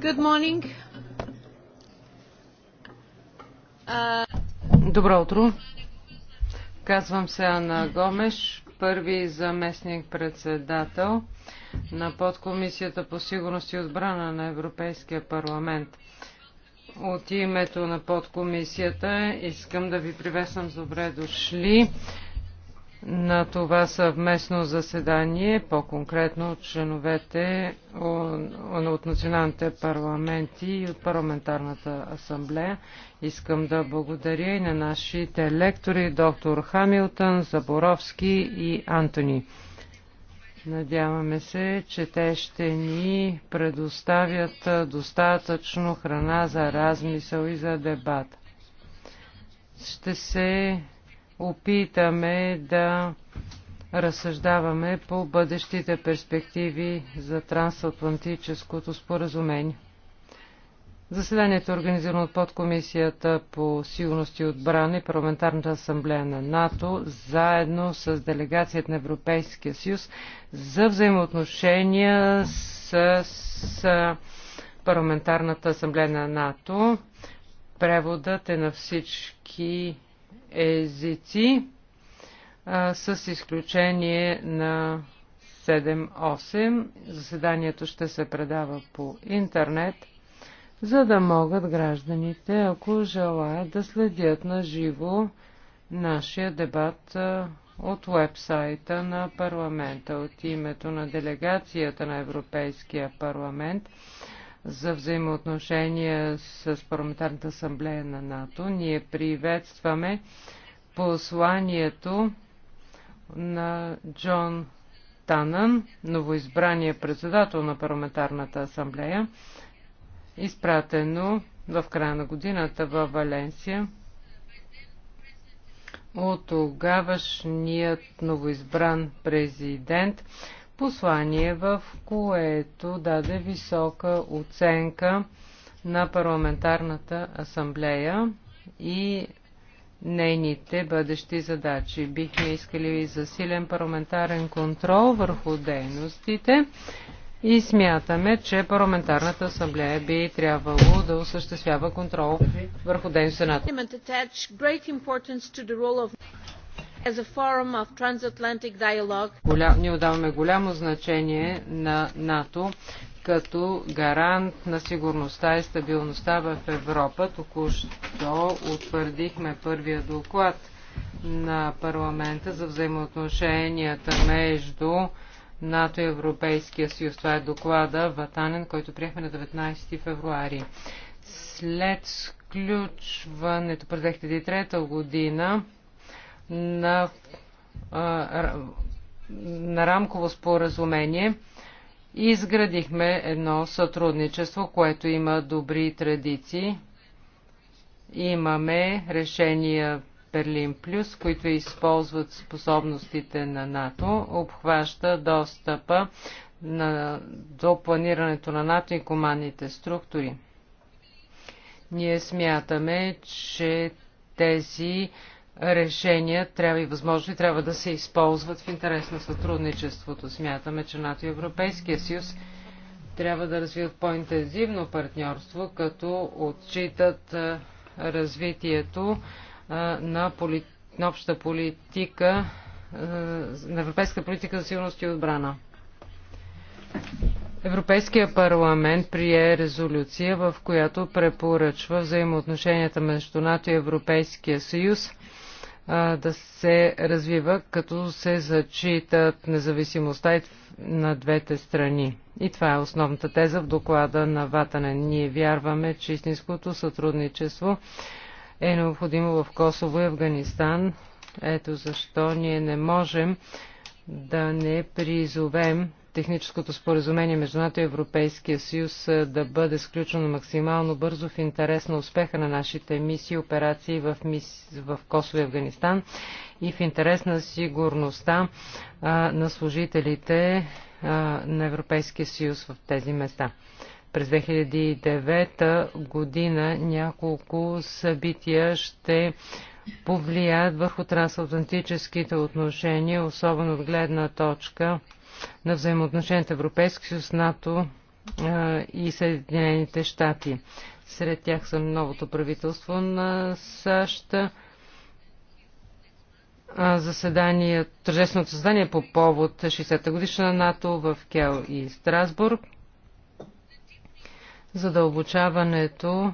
Good morning. Uh, Добро утро. Казвам се Анна Гомеш, първи заместник председател на подкомисията по сигурност и отбрана на Европейския парламент. От името на подкомисията искам да ви приветствам добре дошли на това съвместно заседание, по-конкретно от членовете от националните парламенти и от парламентарната асамблея. Искам да благодаря и на нашите лектори, доктор Хамилтън, Заборовски и Антони. Надяваме се, че те ще ни предоставят достатъчно храна за размисъл и за дебат. Ще се опитаме да разсъждаваме по бъдещите перспективи за трансатлантическото споразумение. Заседанието е организирано от подкомисията по сигурност и отбрана и парламентарната асамблея на НАТО, заедно с делегацията на Европейския съюз за взаимоотношения с, с парламентарната асамблея на НАТО. Преводът е на всички езици, а, с изключение на 7-8. Заседанието ще се предава по интернет, за да могат гражданите, ако желаят да следят на живо нашия дебат от вебсайта на парламента, от името на делегацията на Европейския парламент за взаимоотношения с Парламентарната асамблея на НАТО. Ние приветстваме посланието на Джон Танан, новоизбрания председател на Парламентарната асамблея, изпратено в края на годината във Валенсия от тогавашният новоизбран президент послание, в което даде висока оценка на парламентарната асамблея и нейните бъдещи задачи. Бихме искали и засилен парламентарен контрол върху дейностите и смятаме, че парламентарната асамблея би трябвало да осъществява контрол върху дейността ние отдаваме голямо значение на НАТО като гарант на сигурността и стабилността в Европа. Току-що утвърдихме първия доклад на парламента за взаимоотношенията между НАТО и Европейския съюз. Това е доклада Ватанен, който приехме на 19 февруари. След сключването през 2003 година на, на рамково споразумение изградихме едно сътрудничество, което има добри традиции. Имаме решения Берлин Плюс, които използват способностите на НАТО, обхваща достъпа на, до планирането на НАТО и командните структури. Ние смятаме, че тези решения трябва и възможности трябва да се използват в интерес на сътрудничеството. Смятаме, че НАТО и Европейския съюз трябва да развиват по-интензивно партньорство, като отчитат развитието на, поли... на обща политика, на европейска политика за сигурност и отбрана. Европейския парламент прие резолюция, в която препоръчва взаимоотношенията между НАТО и Европейския съюз – да се развива, като се зачитат независимостта на двете страни. И това е основната теза в доклада на Ватане. Ние вярваме, че истинското сътрудничество е необходимо в Косово и Афганистан. Ето защо ние не можем да не призовем техническото споразумение между НАТО и Европейския съюз да бъде сключено максимално бързо в интерес на успеха на нашите мисии и операции в, мис... в Косово и Афганистан и в интерес на сигурността а, на служителите а, на Европейския съюз в тези места. През 2009 година няколко събития ще повлияят върху трансатлантическите отношения, особено от гледна точка на взаимоотношенията Европейски съюз, НАТО и Съединените щати. Сред тях са новото правителство на САЩ, заседание, тържественото създание по повод 60-та годишна НАТО в Кел и Страсбург, задълбочаването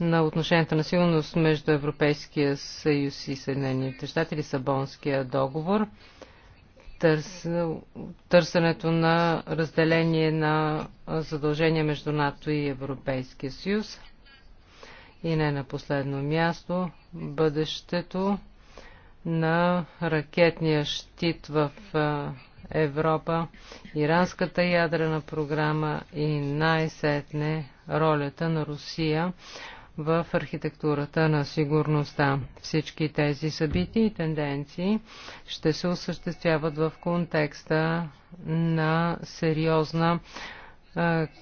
на отношенията на сигурност между Европейския съюз и Съединените щати, Лисабонския договор – търс... търсенето на разделение на задължения между НАТО и Европейския съюз. И не на последно място, бъдещето на ракетния щит в Европа, иранската ядрена програма и най-сетне ролята на Русия в архитектурата на сигурността. Всички тези събития и тенденции ще се осъществяват в контекста на сериозна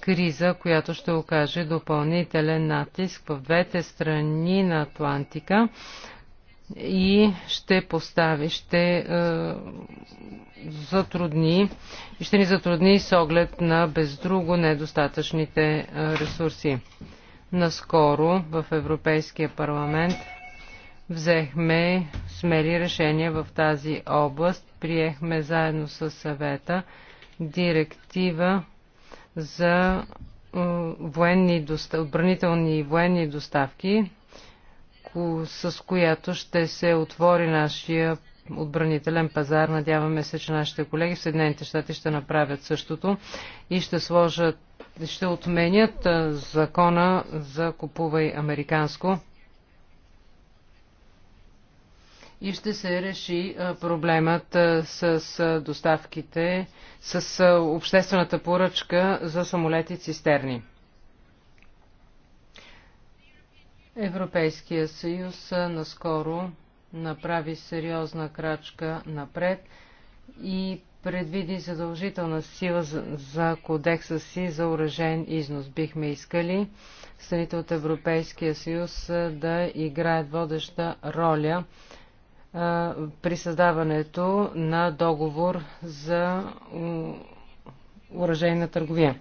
криза, която ще окаже допълнителен натиск в двете страни на Атлантика и ще постави, ще а, затрудни и ще ни затрудни с оглед на бездруго недостатъчните ресурси. Наскоро в Европейския парламент взехме смели решения в тази област. Приехме заедно с съвета директива за е, военни, отбранителни и военни доставки, с която ще се отвори нашия отбранителен пазар. Надяваме се, че нашите колеги в Съединените щати ще направят същото и ще сложат ще отменят закона за купувай американско и ще се реши проблемът с доставките, с обществената поръчка за самолети цистерни. Европейския съюз наскоро направи сериозна крачка напред и предвиди задължителна сила за кодекса си за уражен износ. Бихме искали страните от Европейския съюз да играят водеща роля а, при създаването на договор за уражейна търговия.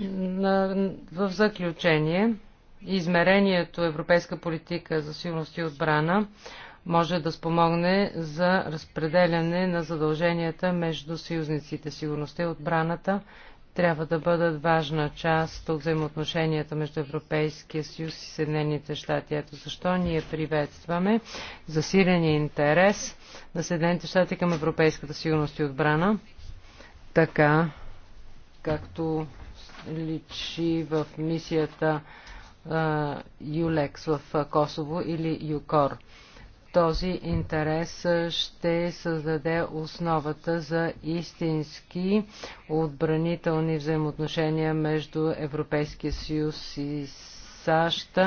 На, в заключение, измерението Европейска политика за сигурност и отбрана може да спомогне за разпределяне на задълженията между съюзниците. Сигурността и отбраната трябва да бъдат важна част от взаимоотношенията между Европейския съюз и Съединените щати. Ето защо ние приветстваме засиления интерес на Съединените щати към Европейската сигурност и отбрана, така както личи в мисията ЮЛЕКС в Косово или ЮКОР. Този интерес ще създаде основата за истински отбранителни взаимоотношения между Европейския съюз и САЩ,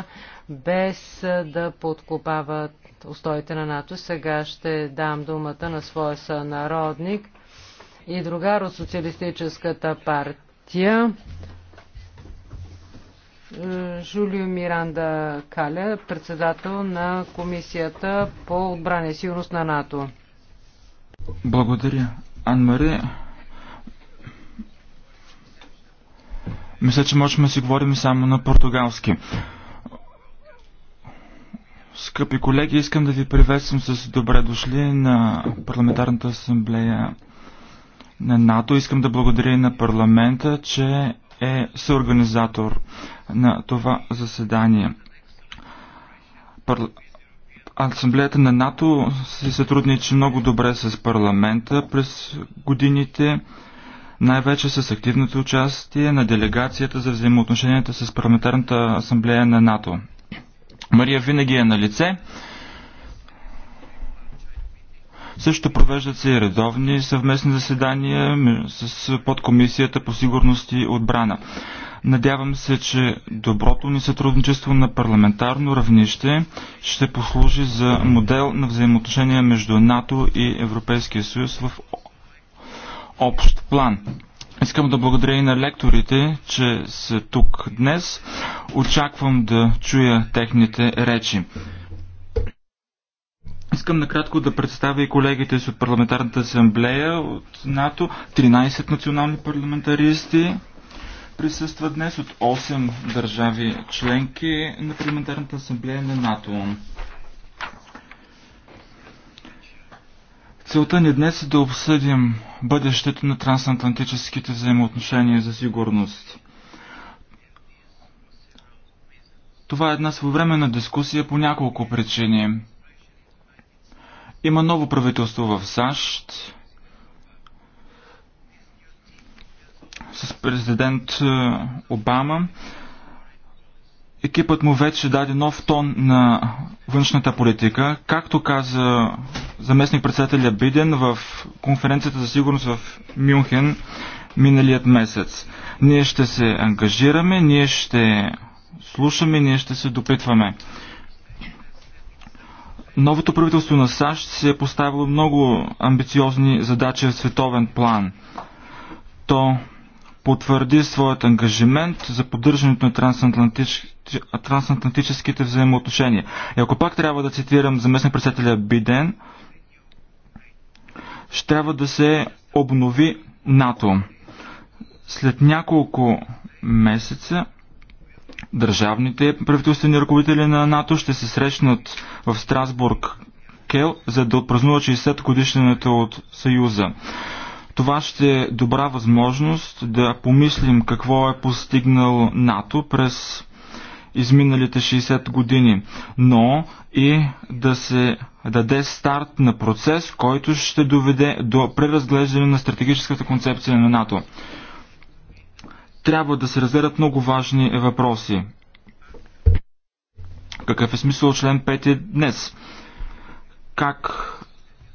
без да подкопават устоите на НАТО. Сега ще дам думата на своя сънародник и другар от Социалистическата партия. Жулио Миранда Каля, председател на Комисията по отбрана и сигурност на НАТО. Благодаря. Анмари, мисля, че можем да си говорим само на португалски. Скъпи колеги, искам да ви приветствам с добре дошли на Парламентарната асамблея на НАТО. Искам да благодаря и на парламента, че е съорганизатор на това заседание. Парл... Асамблеята на НАТО се сътрудничи много добре с парламента през годините, най-вече с активното участие на делегацията за взаимоотношенията с парламентарната асамблея на НАТО. Мария винаги е на лице. Също провеждат се и редовни съвместни заседания с подкомисията по сигурност и отбрана. Надявам се, че доброто ни сътрудничество на парламентарно равнище ще послужи за модел на взаимоотношения между НАТО и Европейския съюз в общ план. Искам да благодаря и на лекторите, че са тук днес. Очаквам да чуя техните речи. Искам накратко да представя и колегите си от Парламентарната асамблея от НАТО, 13 национални парламентаристи, присъства днес от 8 държави членки на Парламентарната асамблея на НАТО. Целта ни днес е да обсъдим бъдещето на трансатлантическите взаимоотношения за сигурност. Това е една своевременна дискусия по няколко причини. Има ново правителство в САЩ, с президент е, Обама. Екипът му вече даде нов тон на външната политика. Както каза заместник председателя Биден в конференцията за сигурност в Мюнхен миналият месец. Ние ще се ангажираме, ние ще слушаме, ние ще се допитваме. Новото правителство на САЩ се е поставило много амбициозни задачи в световен план. То потвърди своят ангажимент за поддържането на трансатлантич... трансатлантическите взаимоотношения. И ако пак трябва да цитирам заместник председателя Биден, ще трябва да се обнови НАТО. След няколко месеца държавните правителствени ръководители на НАТО ще се срещнат в Страсбург Кел, за да отпразнува 60 годишнината от Съюза. Това ще е добра възможност да помислим какво е постигнал НАТО през изминалите 60 години, но и да се даде старт на процес, който ще доведе до преразглеждане на стратегическата концепция на НАТО. Трябва да се разгледат много важни въпроси. Какъв е смисъл член 5 днес? Как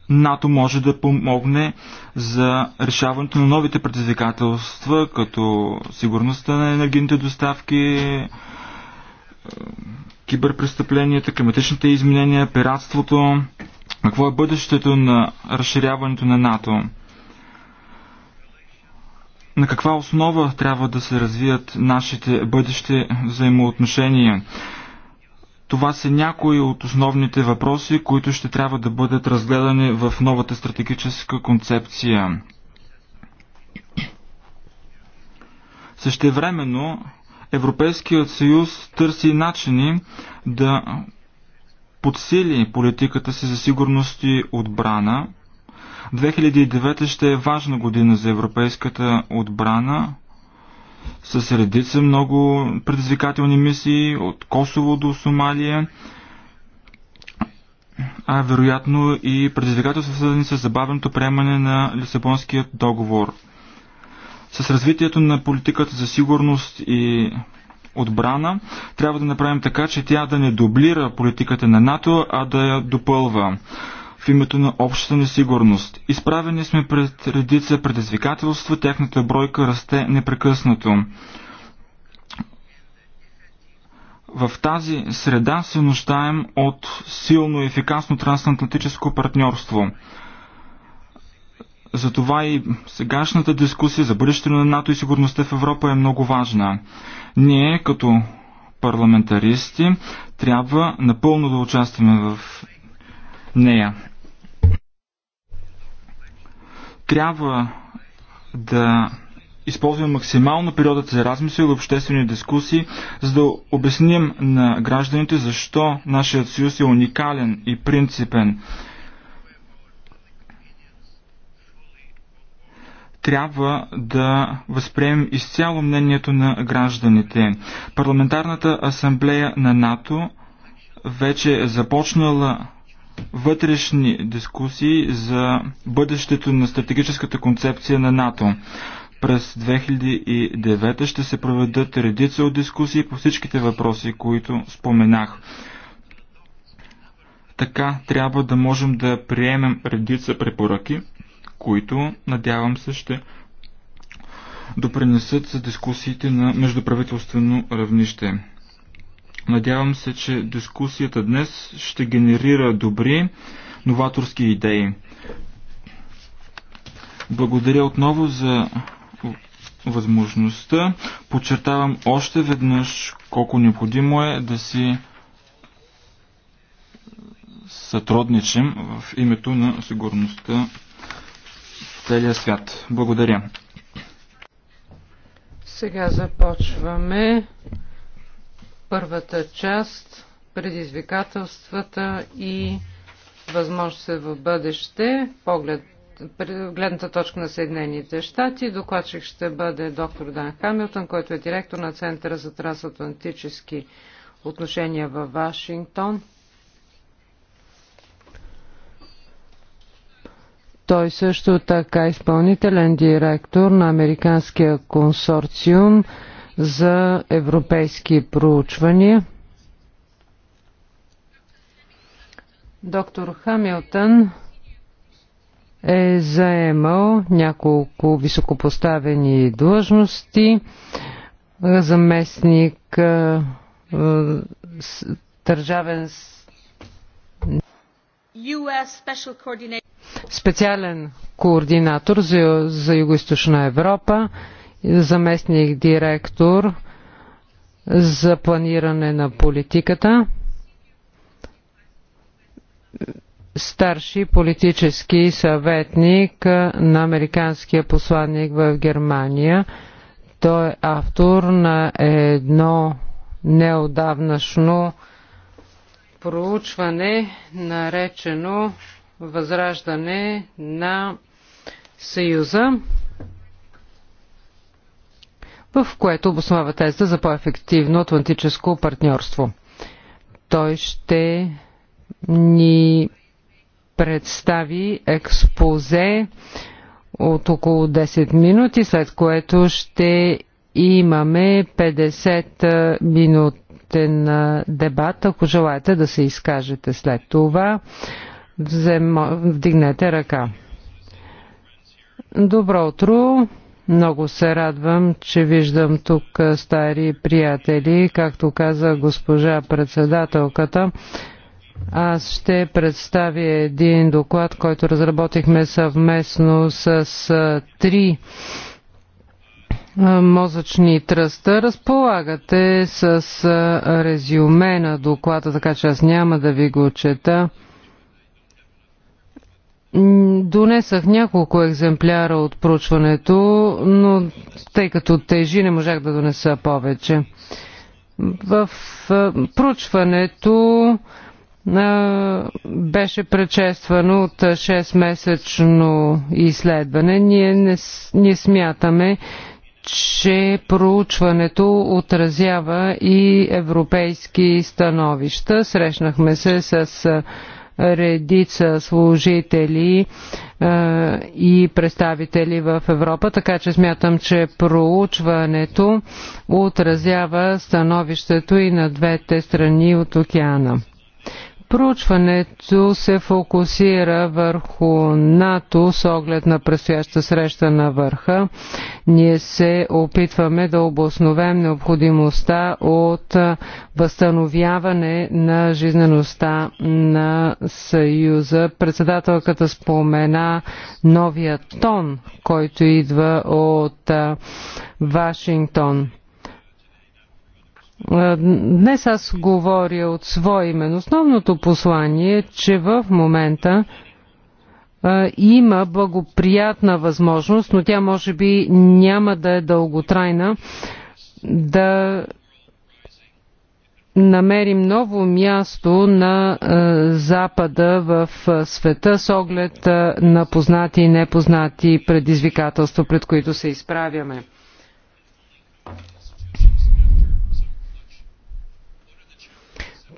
НАТО може да помогне за решаването на новите предизвикателства, като сигурността на енергийните доставки, киберпрестъпленията, климатичните изменения, пиратството. Какво е бъдещето на разширяването на НАТО? На каква основа трябва да се развият нашите бъдещи взаимоотношения? Това са някои от основните въпроси, които ще трябва да бъдат разгледани в новата стратегическа концепция. Същевременно Европейският съюз търси начини да подсили политиката си за сигурност и отбрана. 2009 ще е важна година за европейската отбрана, с редица много предизвикателни мисии от Косово до Сомалия, а вероятно и предизвикателства свързани с забавеното приемане на Лисабонския договор. С развитието на политиката за сигурност и отбрана, трябва да направим така, че тя да не дублира политиката на НАТО, а да я допълва в името на общата несигурност. Изправени сме пред редица предизвикателства, тяхната бройка расте непрекъснато. В тази среда се нуждаем от силно и ефикасно трансатлантическо партньорство. Затова и сегашната дискусия за бъдещето на НАТО и сигурността в Европа е много важна. Ние, като парламентаристи, трябва напълно да участваме в нея. Трябва да използваме максимално периодът за размисъл и обществени дискусии, за да обясним на гражданите защо нашият съюз е уникален и принципен. трябва да възприемем изцяло мнението на гражданите. Парламентарната асамблея на НАТО вече е започнала вътрешни дискусии за бъдещето на стратегическата концепция на НАТО. През 2009 ще се проведат редица от дискусии по всичките въпроси, които споменах. Така трябва да можем да приемем редица препоръки, които, надявам се, ще допринесат за дискусиите на междуправителствено равнище. Надявам се, че дискусията днес ще генерира добри новаторски идеи. Благодаря отново за възможността. Подчертавам още веднъж колко необходимо е да си сътрудничим в името на сигурността в целия свят. Благодаря. Сега започваме Първата част предизвикателствата и възможности в бъдеще, поглед, гледната точка на Съединените щати. Докладчик ще бъде доктор Дан Хамилтън, който е директор на Центъра за трансатлантически отношения във Вашингтон. Той също така е изпълнителен директор на Американския консорциум за европейски проучвания. Доктор Хамилтън е заемал няколко високопоставени длъжности, заместник държавен специален координатор за, за Юго-Источна Европа, заместник директор за планиране на политиката, старши политически съветник на американския посланник в Германия. Той е автор на едно неодавнашно проучване, наречено Възраждане на Съюза в което обоснова теза за по-ефективно атлантическо партньорство. Той ще ни представи експозе от около 10 минути, след което ще имаме 50 минутен дебат. Ако желаете да се изкажете след това, вдигнете ръка. Добро утро! Много се радвам, че виждам тук стари приятели, както каза госпожа председателката. Аз ще представя един доклад, който разработихме съвместно с три мозъчни тръста. Разполагате с резюме на доклада, така че аз няма да ви го чета. Донесах няколко екземпляра от проучването, но тъй като тежи не можах да донеса повече. В проучването беше предшествано от 6-месечно изследване. Ние, не, ние смятаме, че проучването отразява и европейски становища. Срещнахме се с редица служители е, и представители в Европа, така че смятам, че проучването отразява становището и на двете страни от океана. Проучването се фокусира върху НАТО с оглед на предстояща среща на върха. Ние се опитваме да обосновем необходимостта от възстановяване на жизнеността на Съюза. Председателката спомена новия тон, който идва от Вашингтон. Днес аз говоря от свое име. Основното послание е, че в момента има благоприятна възможност, но тя може би няма да е дълготрайна, да намерим ново място на Запада в света с оглед на познати и непознати предизвикателства, пред които се изправяме.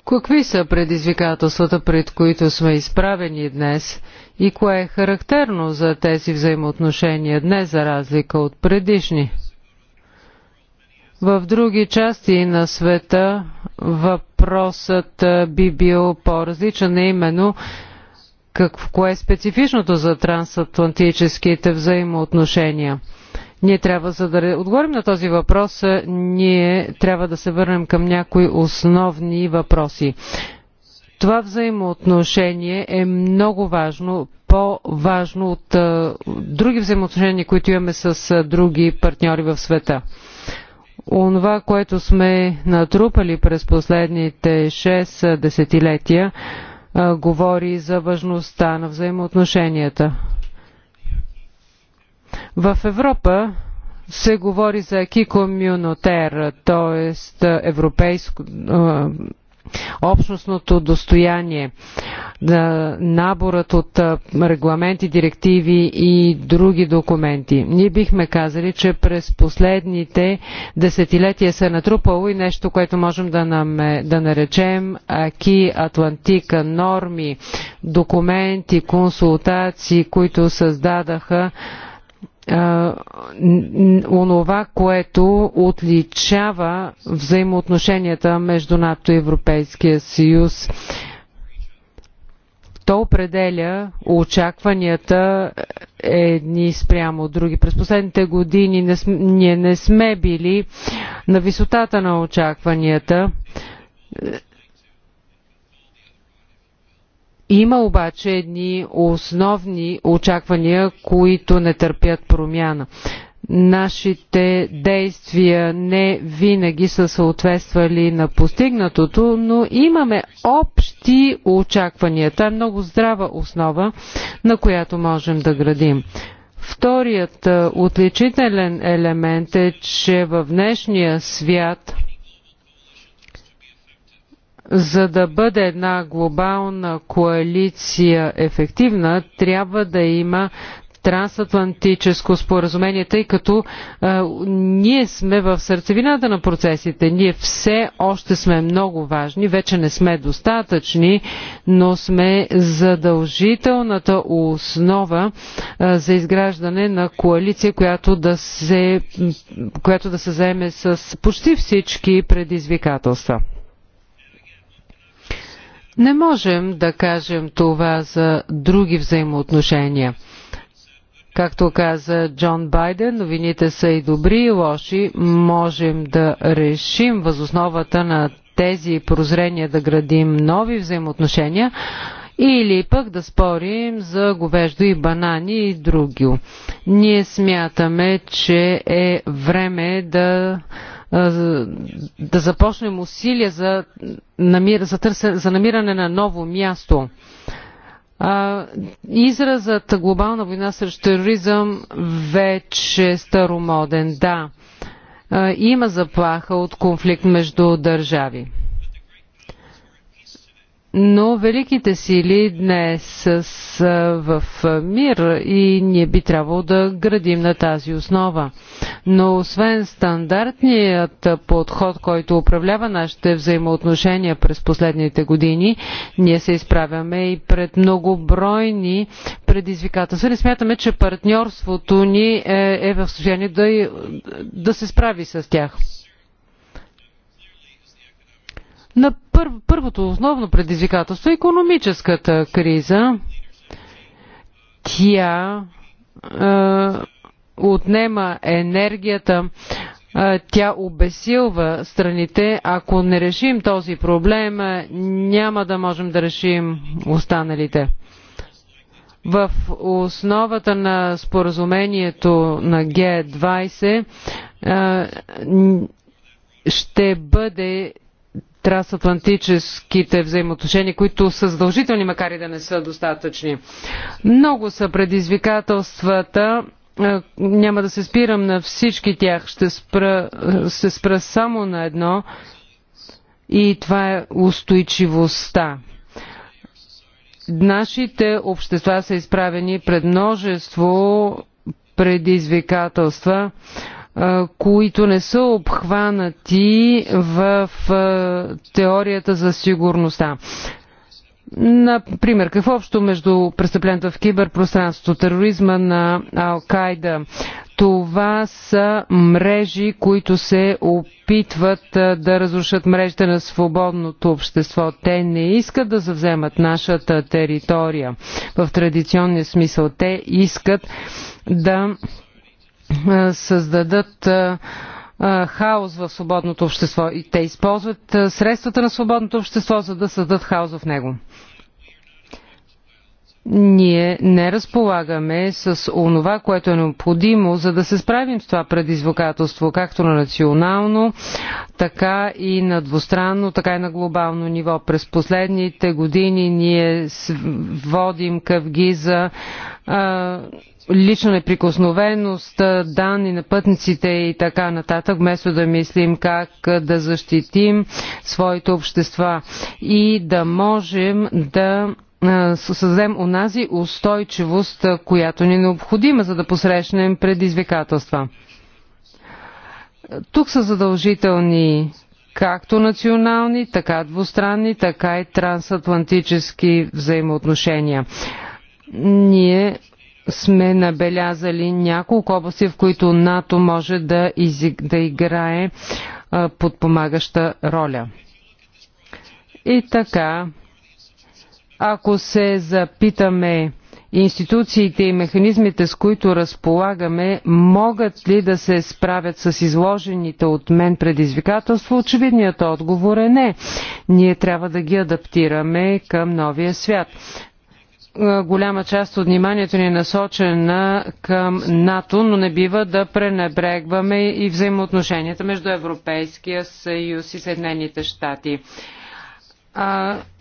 Какви са предизвикателствата, пред които сме изправени днес и кое е характерно за тези взаимоотношения днес, за разлика от предишни? В други части на света въпросът би бил по-различен, именно какво кое е специфичното за трансатлантическите взаимоотношения. Ние трябва, за да отговорим на този въпрос, ние трябва да се върнем към някои основни въпроси. Това взаимоотношение е много важно, по-важно от а, други взаимоотношения, които имаме с а, други партньори в света. Онова, което сме натрупали през последните 6 десетилетия, а, говори за важността на взаимоотношенията. В Европа се говори за аки комюнотер, т.е. европейско общностното достояние, наборът от регламенти, директиви и други документи. Ние бихме казали, че през последните десетилетия се е натрупало и нещо, което можем да, наме, да наречем Аки, Атлантика, норми, документи, консултации, които създадаха онова, което отличава взаимоотношенията между НАТО и Европейския съюз. То определя очакванията едни спрямо от други. През последните години не сме, ние не сме били на висотата на очакванията има обаче едни основни очаквания, които не търпят промяна. Нашите действия не винаги са съответствали на постигнатото, но имаме общи очаквания. Това е много здрава основа, на която можем да градим. Вторият отличителен елемент е, че в днешния свят – за да бъде една глобална коалиция ефективна, трябва да има трансатлантическо споразумение, тъй като а, ние сме в сърцевината на процесите. Ние все още сме много важни, вече не сме достатъчни, но сме задължителната основа а, за изграждане на коалиция, която да, се, която да се заеме с почти всички предизвикателства. Не можем да кажем това за други взаимоотношения. Както каза Джон Байден, новините са и добри и лоши. Можем да решим възосновата на тези прозрения да градим нови взаимоотношения или пък да спорим за говеждо и банани и други. Ние смятаме, че е време да да започнем усилия за, намир, за, търсе, за намиране на ново място. А, изразът глобална война срещу тероризъм вече е старомоден. Да, а, има заплаха от конфликт между държави. Но великите сили днес са в мир и ние би трябвало да градим на тази основа. Но освен стандартният подход, който управлява нашите взаимоотношения през последните години, ние се изправяме и пред многобройни предизвикателства. Не нали смятаме, че партньорството ни е, е в служение да, да се справи с тях. На пър, първото основно предизвикателство е економическата криза. Тя е, отнема енергията, е, тя обесилва страните. Ако не решим този проблем, няма да можем да решим останалите. В основата на споразумението на Г20 е, ще бъде трансатлантическите взаимоотношения, които са задължителни, макар и да не са достатъчни. Много са предизвикателствата. Е, няма да се спирам на всички тях. Ще спра, се спра само на едно и това е устойчивостта. Нашите общества са изправени пред множество предизвикателства които не са обхванати в теорията за сигурността. Например, какво общо между престъплението в киберпространството, тероризма на Ал-Кайда? Това са мрежи, които се опитват да разрушат мрежите на свободното общество. Те не искат да завземат нашата територия в традиционния смисъл. Те искат да създадат хаос в свободното общество и те използват средствата на свободното общество, за да създадат хаос в него ние не разполагаме с онова, което е необходимо, за да се справим с това предизвикателство, както на национално, така и на двустранно, така и на глобално ниво. През последните години ние водим къвги за лична неприкосновеност, данни на пътниците и така нататък, вместо да мислим как да защитим своите общества и да можем да е, създадем онази устойчивост, е, която ни е необходима, за да посрещнем предизвикателства. Тук са задължителни както национални, така двустранни, така и трансатлантически взаимоотношения. Ние сме набелязали няколко области, в които НАТО може да, из... да играе е, подпомагаща роля. И така, ако се запитаме институциите и механизмите, с които разполагаме, могат ли да се справят с изложените от мен предизвикателства, очевидният отговор е не. Ние трябва да ги адаптираме към новия свят. Е, голяма част от вниманието ни е насочена към НАТО, но не бива да пренебрегваме и взаимоотношенията между Европейския съюз и Съединените щати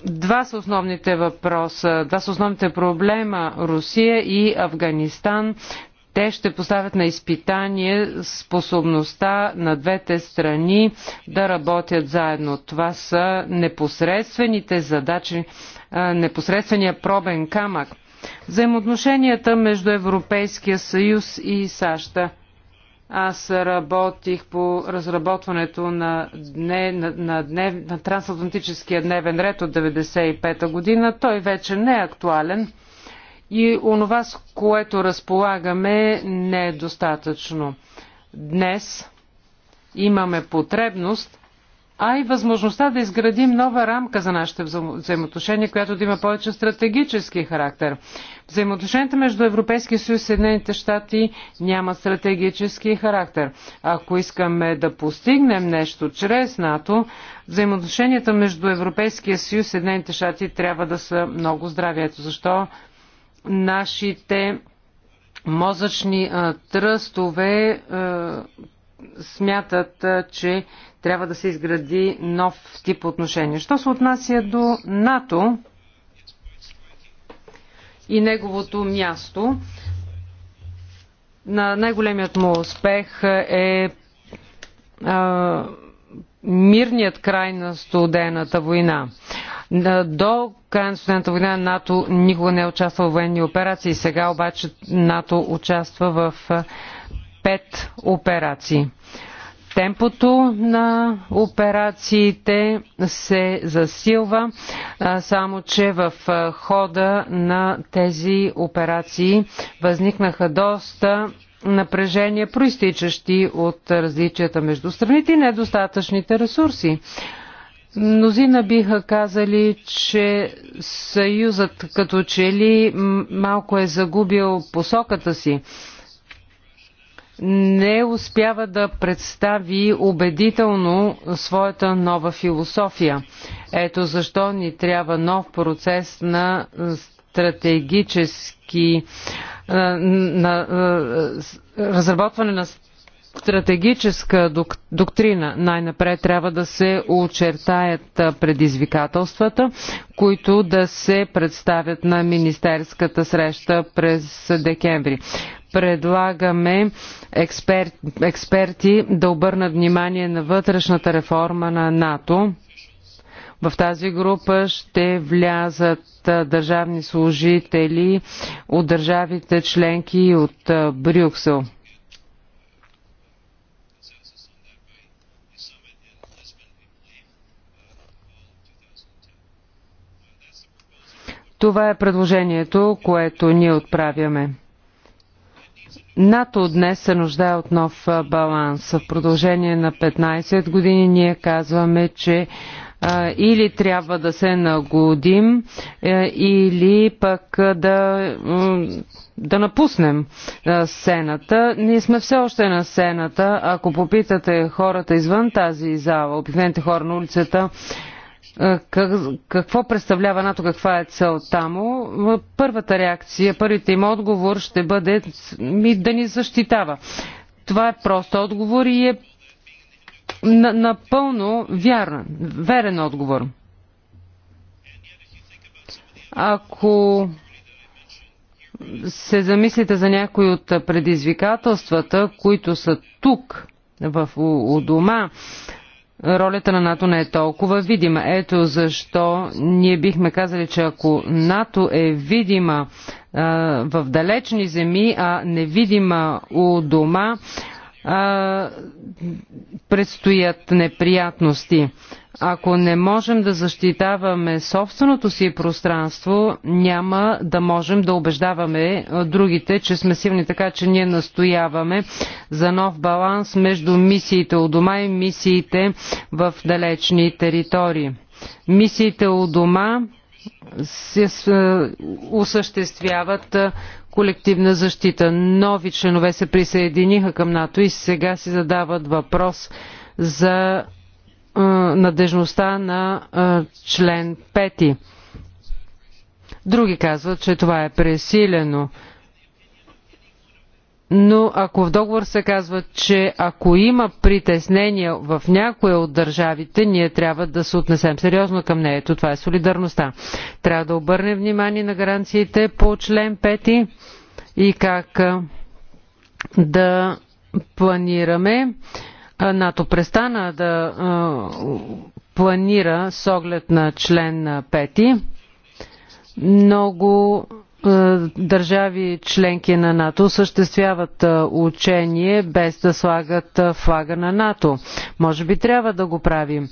два са основните въпроса, два са основните проблема Русия и Афганистан. Те ще поставят на изпитание способността на двете страни да работят заедно. Това са непосредствените задачи, непосредствения пробен камък. Взаимоотношенията между Европейския съюз и САЩ. Аз работих по разработването на, дне, на, на, днев, на трансатлантическия дневен ред от 1995 година. Той вече не е актуален и онова, с което разполагаме, не е достатъчно. Днес имаме потребност а и възможността да изградим нова рамка за нашите взаимоотношения, която да има повече стратегически характер. Взаимоотношенията между Европейския съюз и Съединените щати няма стратегически характер. Ако искаме да постигнем нещо чрез НАТО, взаимоотношенията между Европейския съюз и Съединените щати трябва да са много здрави. Ето защо нашите мозъчни а, тръстове а, смятат, а, че трябва да се изгради нов тип отношения. Що се отнася до НАТО и неговото място, на най-големият му успех е а, мирният край на студената война. До края на студената война НАТО никога не е участвал в военни операции. Сега обаче НАТО участва в пет операции. Темпото на операциите се засилва, само че в хода на тези операции възникнаха доста напрежения, проистичащи от различията между страните и недостатъчните ресурси. Мнозина биха казали, че Съюзът като че ли малко е загубил посоката си не успява да представи убедително своята нова философия. Ето защо ни трябва нов процес на стратегически на, на, на разработване на стратегическа доктрина. Най-напред трябва да се очертаят предизвикателствата, които да се представят на министерската среща през декември. Предлагаме експер, експерти да обърнат внимание на вътрешната реформа на НАТО. В тази група ще влязат държавни служители от държавите членки и от Брюксел. Това е предложението, което ние отправяме. НАТО днес се нуждае от нов баланс. В продължение на 15 години ние казваме, че а, или трябва да се нагодим, а, е, или пък а, да, да напуснем а, сцената. Ние сме все още на сцената. Ако попитате хората извън тази зала, обикновените хора на улицата, е, какво представлява НАТО, каква е целта му, е, първата реакция, първите им отговор ще бъде ми да ни защитава. Това е прост отговор и е напълно вярен, верен отговор. Ако се замислите за някои от предизвикателствата, които са тук, в у, у дома, ролята на НАТО не е толкова видима. Ето защо ние бихме казали, че ако НАТО е видима в далечни земи, а невидима у дома, предстоят неприятности. Ако не можем да защитаваме собственото си пространство, няма да можем да убеждаваме другите, че сме силни, така че ние настояваме за нов баланс между мисиите у дома и мисиите в далечни територии. Мисиите у дома се осъществяват колективна защита. Нови членове се присъединиха към НАТО и сега си задават въпрос за надежността на член 5. Други казват, че това е пресилено. Но ако в договор се казва, че ако има притеснения в някоя от държавите, ние трябва да се отнесем сериозно към нея. Ето това е солидарността. Трябва да обърнем внимание на гаранциите по член 5 и как да планираме НАТО престана да планира с оглед на член 5. Много държави членки на НАТО съществяват учение без да слагат флага на НАТО. Може би трябва да го правим.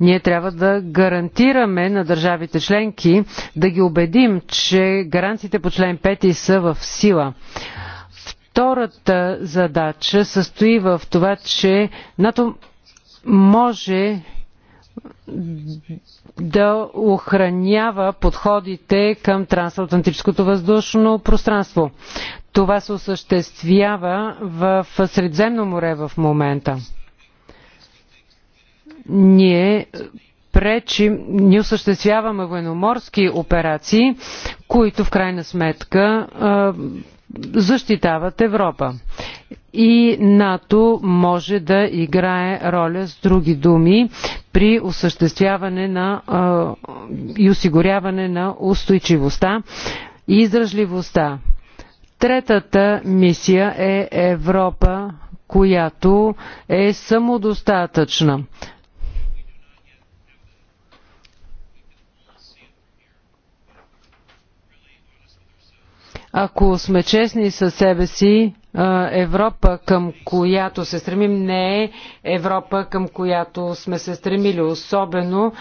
Ние трябва да гарантираме на държавите членки, да ги убедим, че гаранциите по член 5 са в сила. Втората задача състои в това, че НАТО може да охранява подходите към трансатлантическото въздушно пространство. Това се осъществява в Средземно море в момента. Ние пречим, ние осъществяваме военноморски операции, които в крайна сметка защитават Европа. И НАТО може да играе роля, с други думи, при осъществяване на а, и осигуряване на устойчивостта и издръжливостта. Третата мисия е Европа, която е самодостатъчна. Ако сме честни със себе си, Европа, към която се стремим, не е Европа, към която сме се стремили, особено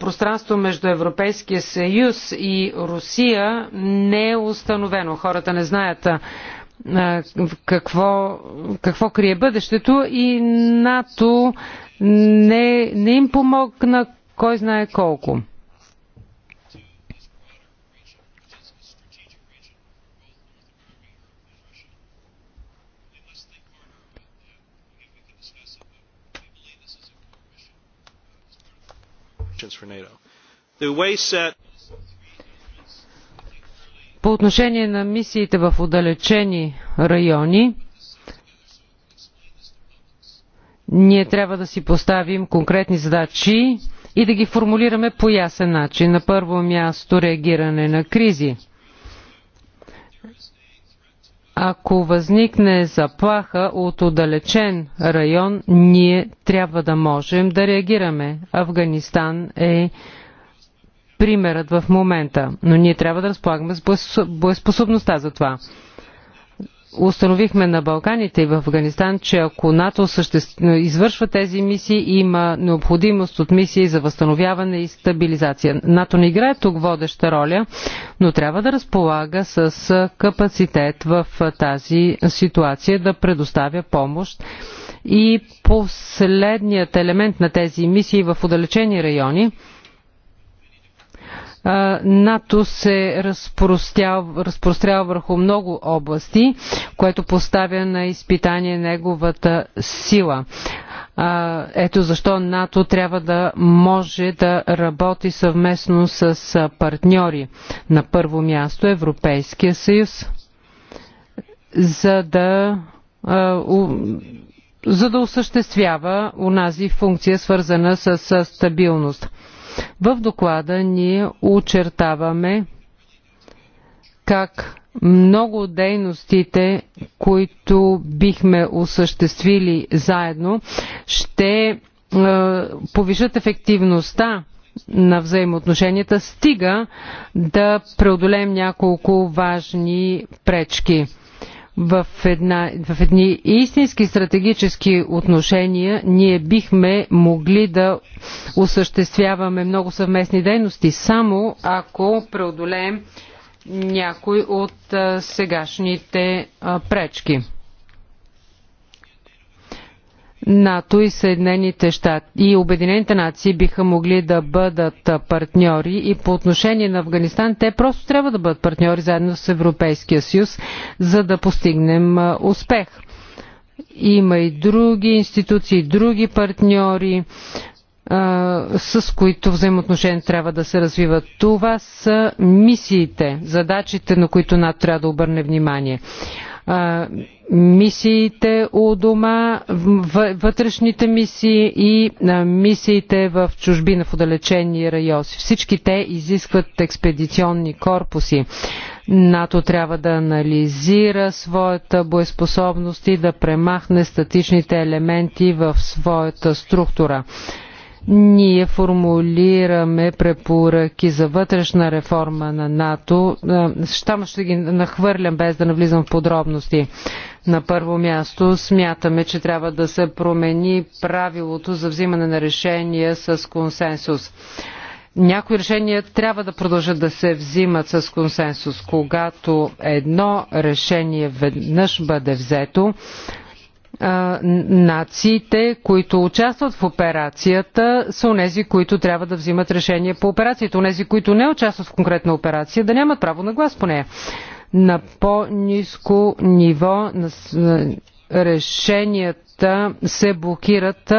пространство между Европейския съюз и Русия не е установено. Хората не знаят какво, какво крие бъдещето и НАТО не, не им помогна кой знае колко. По отношение на мисиите в отдалечени райони, ние трябва да си поставим конкретни задачи и да ги формулираме по ясен начин. На първо място реагиране на кризи. Ако възникне заплаха от отдалечен район, ние трябва да можем да реагираме. Афганистан е примерът в момента, но ние трябва да разполагаме с боеспособността за това установихме на Балканите и в Афганистан, че ако НАТО съществ... извършва тези мисии, има необходимост от мисии за възстановяване и стабилизация. НАТО не играе тук водеща роля, но трябва да разполага с капацитет в тази ситуация да предоставя помощ. И последният елемент на тези мисии в отдалечени райони – НАТО се разпрострява върху много области, което поставя на изпитание неговата сила. Ето защо НАТО трябва да може да работи съвместно с партньори. На първо място Европейския съюз, за да за да осъществява унази функция, свързана с стабилност. В доклада ние очертаваме как много дейностите, които бихме осъществили заедно, ще е, повишат ефективността на взаимоотношенията, стига да преодолеем няколко важни пречки в, една, в едни истински стратегически отношения ние бихме могли да осъществяваме много съвместни дейности, само ако преодолеем някой от сегашните пречки. НАТО и Съединените щати и Обединените нации биха могли да бъдат партньори и по отношение на Афганистан те просто трябва да бъдат партньори заедно с Европейския съюз, за да постигнем успех. Има и други институции, други партньори, с които взаимоотношения трябва да се развиват. Това са мисиите, задачите, на които НАТО трябва да обърне внимание мисиите у дома, вътрешните мисии и мисиите в чужбина, в отдалечени райони. Всички те изискват експедиционни корпуси. НАТО трябва да анализира своята боеспособност и да премахне статичните елементи в своята структура. Ние формулираме препоръки за вътрешна реформа на НАТО. Е, Щама ще ги нахвърлям без да навлизам в подробности. На първо място смятаме, че трябва да се промени правилото за взимане на решения с консенсус. Някои решения трябва да продължат да се взимат с консенсус. Когато едно решение веднъж бъде взето, нациите, които участват в операцията, са онези, които трябва да взимат решение по операцията. Онези, които не участват в конкретна операция, да нямат право на глас по нея. На по-низко ниво на решенията се блокират,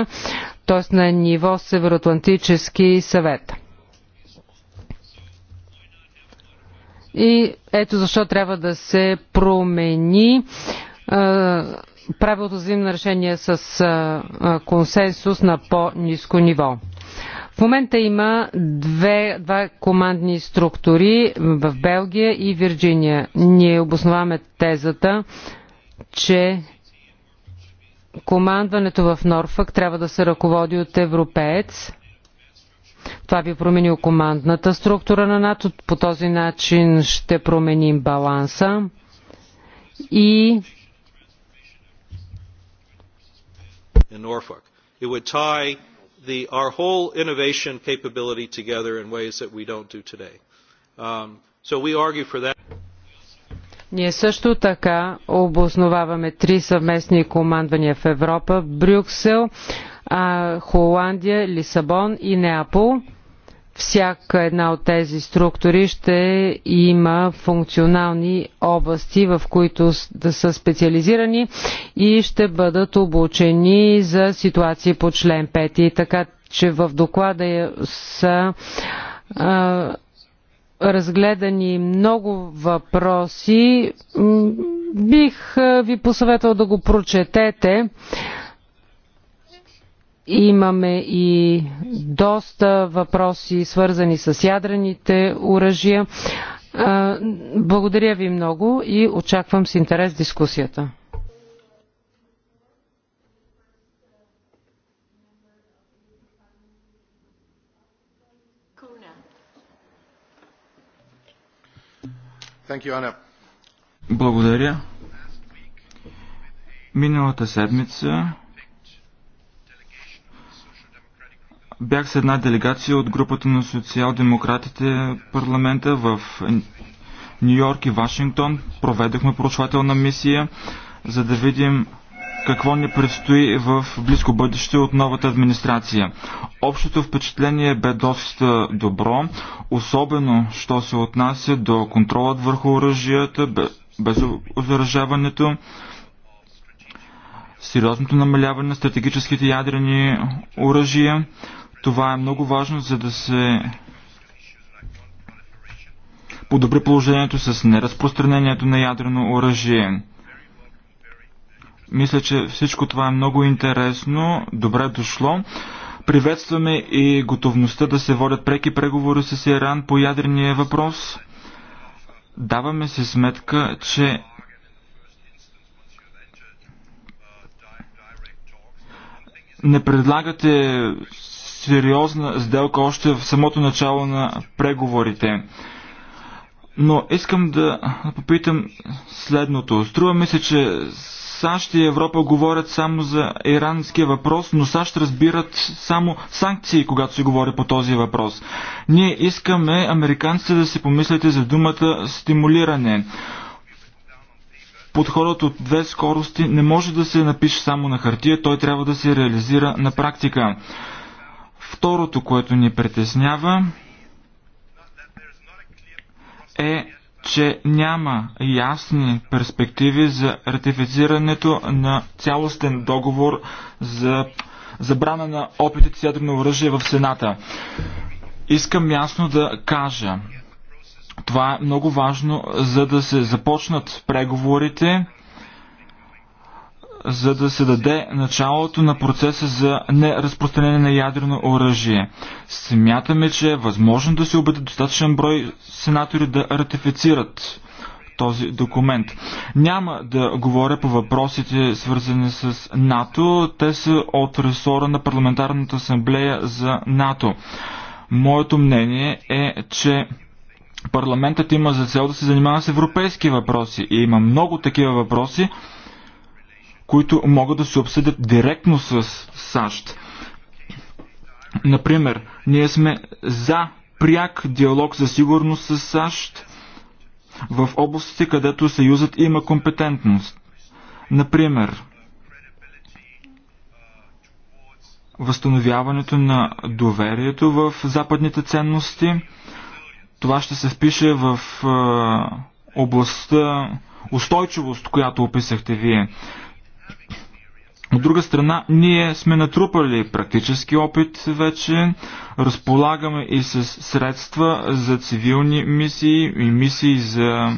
т.е. на ниво Североатлантически съвет. И ето защо трябва да се промени правилото за взаимно решение с а, а, консенсус на по-низко ниво. В момента има две, два командни структури в Белгия и Вирджиния. Ние обосноваваме тезата, че командването в Норфък трябва да се ръководи от европеец. Това би променил командната структура на НАТО. По този начин ще променим баланса и in Norfolk. It would tie the, our whole innovation capability together in ways that we don't do today. Um, so we argue for that. Ние също така обосноваваме три съвместни командвания в Европа, Брюксел, Холандия, Лисабон и Неапол всяка една от тези структури ще има функционални области, в които да са специализирани и ще бъдат обучени за ситуации по член 5. И така, че в доклада са разгледани много въпроси. Бих ви посъветвал да го прочетете. Имаме и доста въпроси, свързани с ядрените оръжия. Благодаря ви много и очаквам с интерес дискусията. Благодаря. Миналата седмица Бях с една делегация от групата на социал-демократите парламента в Нью Йорк и Вашингтон. Проведахме проучвателна мисия, за да видим какво ни предстои в близко бъдеще от новата администрация. Общото впечатление бе доста добро, особено що се отнася до контролът върху оръжията, без озаражаването, сериозното намаляване на стратегическите ядрени оръжия, това е много важно, за да се подобри положението с неразпространението на ядрено оръжие. Мисля, че всичко това е много интересно. Добре дошло. Приветстваме и готовността да се водят преки преговори с Иран по ядрения въпрос. Даваме се сметка, че не предлагате сериозна сделка още в самото начало на преговорите. Но искам да попитам следното. Струва ми се, че САЩ и Европа говорят само за иранския въпрос, но САЩ разбират само санкции, когато се говори по този въпрос. Ние искаме американците да се помислите за думата стимулиране. Подходът от две скорости не може да се напише само на хартия, той трябва да се реализира на практика. Второто, което ни притеснява е, че няма ясни перспективи за ратифицирането на цялостен договор за забрана на опитите с ядрено оръжие в Сената. Искам ясно да кажа, това е много важно, за да се започнат преговорите за да се даде началото на процеса за неразпространение на ядрено оръжие. Смятаме, че е възможно да се убеде достатъчен брой сенатори да ратифицират този документ. Няма да говоря по въпросите свързани с НАТО. Те са от ресора на Парламентарната асамблея за НАТО. Моето мнение е, че парламентът има за цел да се занимава с европейски въпроси и има много такива въпроси, които могат да се обсъдят директно с САЩ. Например, ние сме за пряк диалог за сигурност с САЩ в областите, където Съюзът има компетентност. Например, възстановяването на доверието в западните ценности. Това ще се впише в областта устойчивост, която описахте вие. От друга страна, ние сме натрупали практически опит вече, разполагаме и с средства за цивилни мисии и мисии за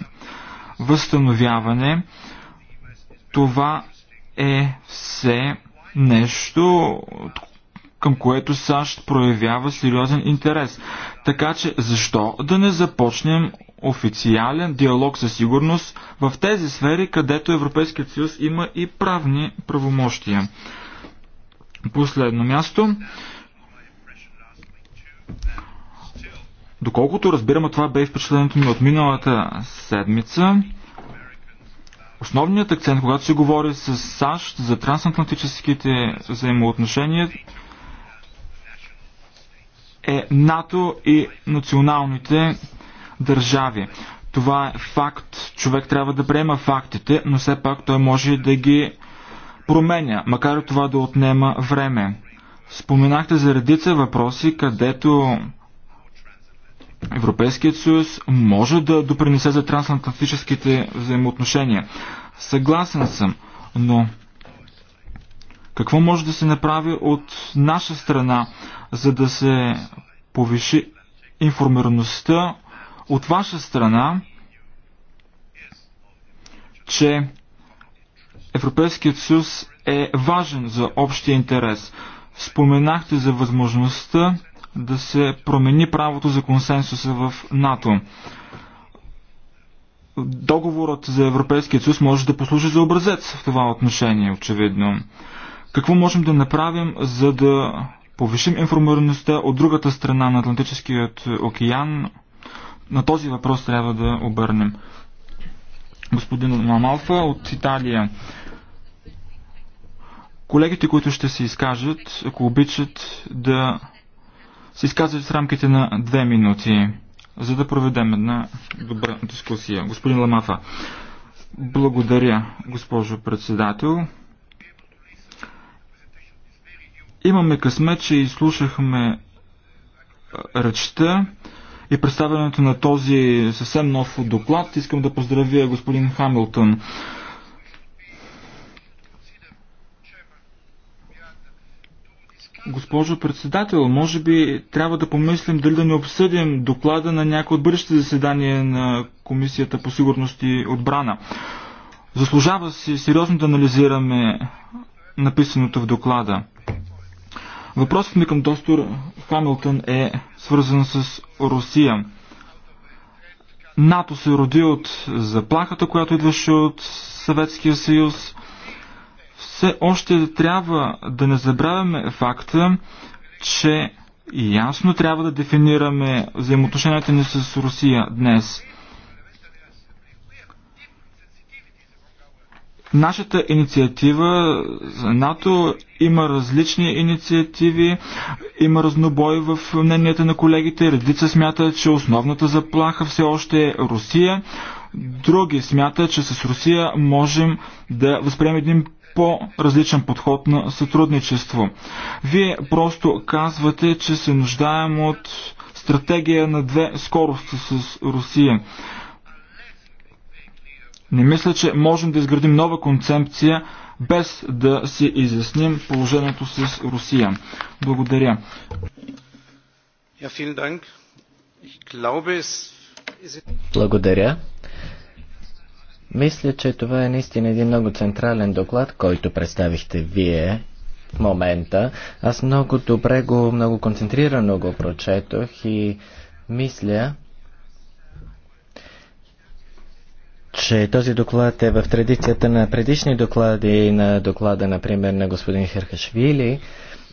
възстановяване. Това е все нещо, към което САЩ проявява сериозен интерес. Така че защо да не започнем официален диалог със сигурност в тези сфери, където Европейският съюз има и правни правомощия. Последно място. Доколкото разбираме това бе впечатлението ми от миналата седмица. Основният акцент, когато се говори с САЩ за трансатлантическите взаимоотношения, е НАТО и националните държави. Това е факт. Човек трябва да приема фактите, но все пак той може да ги променя, макар и това да отнема време. Споменахте за редица въпроси, където Европейският съюз може да допринесе за трансатлантическите взаимоотношения. Съгласен съм, но какво може да се направи от наша страна, за да се повиши информираността от ваша страна, че Европейският съюз е важен за общия интерес. Споменахте за възможността да се промени правото за консенсуса в НАТО. Договорът за Европейския съюз може да послужи за образец в това отношение, очевидно. Какво можем да направим, за да повишим информираността от другата страна на Атлантическият океан на този въпрос трябва да обърнем. Господин Мамалфа от Италия. Колегите, които ще се изкажат, ако обичат да се изказват в рамките на две минути, за да проведем една добра дискусия. Господин Ламафа, благодаря, госпожо председател. Имаме късмет, че изслушахме речта и представянето на този съвсем нов доклад. Искам да поздравя господин Хамилтон. Госпожо председател, може би трябва да помислим дали да не обсъдим доклада на някои от бъдещите заседания на Комисията по сигурност и отбрана. Заслужава си сериозно да анализираме написаното в доклада. Въпросът ми към доктор Хамилтън е свързан с Русия. НАТО се роди от заплахата, която идваше от Съветския съюз. Все още трябва да не забравяме факта, че ясно трябва да дефинираме взаимоотношенията ни с Русия днес. Нашата инициатива за НАТО има различни инициативи, има разнобой в мненията на колегите. Редица смята, че основната заплаха все още е Русия. Други смятат, че с Русия можем да възприемем един по-различен подход на сътрудничество. Вие просто казвате, че се нуждаем от стратегия на две скорости с Русия. Не мисля, че можем да изградим нова концепция без да си изясним положението с Русия. Благодаря. Благодаря. Мисля, че това е наистина един много централен доклад, който представихте вие в момента. Аз много добре го, много концентрирано го прочетох и мисля, че този доклад е в традицията на предишни доклади, на доклада, например, на господин Херхашвили.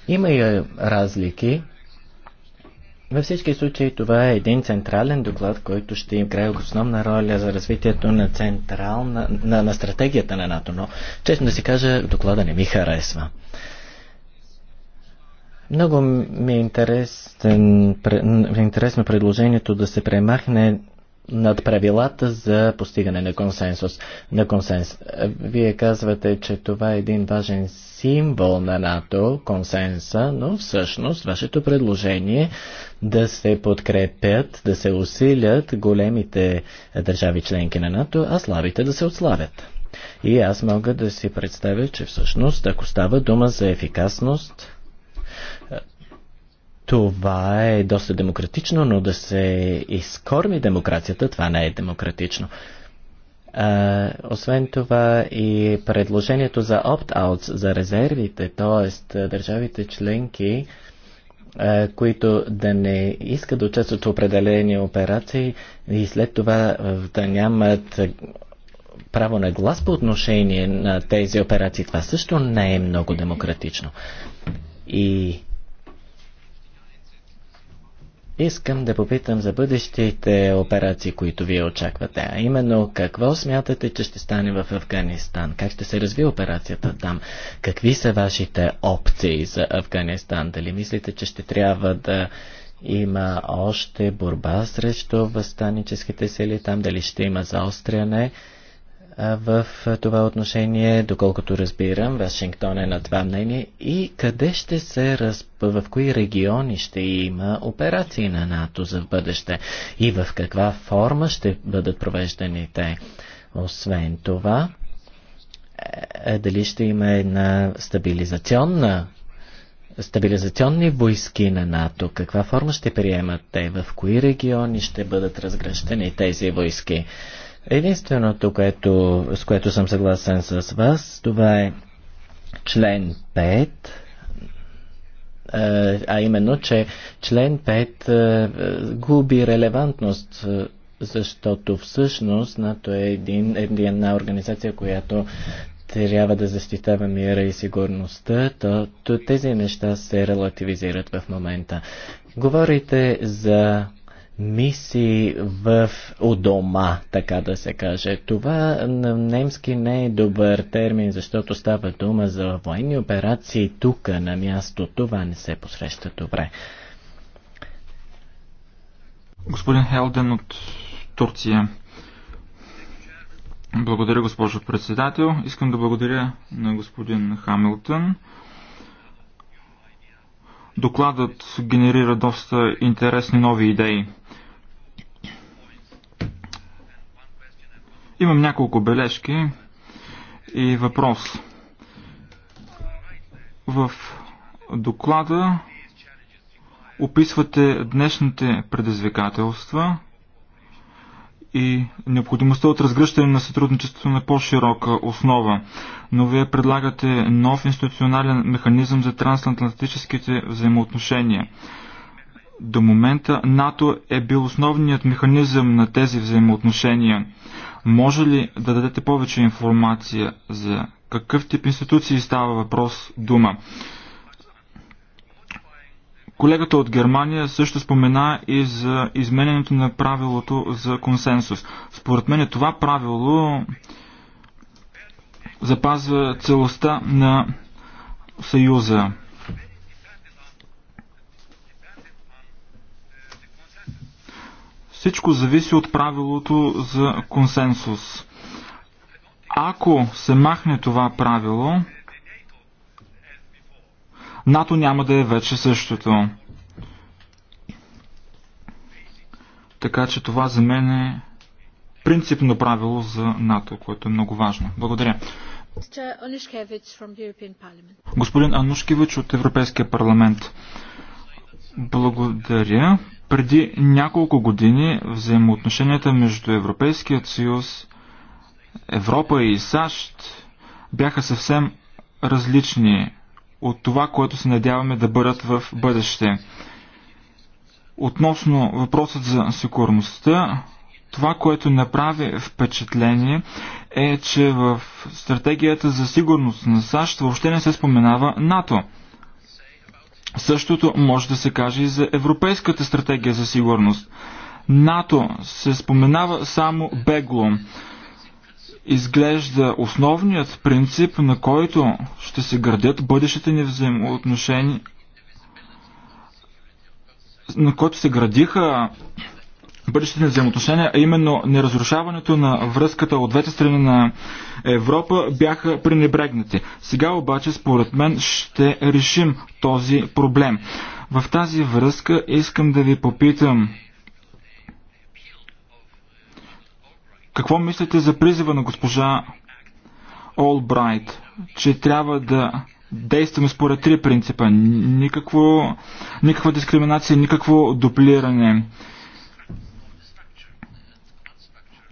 Има и разлики. Във всички случаи това е един централен доклад, който ще играе основна роля за развитието на, централна, на, на стратегията на НАТО, но честно да си кажа, доклада не ми харесва. Много ми е интересно предложението да се премахне над правилата за постигане на консенсус. На консенс. Е, вие казвате, че това е един важен символ на НАТО, консенса, но всъщност вашето предложение да се подкрепят, да се усилят големите държави членки на НАТО, а слабите да се отслабят. И аз мога да си представя, че всъщност, ако става дума за ефикасност, това е доста демократично, но да се изкорми демокрацията, това не е демократично. А, освен това и предложението за опт-аут, за резервите, т.е. държавите членки, а, които да не искат да участват в определени операции и след това да нямат право на глас по отношение на тези операции, това също не е много демократично. И Искам да попитам за бъдещите операции, които вие очаквате, а именно какво смятате, че ще стане в Афганистан? Как ще се разви операцията там? Какви са вашите опции за Афганистан? Дали мислите, че ще трябва да има още борба срещу възстаническите сили там? Дали ще има заостряне? в това отношение, доколкото разбирам, Вашингтон е на това мнение и къде ще се разп... в кои региони ще има операции на НАТО за в бъдеще и в каква форма ще бъдат провеждани те. Освен това, е, дали ще има една стабилизационна стабилизационни войски на НАТО, каква форма ще приемат те, в кои региони ще бъдат разгръщани тези войски. Единственото, което, с което съм съгласен с вас, това е член 5, е, а именно, че член 5 е, губи релевантност, е, защото всъщност НАТО е един, една организация, която трябва да защитава мира и сигурността, то, то тези неща се релативизират в момента. Говорите за мисии в у дома, така да се каже. Това на немски не е добър термин, защото става дума за военни операции тук на място. Това не се посреща добре. Господин Хелден от Турция. Благодаря, госпожо председател. Искам да благодаря на господин Хамилтън. Докладът генерира доста интересни нови идеи. Имам няколко бележки и въпрос. В доклада описвате днешните предизвикателства и необходимостта от разгръщане на сътрудничеството на по-широка основа, но вие предлагате нов институционален механизъм за трансатлантическите взаимоотношения. До момента НАТО е бил основният механизъм на тези взаимоотношения, може ли да дадете повече информация за какъв тип институции става въпрос дума? Колегата от Германия също спомена и за изменението на правилото за консенсус. Според мен това правило запазва целостта на Съюза. Всичко зависи от правилото за консенсус. Ако се махне това правило, НАТО няма да е вече същото. Така че това за мен е принципно правило за НАТО, което е много важно. Благодаря. Господин Анушкевич от Европейския парламент. Благодаря. Преди няколко години взаимоотношенията между Европейският съюз, Европа и САЩ бяха съвсем различни от това, което се надяваме да бъдат в бъдеще. Относно въпросът за сигурността, това, което направи впечатление е, че в стратегията за сигурност на САЩ въобще не се споменава НАТО. Същото може да се каже и за Европейската стратегия за сигурност. НАТО се споменава само бегло. Изглежда основният принцип, на който ще се градят бъдещите ни взаимоотношения, на който се градиха бъдещите ни взаимоотношения, а именно неразрушаването на връзката от двете страни на Европа бяха пренебрегнати. Сега обаче, според мен, ще решим този проблем. В тази връзка искам да ви попитам какво мислите за призива на госпожа Олбрайт, че трябва да действаме според три принципа. Никакво, никаква дискриминация, никакво дуплиране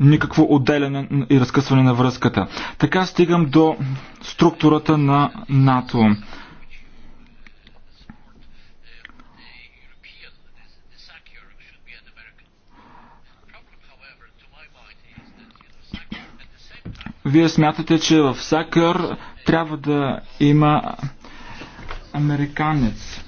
никакво отделяне и разкъсване на връзката. Така стигам до структурата на НАТО. Вие смятате, че в Сакър трябва да има американец.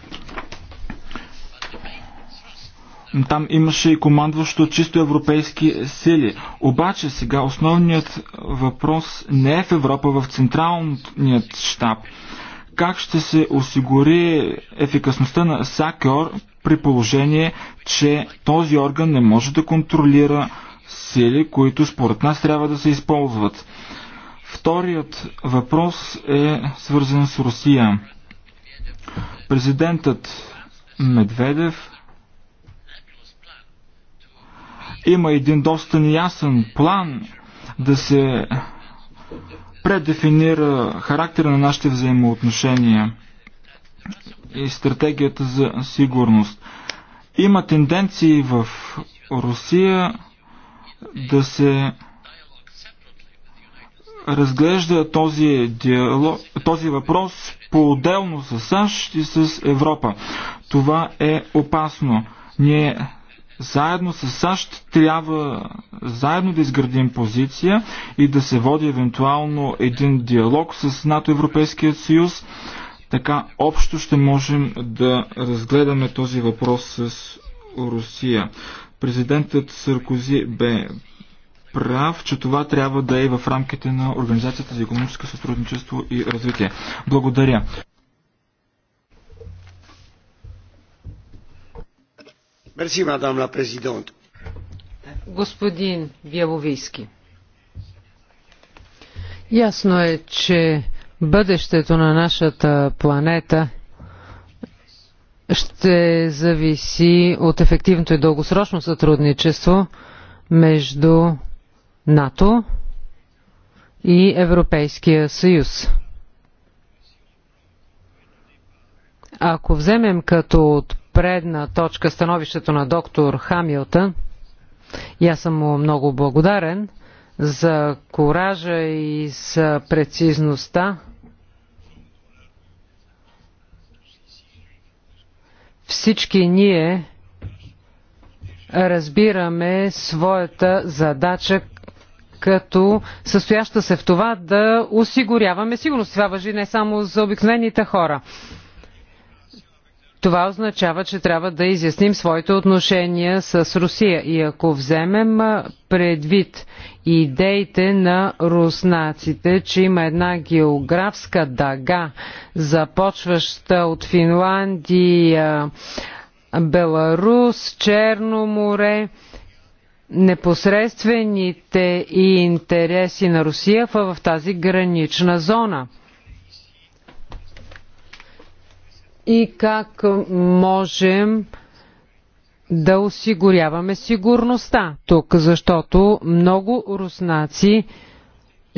Там имаше и командващо чисто европейски сили. Обаче сега основният въпрос не е в Европа, в централният щаб. Как ще се осигури ефикасността на САКЕОР при положение, че този орган не може да контролира сили, които според нас трябва да се използват? Вторият въпрос е свързан с Русия. Президентът Медведев Има един доста неясен план да се предефинира характера на нашите взаимоотношения и стратегията за сигурност. Има тенденции в Русия да се разглежда този, диалог, този въпрос по-отделно с САЩ и с Европа. Това е опасно. Ние заедно с САЩ трябва заедно да изградим позиция и да се води евентуално един диалог с НАТО Европейския съюз. Така общо ще можем да разгледаме този въпрос с Русия. Президентът Саркози бе прав, че това трябва да е в рамките на Организацията за економическо сътрудничество и развитие. Благодаря. Господин Бяловийски. Ясно е, че бъдещето на нашата планета ще зависи от ефективното и дългосрочно сътрудничество между НАТО и Европейския съюз. Ако вземем като от Предна точка становището на доктор Хамилтън. И аз съм му много благодарен за коража и за прецизността. Всички ние разбираме своята задача като състояща се в това да осигуряваме сигурност. Това въжи не само за обикновените хора. Това означава, че трябва да изясним своите отношения с Русия. И ако вземем предвид идеите на руснаците, че има една географска дага, започваща от Финландия, Беларус, Черно море, непосредствените и интереси на Русия в тази гранична зона – и как можем да осигуряваме сигурността тук, защото много руснаци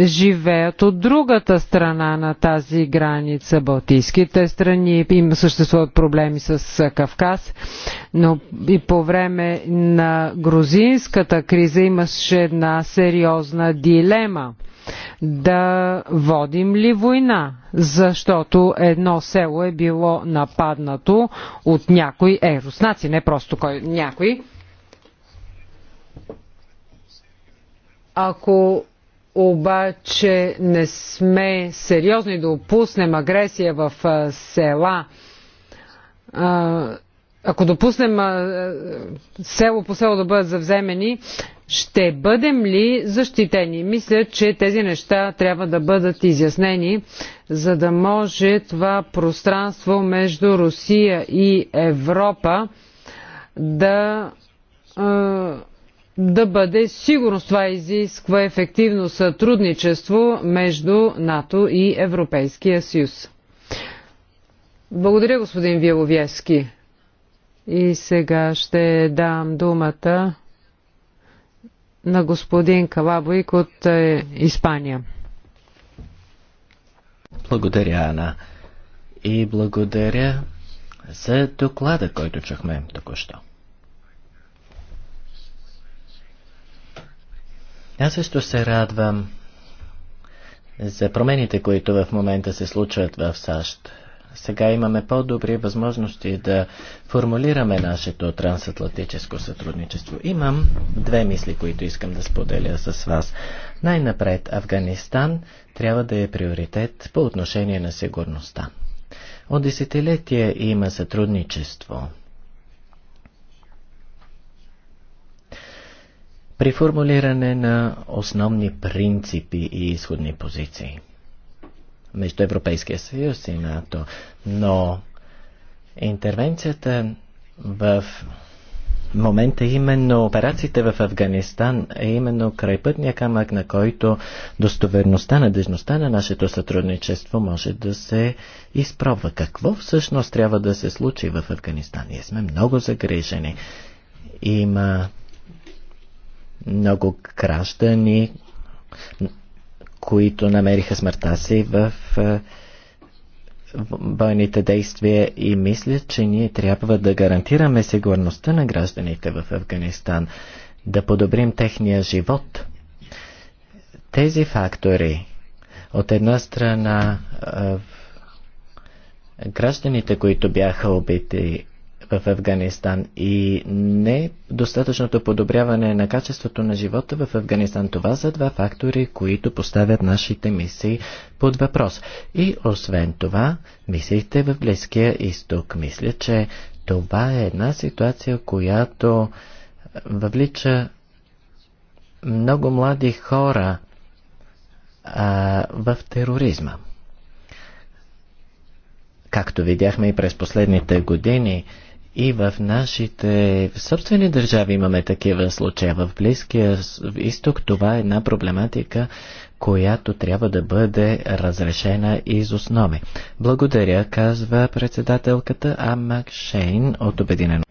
живеят от другата страна на тази граница. Балтийските страни им съществуват проблеми с Кавказ, но и по време на грузинската криза имаше една сериозна дилема да водим ли война, защото едно село е било нападнато от някой, е, руснаци, не просто кой, някой. Ако обаче не сме сериозни да опуснем агресия в села. Ако допуснем село по село да бъдат завземени, ще бъдем ли защитени? Мисля, че тези неща трябва да бъдат изяснени, за да може това пространство между Русия и Европа да да бъде сигурност. Това изисква ефективно сътрудничество между НАТО и Европейския съюз. Благодаря, господин Виловески. И сега ще дам думата на господин Калабойк от е, Испания. Благодаря, Ана. И благодаря за доклада, който чухме току-що. Аз също се радвам за промените, които в момента се случват в САЩ. Сега имаме по-добри възможности да формулираме нашето трансатлантическо сътрудничество. Имам две мисли, които искам да споделя с вас. Най-напред Афганистан трябва да е приоритет по отношение на сигурността. От десетилетия има сътрудничество при формулиране на основни принципи и изходни позиции между Европейския съюз и НАТО. Но интервенцията в момента именно операциите в Афганистан е именно крайпътния камък, на който достоверността, надежността на нашето сътрудничество може да се изпробва. Какво всъщност трябва да се случи в Афганистан? Ние сме много загрижени. Има много граждани, които намериха смъртта си е, в бойните действия и мисля, че ние трябва да гарантираме сигурността на гражданите в Афганистан, да подобрим техния живот. Тези фактори, от една страна, е, гражданите, които бяха убити в Афганистан и не достатъчното подобряване на качеството на живота в Афганистан. Това са два фактори, които поставят нашите мисии под въпрос. И освен това, мисиите в Близкия изток. Мисля, че това е една ситуация, която въвлича много млади хора а, в тероризма. Както видяхме и през последните години, и в нашите собствени държави имаме такива случаи. В Близкия изток това е една проблематика, която трябва да бъде разрешена из основи. Благодаря, казва председателката Амак Шейн от Обединено.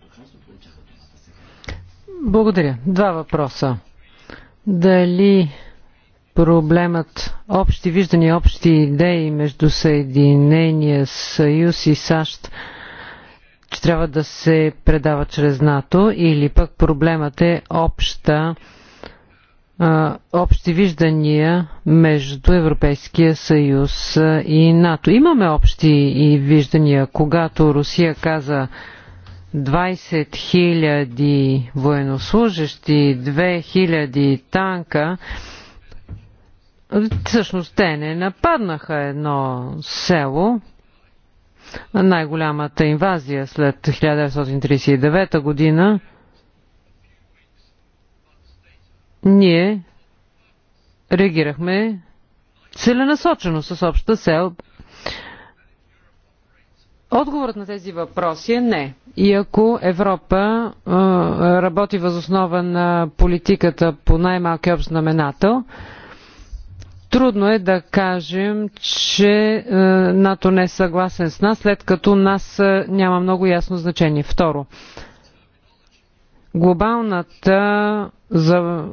Благодаря. Два въпроса. Дали проблемът общи виждания, общи идеи между Съединения съюз и САЩ че трябва да се предава чрез НАТО или пък проблемът е обща общи виждания между Европейския съюз и НАТО. Имаме общи и виждания. Когато Русия каза 20 000 военнослужащи, 2000 танка, всъщност те не нападнаха едно село, най-голямата инвазия след 1939 година, ние реагирахме целенасочено с обща сел. Отговорът на тези въпроси е не. И ако Европа а, работи възоснова на политиката по най-малки общ знаменател, Трудно е да кажем, че е, НАТО не е съгласен с нас, след като нас е, няма много ясно значение. Второ, глобалната за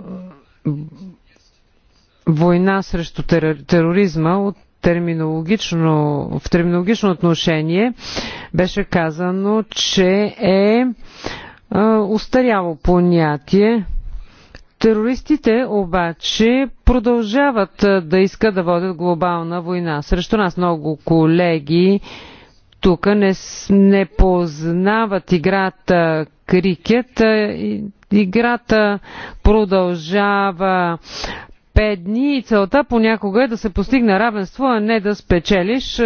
война срещу тероризма от терминологично, в терминологично отношение беше казано, че е, е устаряло понятие Терористите обаче продължават да искат да водят глобална война. Срещу нас много колеги тук не, не познават играта крикет. Играта продължава пет дни и целта понякога е да се постигне равенство, а не да спечелиш,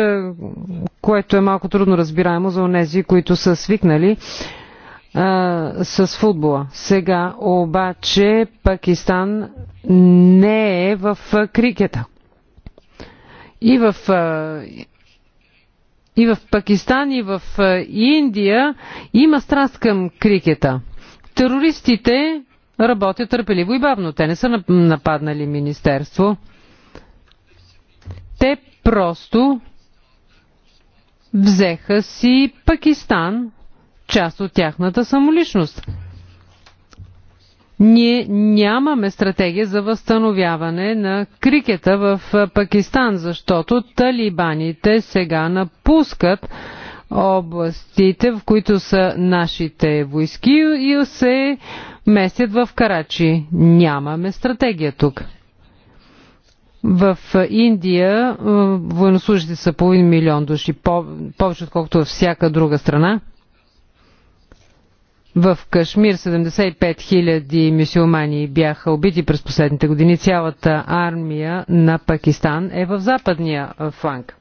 което е малко трудно разбираемо за онези, които са свикнали а, с футбола. Сега обаче Пакистан не е в а, крикета. И в, а, и в Пакистан, и в а, Индия има страст към крикета. Терористите работят търпеливо и бавно. Те не са нападнали министерство. Те просто взеха си Пакистан част от тяхната самоличност. Ние нямаме стратегия за възстановяване на крикета в Пакистан, защото талибаните сега напускат областите, в които са нашите войски и се местят в Карачи. Нямаме стратегия тук. В Индия военнослужите са половин милион души, повече отколкото във всяка друга страна. В Кашмир 75 000 мюсюлмани бяха убити през последните години. Цялата армия на Пакистан е в западния фланг.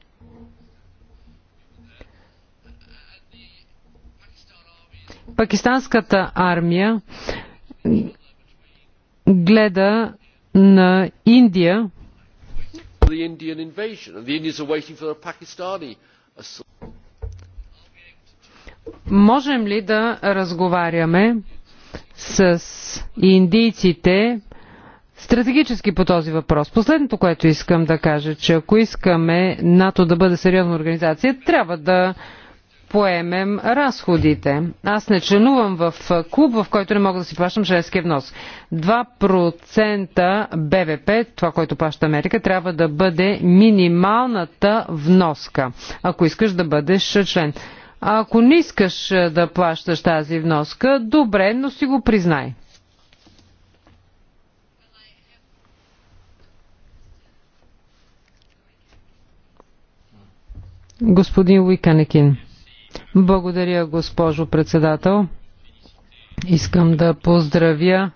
Пакистанската армия гледа на Индия Можем ли да разговаряме с индийците стратегически по този въпрос? Последното, което искам да кажа, че ако искаме НАТО да бъде сериозна организация, трябва да поемем разходите. Аз не членувам в клуб, в който не мога да си плащам членския внос. 2% БВП, това, което плаща Америка, трябва да бъде минималната вноска, ако искаш да бъдеш член. А ако не искаш да плащаш тази вноска, добре, но си го признай. Господин Уиканекин. Благодаря, госпожо председател. Искам да поздравя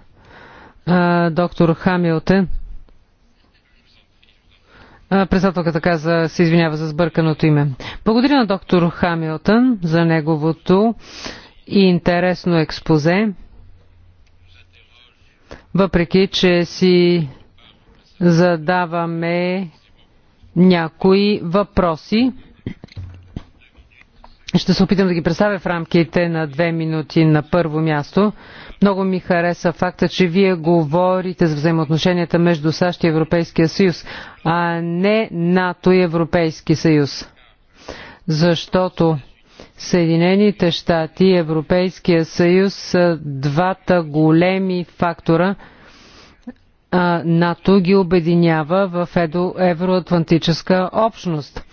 а, доктор Хамилтен Председателката каза, се извинява за сбърканото име. Благодаря на доктор Хамилтън за неговото и интересно експозе, въпреки че си задаваме някои въпроси. Ще се опитам да ги представя в рамките на две минути на първо място. Много ми хареса факта, че вие говорите за взаимоотношенията между САЩ и Европейския съюз, а не НАТО и Европейски съюз. Защото Съединените щати и Европейския съюз са двата големи фактора. НАТО ги обединява в евроатлантическа общност.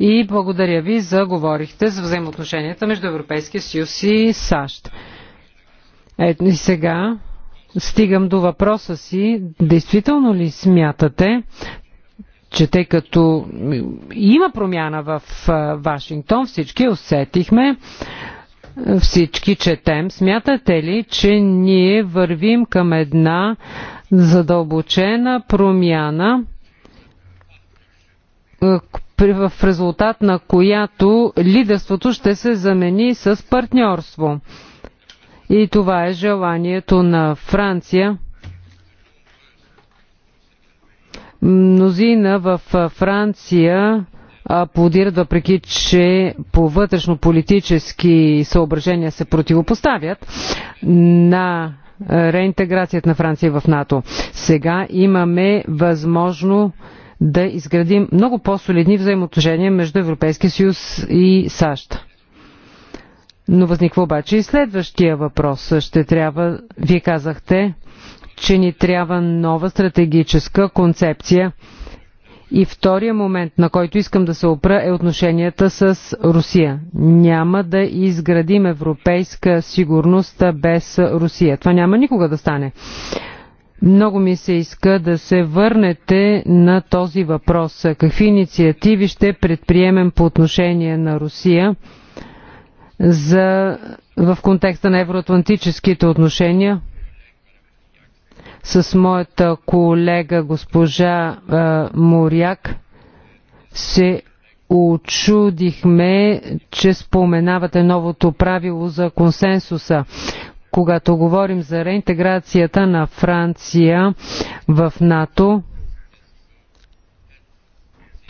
И благодаря ви за говорихте за взаимоотношенията между Европейския съюз и САЩ. Ето и сега стигам до въпроса си. Действително ли смятате, че тъй като има промяна в Вашингтон, всички усетихме, всички четем, смятате ли, че ние вървим към една задълбочена промяна, в резултат на която лидерството ще се замени с партньорство? И това е желанието на Франция. Мнозина в Франция аплодират, въпреки че по вътрешно-политически съображения се противопоставят на реинтеграцията на Франция в НАТО. Сега имаме възможно да изградим много по-солидни взаимоотношения между Европейския съюз и САЩ. Но възниква обаче и следващия въпрос. Ще трябва, вие казахте, че ни трябва нова стратегическа концепция. И втория момент, на който искам да се опра, е отношенията с Русия. Няма да изградим европейска сигурност без Русия. Това няма никога да стане. Много ми се иска да се върнете на този въпрос. Какви инициативи ще предприемем по отношение на Русия? за, в контекста на евроатлантическите отношения. С моята колега госпожа а, Моряк се очудихме, че споменавате новото правило за консенсуса. Когато говорим за реинтеграцията на Франция в НАТО,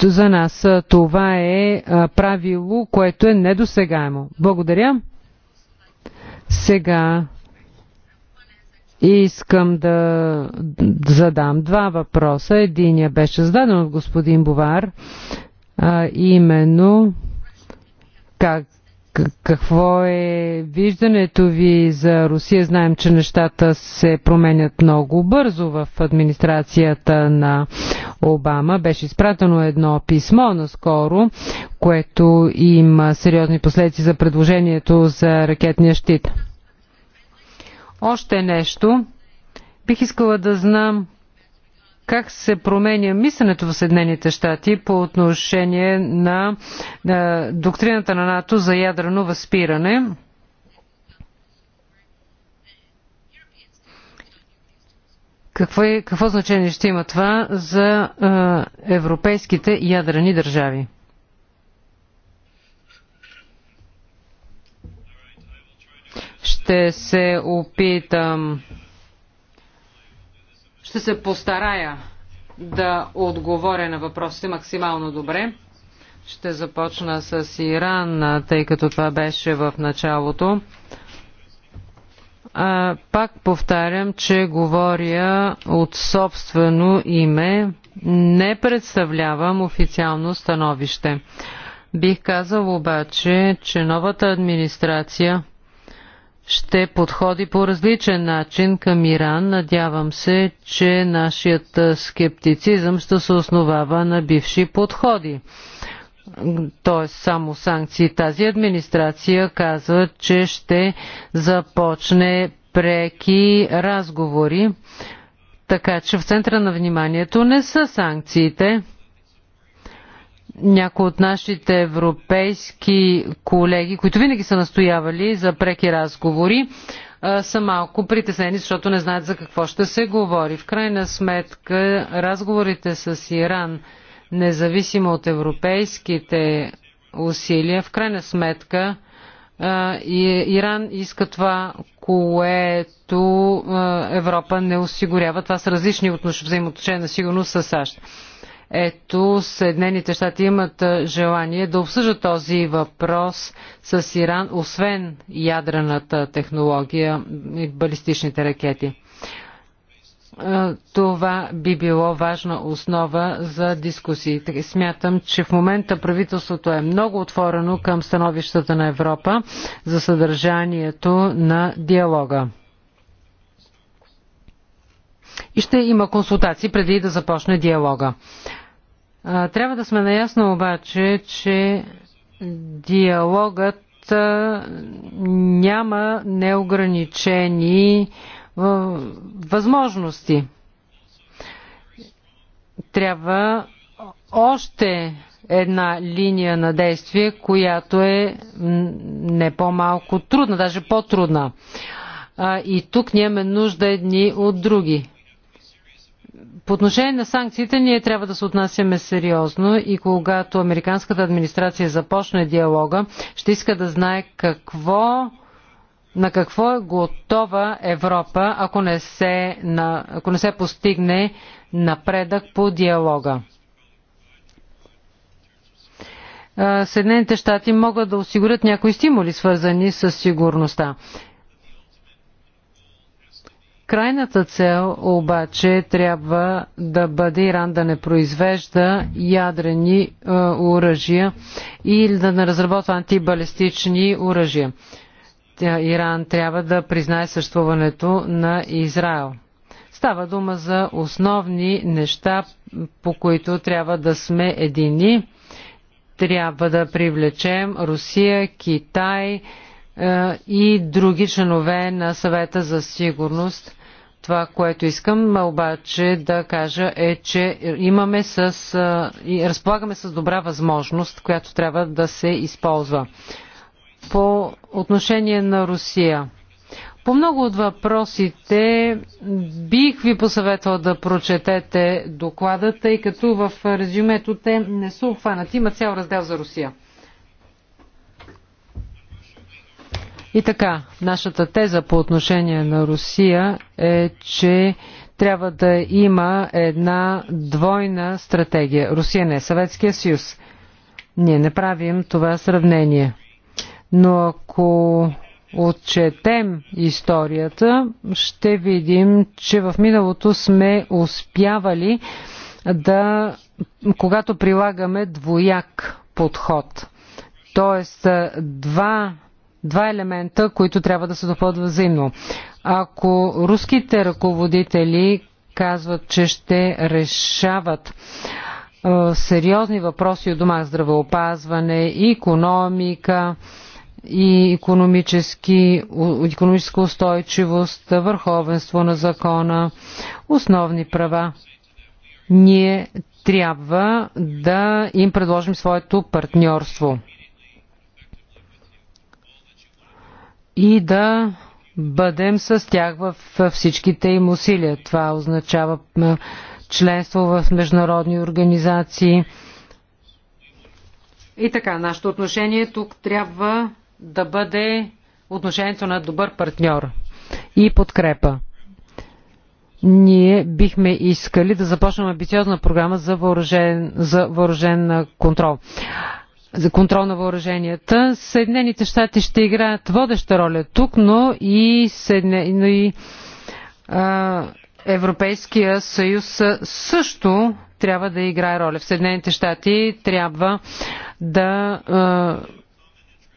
за нас това е правило, което е недосегаемо. Благодаря. Сега искам да задам два въпроса. Единия беше зададен от господин Бовар, а именно как какво е виждането ви за Русия? Знаем, че нещата се променят много бързо в администрацията на Обама. Беше изпратено едно писмо наскоро, което има сериозни последици за предложението за ракетния щит. Още нещо. Бих искала да знам как се променя мисленето в Съединените щати по отношение на доктрината на НАТО за ядрено възпиране. Какво, е, какво значение ще има това за е, европейските ядрени държави? Ще се опитам ще се постарая да отговоря на въпросите максимално добре. Ще започна с Иран, тъй като това беше в началото. А, пак повтарям, че говоря от собствено име. Не представлявам официално становище. Бих казал обаче, че новата администрация ще подходи по различен начин към Иран. Надявам се, че нашият скептицизъм ще се основава на бивши подходи. Тоест само санкции. Тази администрация казва, че ще започне преки разговори. Така че в центъра на вниманието не са санкциите някои от нашите европейски колеги, които винаги са настоявали за преки разговори, са малко притеснени, защото не знаят за какво ще се говори. В крайна сметка, разговорите с Иран, независимо от европейските усилия, в крайна сметка, Иран иска това, което Европа не осигурява. Това са различни взаимоотношения на сигурност с САЩ. Ето, Съединените щати имат желание да обсъждат този въпрос с Иран, освен ядрената технология и балистичните ракети. Това би било важна основа за дискусии. Смятам, че в момента правителството е много отворено към становищата на Европа за съдържанието на диалога и ще има консултации преди да започне диалога. Трябва да сме наясно обаче, че диалогът няма неограничени възможности. Трябва още една линия на действие, която е не по-малко трудна, даже по-трудна. И тук няма нужда едни от други. По отношение на санкциите ние трябва да се отнасяме сериозно и когато американската администрация започне диалога, ще иска да знае какво на какво е готова Европа, ако не се, на, ако не се постигне напредък по диалога. Съединените щати могат да осигурят някои стимули, свързани с сигурността. Крайната цел обаче трябва да бъде Иран да не произвежда ядрени е, оръжия и да не разработва антибалистични оръжия. Иран трябва да признае съществуването на Израел. Става дума за основни неща, по които трябва да сме едини. Трябва да привлечем Русия, Китай е, и други членове на съвета за сигурност – това, което искам обаче да кажа е, че имаме с, и разполагаме с добра възможност, която трябва да се използва. По отношение на Русия. По много от въпросите бих ви посъветвал да прочетете доклада, тъй като в резюмето те не са обхванати. Има цял раздел за Русия. И така, нашата теза по отношение на Русия е, че трябва да има една двойна стратегия. Русия не е Съветския съюз. Ние не правим това сравнение. Но ако отчетем историята, ще видим, че в миналото сме успявали да, когато прилагаме двояк подход. Тоест, два два елемента, които трябва да се допълват взаимно. Ако руските ръководители казват, че ще решават сериозни въпроси от дома здравеопазване, економика и економически, економическа устойчивост, върховенство на закона, основни права. Ние трябва да им предложим своето партньорство. и да бъдем с тях във всичките им усилия. Това означава членство в международни организации. И така, нашето отношение тук трябва да бъде отношението на добър партньор и подкрепа. Ние бихме искали да започнем амбициозна програма за въоръжен, за въоръжен контрол за контрол на въоръженията. Съединените щати ще играят водеща роля тук, но и, Съедне... но и а, Европейския съюз също трябва да играе роля. В Съединените щати трябва да а,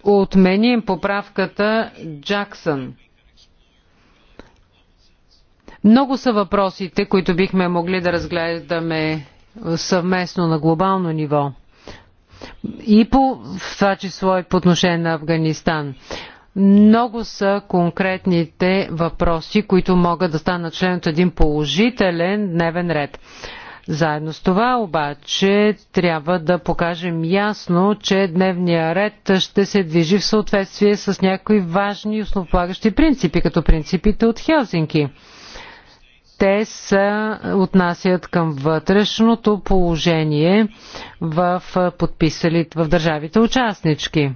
отменим поправката Джаксън. Много са въпросите, които бихме могли да разгледаме съвместно на глобално ниво и по, в това число и по отношение на Афганистан. Много са конкретните въпроси, които могат да станат член от един положителен дневен ред. Заедно с това обаче трябва да покажем ясно, че дневния ред ще се движи в съответствие с някои важни основополагащи принципи, като принципите от Хелзинки – те се отнасят към вътрешното положение в подписалите в държавите участнички.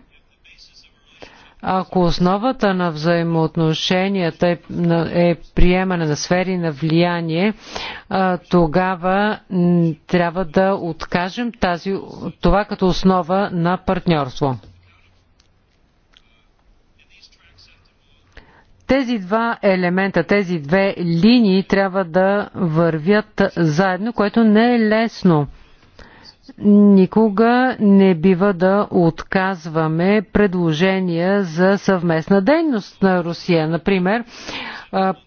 Ако основата на взаимоотношенията е, е приемане на сфери на влияние, тогава трябва да откажем тази, това като основа на партньорство. Тези два елемента, тези две линии трябва да вървят заедно, което не е лесно. Никога не бива да отказваме предложения за съвместна дейност на Русия. Например,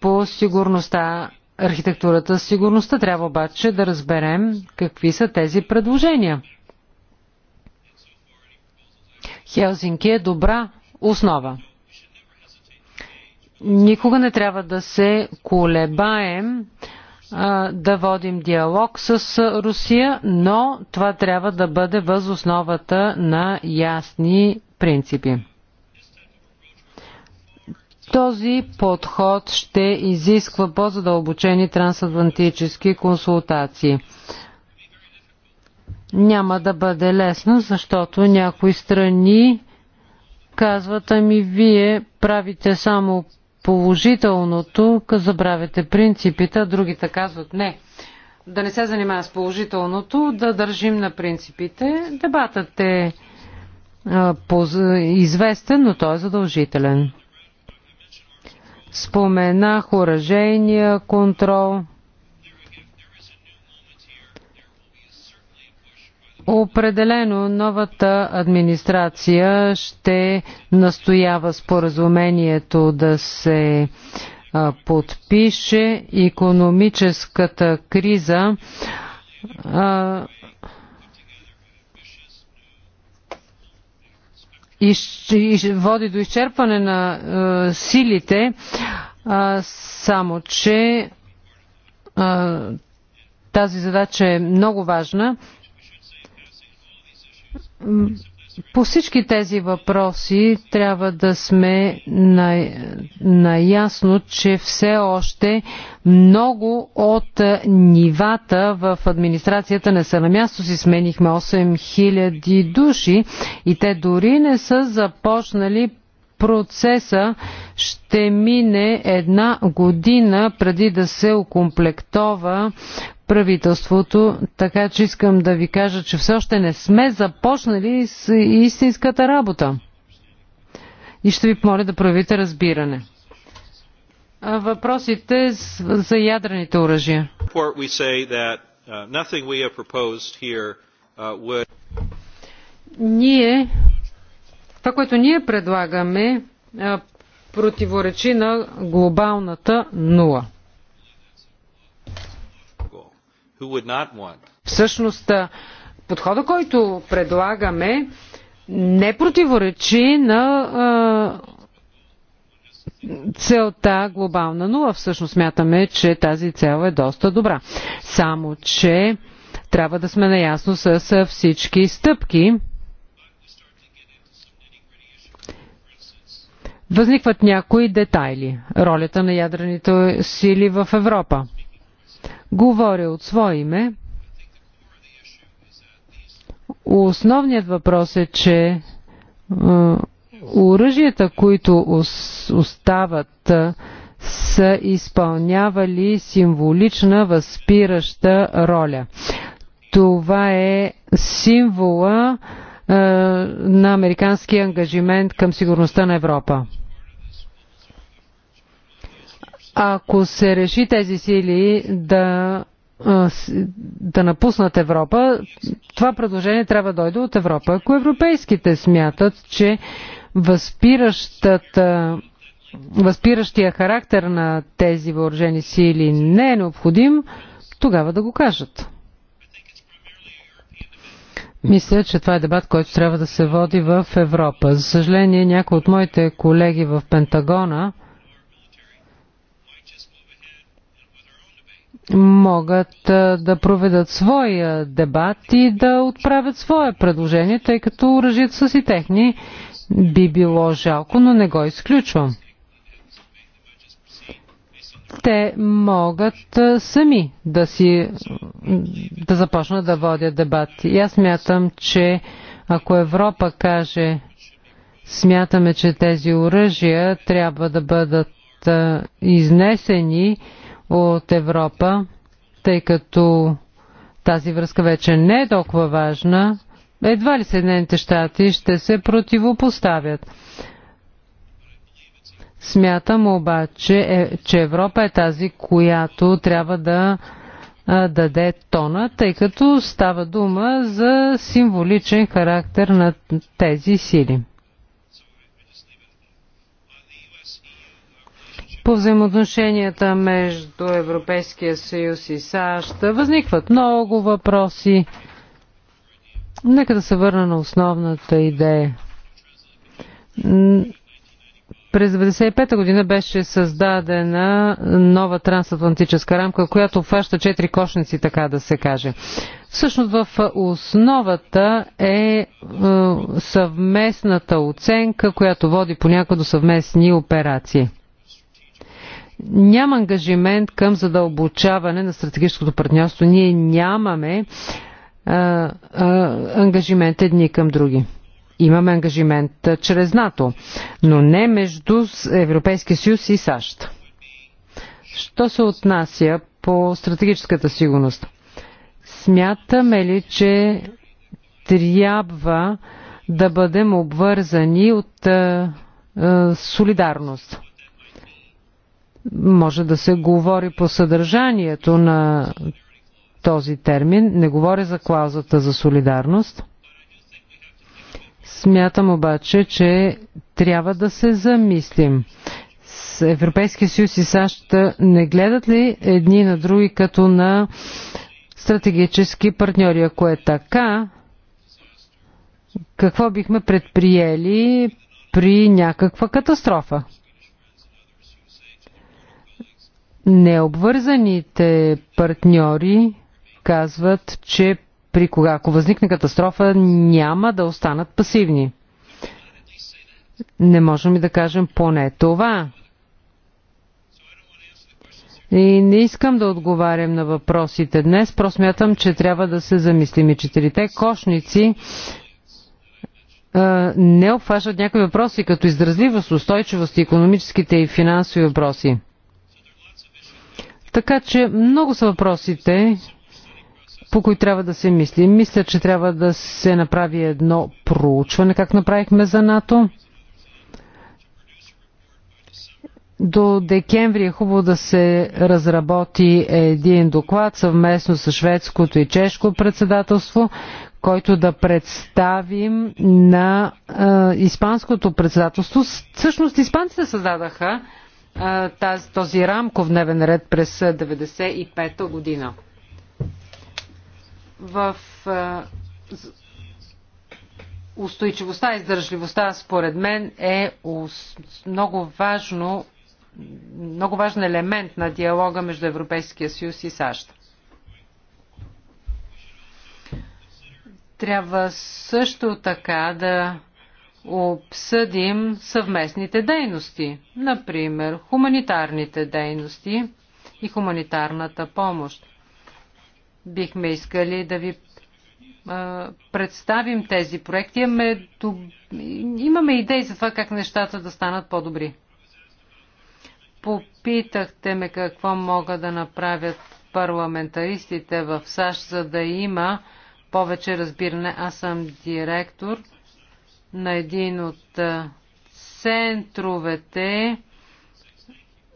по сигурността, архитектурата сигурността. Трябва обаче да разберем какви са тези предложения. Хелзинки е добра основа. Никога не трябва да се колебаем да водим диалог с Русия, но това трябва да бъде въз основата на ясни принципи. Този подход ще изисква по-задълбочени трансатлантически консултации. Няма да бъде лесно, защото някои страни казват, ами вие правите само положителното, забравяте принципите, а другите казват не. Да не се занимава с положителното, да държим на принципите. Дебатът е известен, но той е задължителен. Споменах уражения, контрол. Определено новата администрация ще настоява споразумението да се подпише економическата криза и води до изчерпване на силите, само че тази задача е много важна по всички тези въпроси трябва да сме наясно, на че все още много от нивата в администрацията не са на място си. Сменихме 8000 души и те дори не са започнали процеса. Ще мине една година преди да се окомплектова правителството, така че искам да ви кажа, че все още не сме започнали с истинската работа. И ще ви помоля да проявите разбиране. Въпросите за ядрените оръжия. Uh, uh, ние, това, което ние предлагаме, противоречи на глобалната нула. Всъщност, подхода, който предлагаме, не противоречи на целта глобална нула. Всъщност смятаме, че тази цел е доста добра. Само, че трябва да сме наясно с всички стъпки. Възникват някои детайли. Ролята на ядрените сили в Европа. Говоря от свое име. Основният въпрос е, че оръжията, които остават, са изпълнявали символична възпираща роля. Това е символа на американския ангажимент към сигурността на Европа. Ако се реши тези сили да, да напуснат Европа, това предложение трябва да дойде от Европа. Ако европейските смятат, че възпиращата възпиращия характер на тези въоръжени сили не е необходим, тогава да го кажат. Мисля, че това е дебат, който трябва да се води в Европа. За съжаление, някои от моите колеги в Пентагона могат да проведат своя дебат и да отправят свое предложение, тъй като ръжит са си техни. Би било жалко, но не го изключвам. Те могат сами да си да започнат да водят дебат. И аз мятам, че ако Европа каже смятаме, че тези оръжия трябва да бъдат изнесени, от Европа, тъй като тази връзка вече не е толкова важна, едва ли Съединените щати ще се противопоставят. Смятам обаче, е, че Европа е тази, която трябва да а, даде тона, тъй като става дума за символичен характер на тези сили. по взаимоотношенията между Европейския съюз и САЩ. Възникват много въпроси. Нека да се върна на основната идея. През 1995 година беше създадена нова трансатлантическа рамка, която обхваща четири кошници, така да се каже. Всъщност в основата е, е съвместната оценка, която води понякога до съвместни операции няма ангажимент към задълбочаване на стратегическото партньорство. Ние нямаме а, а, ангажимент едни към други. Имаме ангажимент чрез НАТО, но не между Европейския съюз и САЩ. Що се отнася по стратегическата сигурност? Смятаме ли, че трябва да бъдем обвързани от а, а, солидарност? Може да се говори по съдържанието на този термин. Не говоря за клаузата за солидарност. Смятам обаче, че трябва да се замислим. С Европейския съюз и САЩ не гледат ли едни на други като на стратегически партньори? Ако е така, какво бихме предприели при някаква катастрофа? Необвързаните партньори казват, че при кога, ако възникне катастрофа, няма да останат пасивни. Не можем и да кажем поне това. И не искам да отговарям на въпросите днес, просто смятам, че трябва да се замислим и четирите кошници а, не обхващат някои въпроси, като изразливост, устойчивост економическите и финансови въпроси. Така че много са въпросите, по които трябва да се мисли. Мисля, че трябва да се направи едно проучване, как направихме за НАТО. До декември е хубаво да се разработи един доклад съвместно с шведското и чешко председателство, който да представим на е, испанското председателство. Всъщност испанците създадаха тази, този рамков дневен ред през 1995 година. В устойчивостта и издържливостта, според мен, е много важно много важен елемент на диалога между Европейския съюз и САЩ. Трябва също така да обсъдим съвместните дейности, например хуманитарните дейности и хуманитарната помощ. Бихме искали да ви представим тези проекти. Имаме, имаме идеи за това как нещата да станат по-добри. Попитахте ме какво могат да направят парламентаристите в САЩ, за да има повече разбиране. Аз съм директор на един от центровете,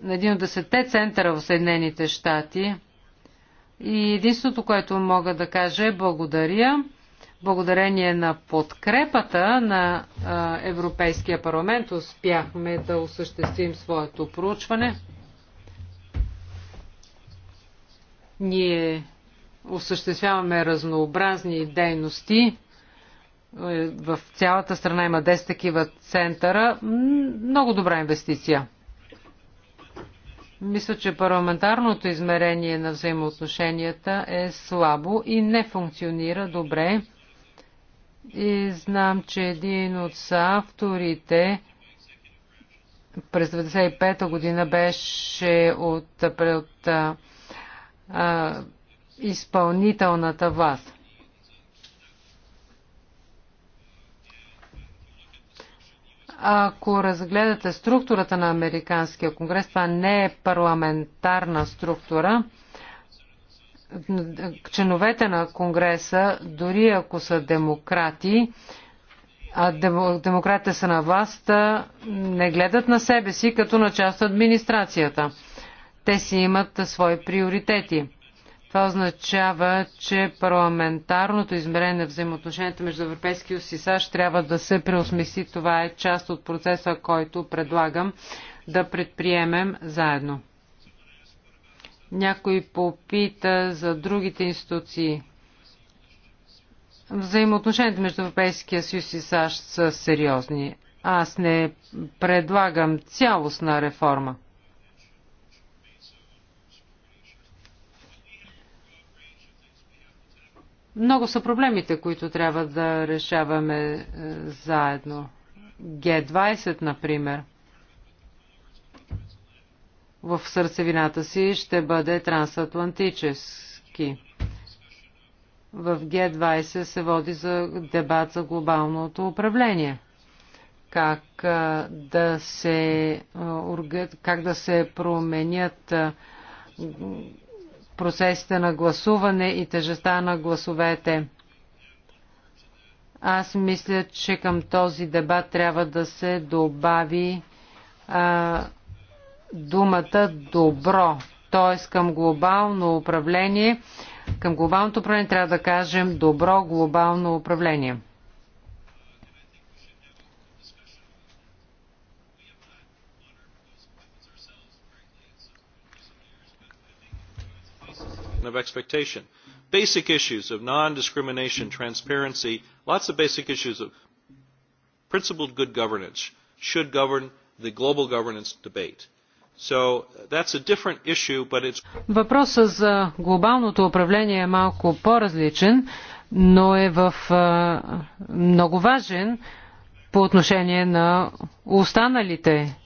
на един от десетте центъра в Съединените щати. И единството, което мога да кажа е благодаря. Благодарение на подкрепата на Европейския парламент успяхме да осъществим своето проучване. Ние осъществяваме разнообразни дейности е, в цялата страна има 10 такива центъра. Много добра инвестиция. Мисля, че парламентарното измерение на взаимоотношенията е слабо и не функционира добре. И знам, че един от авторите през 1995 година беше от, от а, изпълнителната власт. Ако разгледате структурата на Американския конгрес, това не е парламентарна структура. Членовете на Конгреса, дори ако са демократи, а демократите са на власт, не гледат на себе си като на част от администрацията. Те си имат свои приоритети. Това означава, че парламентарното измерение на взаимоотношенията между Европейския съюз и САЩ трябва да се преосмисли. Това е част от процеса, който предлагам да предприемем заедно. Някой попита за другите институции. Взаимоотношенията между Европейския съюз и САЩ са сериозни. Аз не предлагам цялостна реформа. Много са проблемите, които трябва да решаваме е, заедно. Г20, например, в сърцевината си ще бъде трансатлантически. В Г20 се води за дебат за глобалното управление. Как е, да се, е, как да се променят процесите на гласуване и тежеста на гласовете. Аз мисля, че към този дебат трябва да се добави а, думата добро, т.е. към глобално управление. Към глобалното управление трябва да кажем добро глобално управление. of expectation. Basic issues of non-discrimination, transparency, lots of basic issues of principled good governance should govern the global governance debate. So that's a different issue, but it's... Въпросът за глобалното управление е малко по-различен, но е в, много важен по отношение на останалите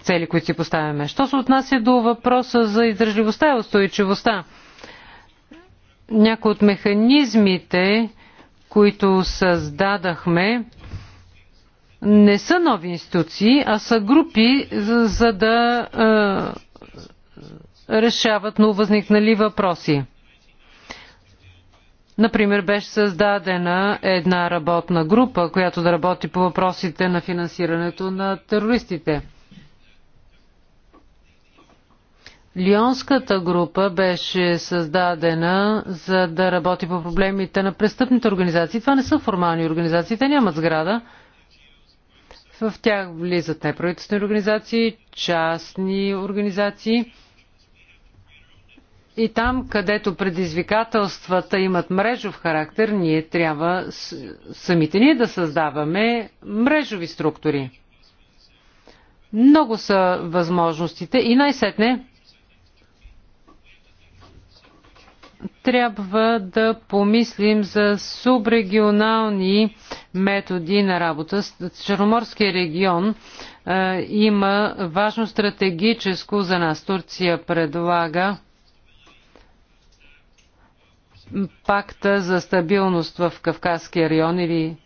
цели, които си поставяме. Що се отнася до въпроса за издържливостта и устойчивостта? някои от механизмите, които създадахме, не са нови институции, а са групи, за, за да е, решават нововъзникнали въпроси. Например, беше създадена една работна група, която да работи по въпросите на финансирането на терористите. Лионската група беше създадена за да работи по проблемите на престъпните организации. Това не са формални организации, те нямат сграда. В тях влизат неправителствени организации, частни организации. И там, където предизвикателствата имат мрежов характер, ние трябва самите ние да създаваме мрежови структури. Много са възможностите и най-сетне трябва да помислим за субрегионални методи на работа. Черноморския регион а, е, има важно стратегическо за нас. Турция предлага пакта за стабилност в Кавказския район или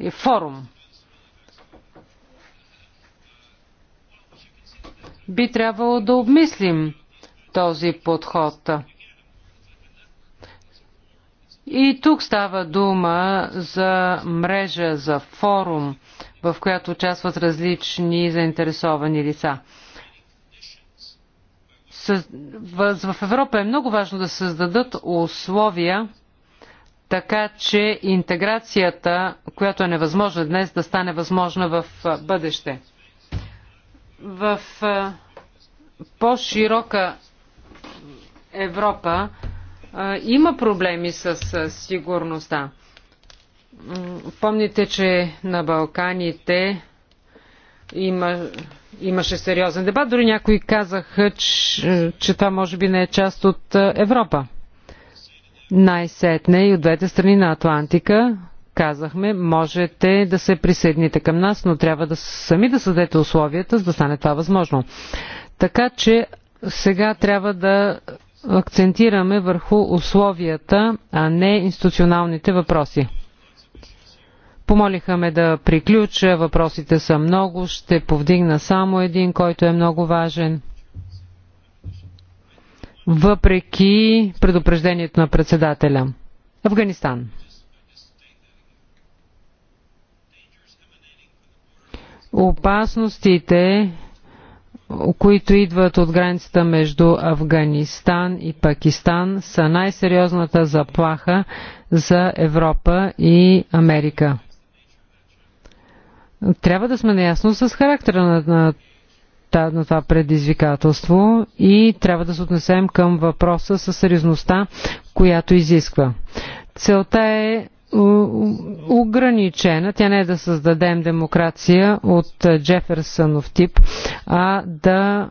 е, форум. Би трябвало да обмислим този подход. И тук става дума за мрежа, за форум, в която участват различни заинтересовани лица. В Европа е много важно да създадат условия, така че интеграцията, която е невъзможна днес, да стане възможна в бъдеще. В по-широка Европа има проблеми с сигурността. Помните, че на Балканите има, имаше сериозен дебат. Дори някои казаха, че, че това може би не е част от Европа. Най-сетне и от двете страни на Атлантика казахме, можете да се присъедините към нас, но трябва да сами да създадете условията, за да стане това възможно. Така че сега трябва да акцентираме върху условията, а не институционалните въпроси. Помолиха ме да приключа, въпросите са много, ще повдигна само един, който е много важен. Въпреки предупреждението на председателя. Афганистан. Опасностите, които идват от границата между Афганистан и Пакистан, са най-сериозната заплаха за Европа и Америка. Трябва да сме наясно с характера на, на, на това предизвикателство и трябва да се отнесем към въпроса с сериозността, която изисква. Целта е ограничена. Тя не е да създадем демокрация от Джеферсонов тип, а да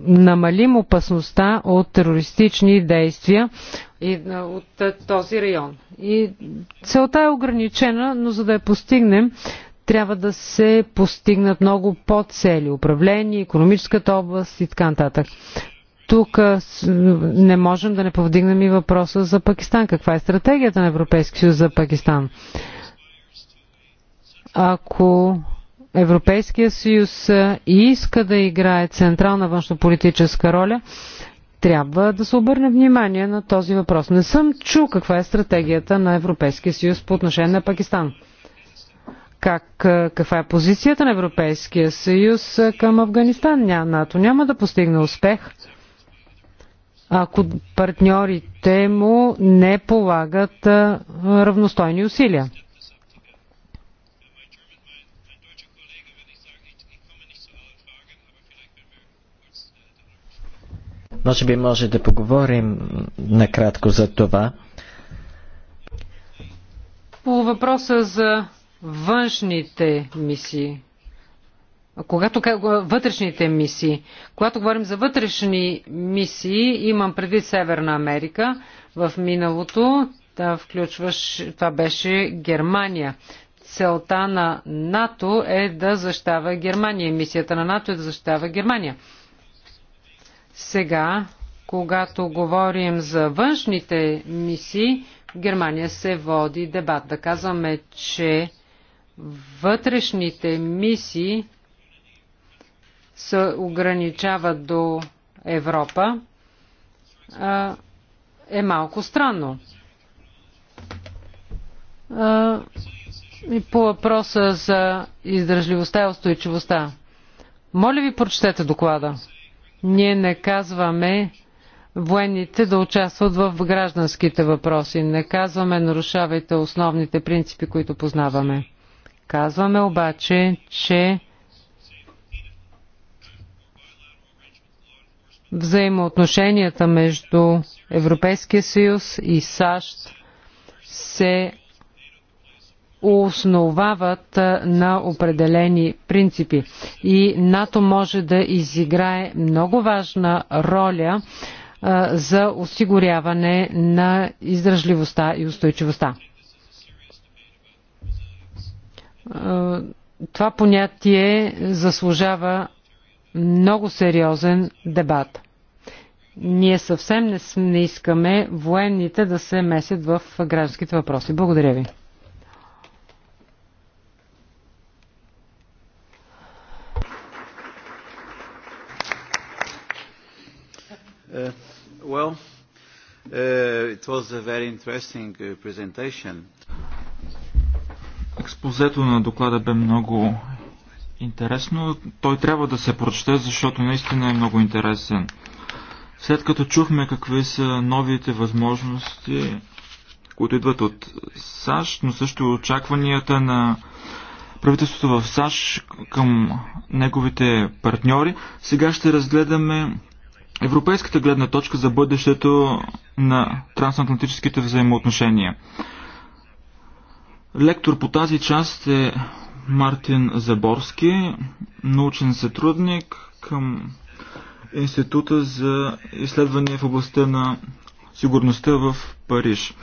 намалим опасността от терористични действия и, от този район. И целта е ограничена, но за да я постигнем, трябва да се постигнат много по-цели управление, економическата област и така нататък тук не можем да не повдигнем и въпроса за Пакистан. Каква е стратегията на Европейския съюз за Пакистан? Ако Европейския съюз иска да играе централна външнополитическа роля, трябва да се обърне внимание на този въпрос. Не съм чул каква е стратегията на Европейския съюз по отношение на Пакистан. Как, каква е позицията на Европейския съюз към Афганистан? Ня, НАТО няма да постигне успех – ако партньорите му не полагат равностойни усилия. Може би може да поговорим накратко за това. По въпроса за външните мисии когато вътрешните мисии, когато говорим за вътрешни мисии, имам предвид Северна Америка. В миналото да включваш, това беше Германия. Целта на НАТО е да защава Германия. Мисията на НАТО е да защава Германия. Сега, когато говорим за външните мисии, в Германия се води дебат. Да казваме, че вътрешните мисии се ограничава до Европа, е малко странно. И по въпроса за издържливостта и устойчивостта. Моля ви, прочетете доклада. Ние не казваме военните да участват в гражданските въпроси. Не казваме нарушавайте основните принципи, които познаваме. Казваме обаче, че взаимоотношенията между Европейския съюз и САЩ се основават на определени принципи. И НАТО може да изиграе много важна роля за осигуряване на издръжливостта и устойчивостта. Това понятие заслужава много сериозен дебат. Ние съвсем не, не искаме военните да се месят в гражданските въпроси. Благодаря ви. Uh, well, uh, it was a very interesting uh, presentation. Експозето на доклада бе много Интересно, той трябва да се прочете, защото наистина е много интересен. След като чухме какви са новите възможности, които идват от САЩ, но също очакванията на правителството в САЩ към неговите партньори, сега ще разгледаме европейската гледна точка за бъдещето на трансатлантическите взаимоотношения. Лектор по тази част е Мартин Заборски, научен сътрудник към Института за изследвания в областта на сигурността в Париж.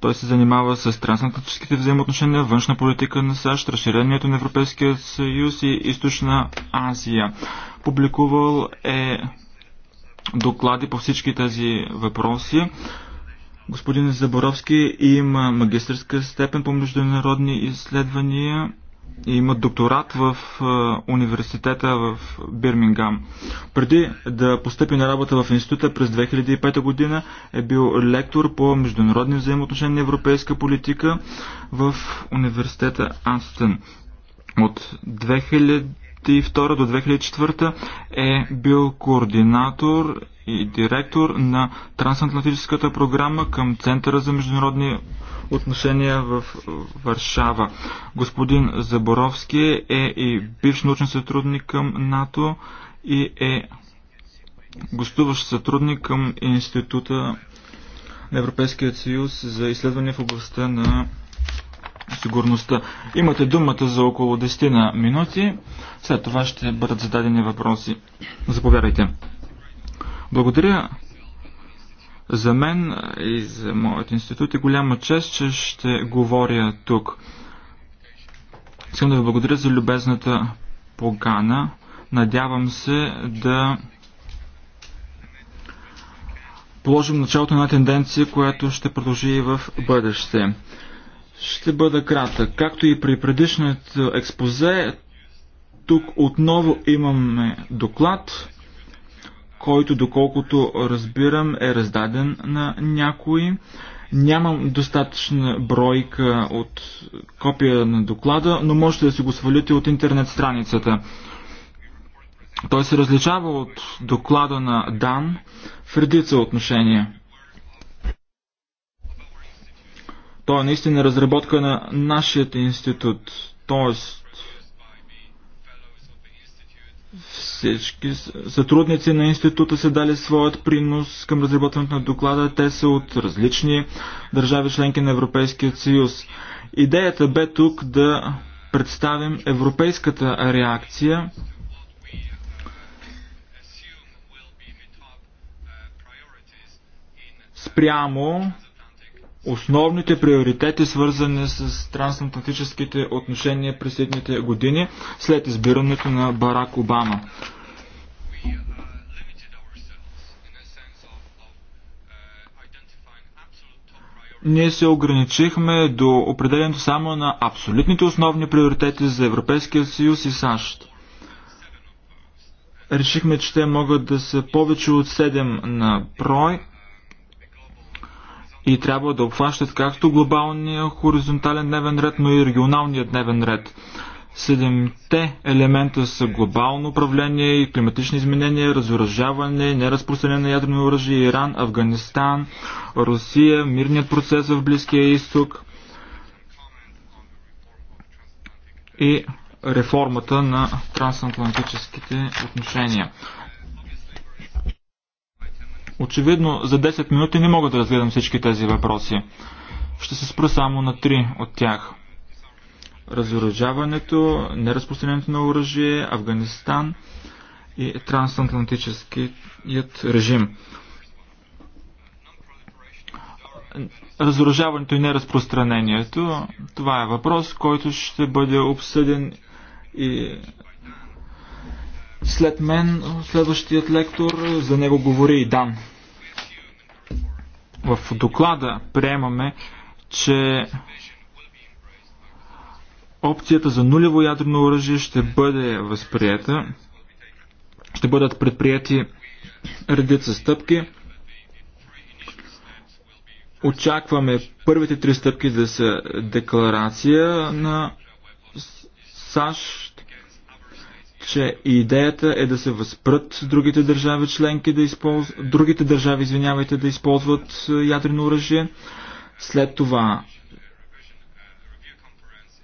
Той се занимава с трансатлантическите взаимоотношения, външна политика на САЩ, разширението на Европейския съюз и Източна Азия. Публикувал е доклади по всички тези въпроси. Господин Заборовски има магистрска степен по международни изследвания и има докторат в университета в Бирмингам. Преди да постъпи на работа в института през 2005 година е бил лектор по международни взаимоотношения на европейска политика в университета Анстън. От 2000 2002 до 2004 е бил координатор и директор на Трансатлантическата програма към Центъра за международни отношения в Варшава. Господин Заборовски е и бивш научен сътрудник към НАТО и е гостуващ сътрудник към Института на Европейския съюз за изследвания в областта на сигурността. Имате думата за около 10 на минути. След това ще бъдат зададени въпроси. Заповядайте. Благодаря за мен и за моят институт и е голяма чест, че ще говоря тук. Искам да ви благодаря за любезната погана. Надявам се да положим началото на тенденция, която ще продължи и в бъдеще. Ще бъда кратък. Както и при предишното експозе, тук отново имаме доклад, който доколкото разбирам е раздаден на някои. Нямам достатъчна бройка от копия на доклада, но можете да си го свалите от интернет страницата. Той се различава от доклада на Дан в редица отношения. То е наистина разработка на нашият институт. Тоест, всички сътрудници на института са дали своят принос към разработването на доклада. Те са от различни държави членки на Европейския съюз. Идеята бе тук да представим европейската реакция спрямо основните приоритети, свързани с трансатлантическите отношения през следните години след избирането на Барак Обама. ние се ограничихме до определенето само на абсолютните основни приоритети за Европейския съюз и САЩ. Решихме, че те могат да са повече от 7 на брой и трябва да обхващат както глобалния хоризонтален дневен ред, но и регионалния дневен ред. Седемте елемента са глобално управление и климатични изменения, разоръжаване, неразпространение на ядрено оръжие, Иран, Афганистан, Русия, мирният процес в Близкия изток и реформата на трансатлантическите отношения. Очевидно, за 10 минути не мога да разгледам всички тези въпроси. Ще се спра само на три от тях. Разоръжаването, неразпространението на оръжие, Афганистан и трансатлантическият режим. Разоръжаването и неразпространението, това е въпрос, който ще бъде обсъден и след мен следващият лектор, за него говори и Дан. В доклада приемаме, че опцията за нулево ядрено оръжие ще бъде възприета. Ще бъдат предприяти редица стъпки. Очакваме първите три стъпки да са декларация на САЩ че идеята е да се възпрат другите държави членки да използват, другите държави, извинявайте, да използват е, ядрено оръжие. След това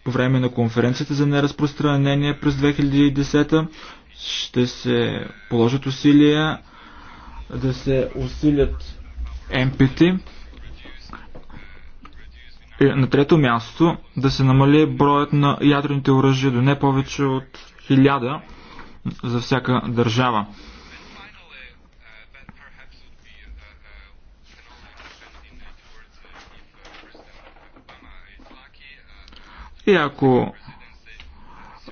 по време на конференцията за неразпространение през 2010 ще се положат усилия да се усилят МПТ. на трето място да се намали броят на ядрените оръжия до не повече от Хиляда за всяка държава. И ако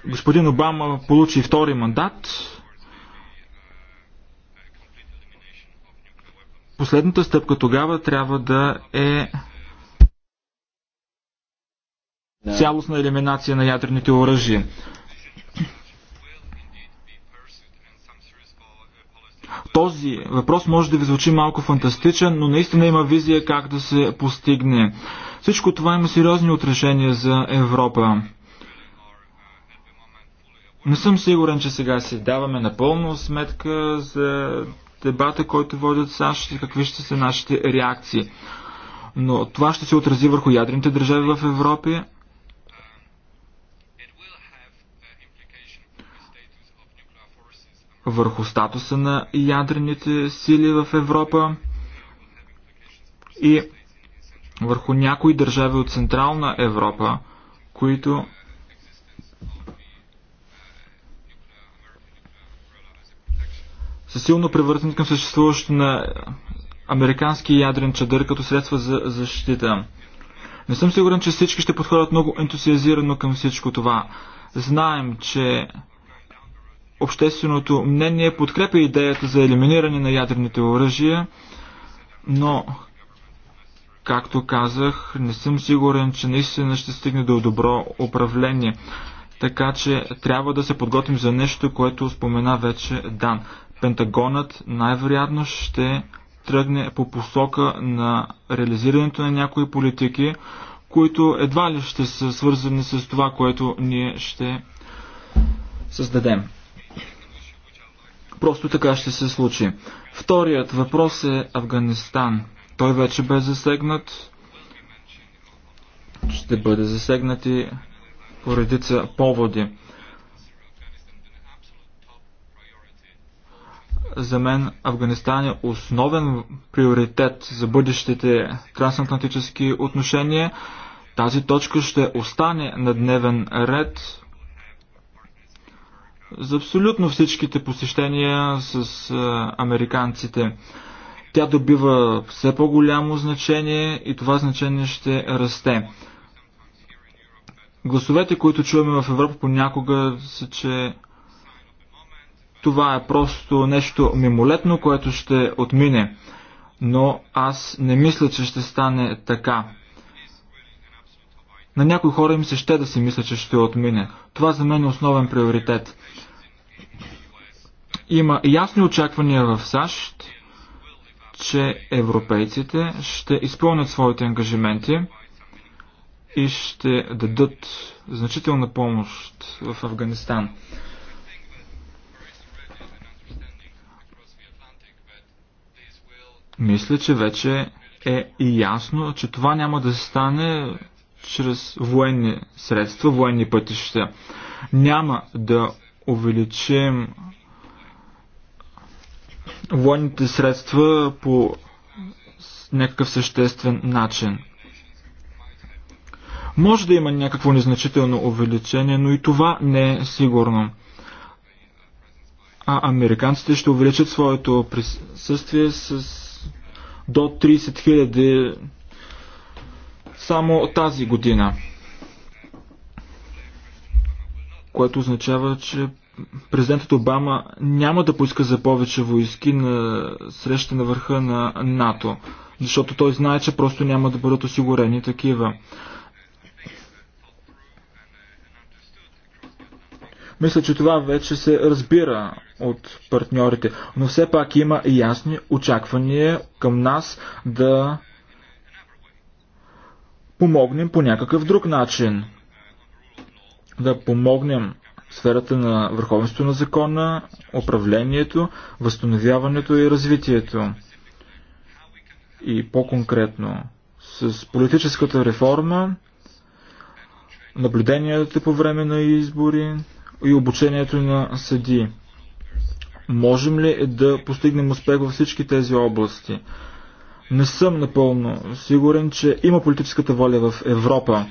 господин Обама получи втори мандат, последната стъпка тогава трябва да е цялостна елиминация на ядрените оръжия. Този въпрос може да ви звучи малко фантастичен, но наистина има визия как да се постигне. Всичко това има сериозни отрешения за Европа. Не съм сигурен, че сега си даваме напълно сметка за дебата, който водят САЩ и какви ще са нашите реакции. Но това ще се отрази върху ядрените държави в Европи, върху статуса на ядрените сили в Европа и върху някои държави от Централна Европа, които са силно превъртени към съществуващото на американски ядрен чадър като средства за защита. Не съм сигурен, че всички ще подходят много ентусиазирано към всичко това. Знаем, че Общественото мнение подкрепя идеята за елиминиране на ядрените оръжия, но, както казах, не съм сигурен, че наистина ще стигне до добро управление. Така че трябва да се подготвим за нещо, което спомена вече Дан. Пентагонът най-вероятно ще тръгне по посока на реализирането на някои политики, които едва ли ще са свързани с това, което ние ще създадем. Просто така ще се случи. Вторият въпрос е Афганистан. Той вече бе засегнат. Ще бъде засегнат и поводи. За мен Афганистан е основен приоритет за бъдещите трансатлантически отношения. Тази точка ще остане на дневен ред за абсолютно всичките посещения с американците. Тя добива все по-голямо значение и това значение ще расте. Гласовете, които чуваме в Европа понякога са, че това е просто нещо мимолетно, което ще отмине. Но аз не мисля, че ще стане така. На някои хора им се ще да си мисля, че ще отмине. Това за мен е основен приоритет. Има ясни очаквания в САЩ, че европейците ще изпълнят своите ангажименти и ще дадат значителна помощ в Афганистан. Мисля, че вече е и ясно, че това няма да стане чрез военни средства, военни пътища. Няма да увеличим военните средства по някакъв съществен начин. Може да има някакво незначително увеличение, но и това не е сигурно. А американците ще увеличат своето присъствие с до 30 000 само тази година. Което означава, че президентът Обама няма да поиска за повече войски на среща на върха на НАТО, защото той знае, че просто няма да бъдат осигурени такива. Мисля, че това вече се разбира от партньорите, но все пак има ясни очаквания към нас да помогнем по някакъв друг начин. Да помогнем в сферата на върховенството на закона, управлението, възстановяването и развитието. И по-конкретно, с политическата реформа, наблюденията по време на избори и обучението на съди. Можем ли да постигнем успех във всички тези области? Не съм напълно сигурен, че има политическата воля в Европа.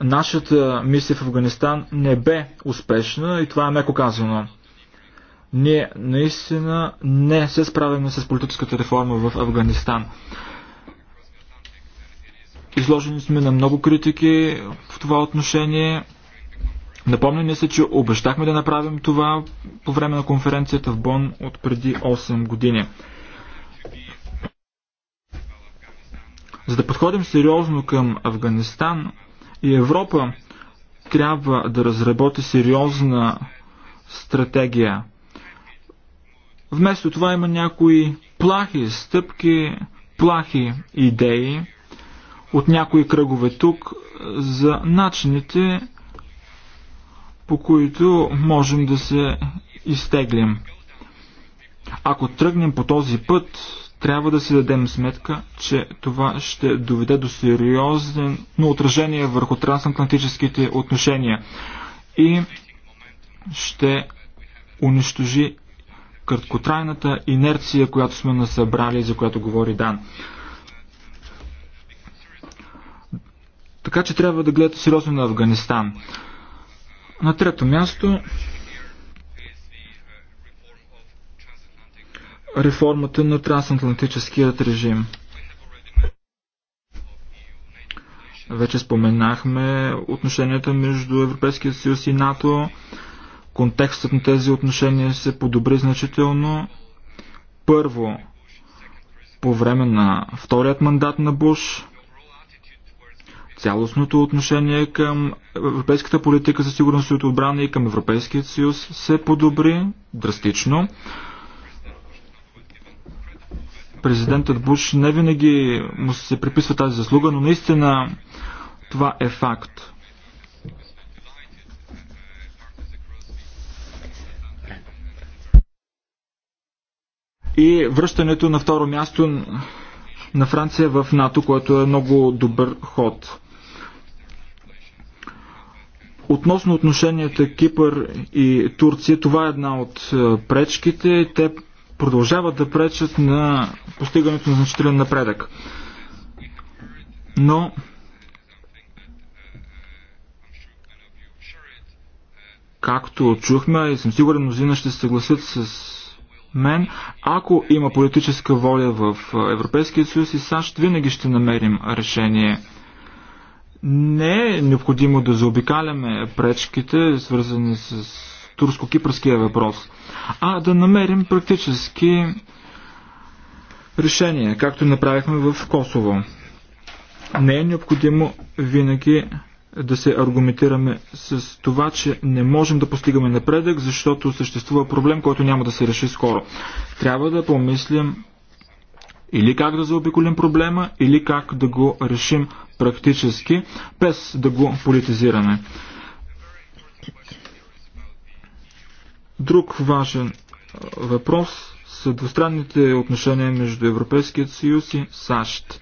Нашата мисия в Афганистан не бе успешна и това е меко казано. Ние наистина не се справяме с политическата реформа в Афганистан. Изложени сме на много критики в това отношение. Напомня ни се, че обещахме да направим това по време на конференцията в Бон от преди 8 години. За да подходим сериозно към Афганистан и Европа, трябва да разработи сериозна стратегия. Вместо това има някои плахи стъпки, плахи идеи от някои кръгове тук за начините, по които можем да се изтеглим. Ако тръгнем по този път, трябва да си дадем сметка, че това ще доведе до сериозно отражение върху трансатлантическите отношения и ще унищожи краткотрайната инерция, която сме насъбрали и за която говори Дан. Така че трябва да гледате сериозно на Афганистан. На трето място реформата на трансатлантическият режим. Вече споменахме отношенията между Европейския съюз и НАТО. Контекстът на тези отношения се подобри значително. Първо, по време на вторият мандат на Буш, цялостното отношение към европейската политика за сигурност и отбрана и към Европейския съюз се подобри драстично президентът Буш не винаги му се приписва тази заслуга, но наистина това е факт. И връщането на второ място на Франция в НАТО, което е много добър ход. Относно отношенията Кипър и Турция, това е една от е, пречките. Те продължават да пречат на постигането на значителен напредък. Но както чухме и съм сигурен мнозина ще се съгласят с мен, ако има политическа воля в Европейския съюз и САЩ, винаги ще намерим решение. Не е необходимо да заобикаляме пречките, свързани с турско-кипърския въпрос, а да намерим практически решения, както направихме в Косово. Не е необходимо винаги да се аргументираме с това, че не можем да постигаме напредък, защото съществува проблем, който няма да се реши скоро. Трябва да помислим или как да заобиколим проблема, или как да го решим практически, без да го политизираме. Друг важен въпрос са двустранните отношения между Европейският съюз и САЩ.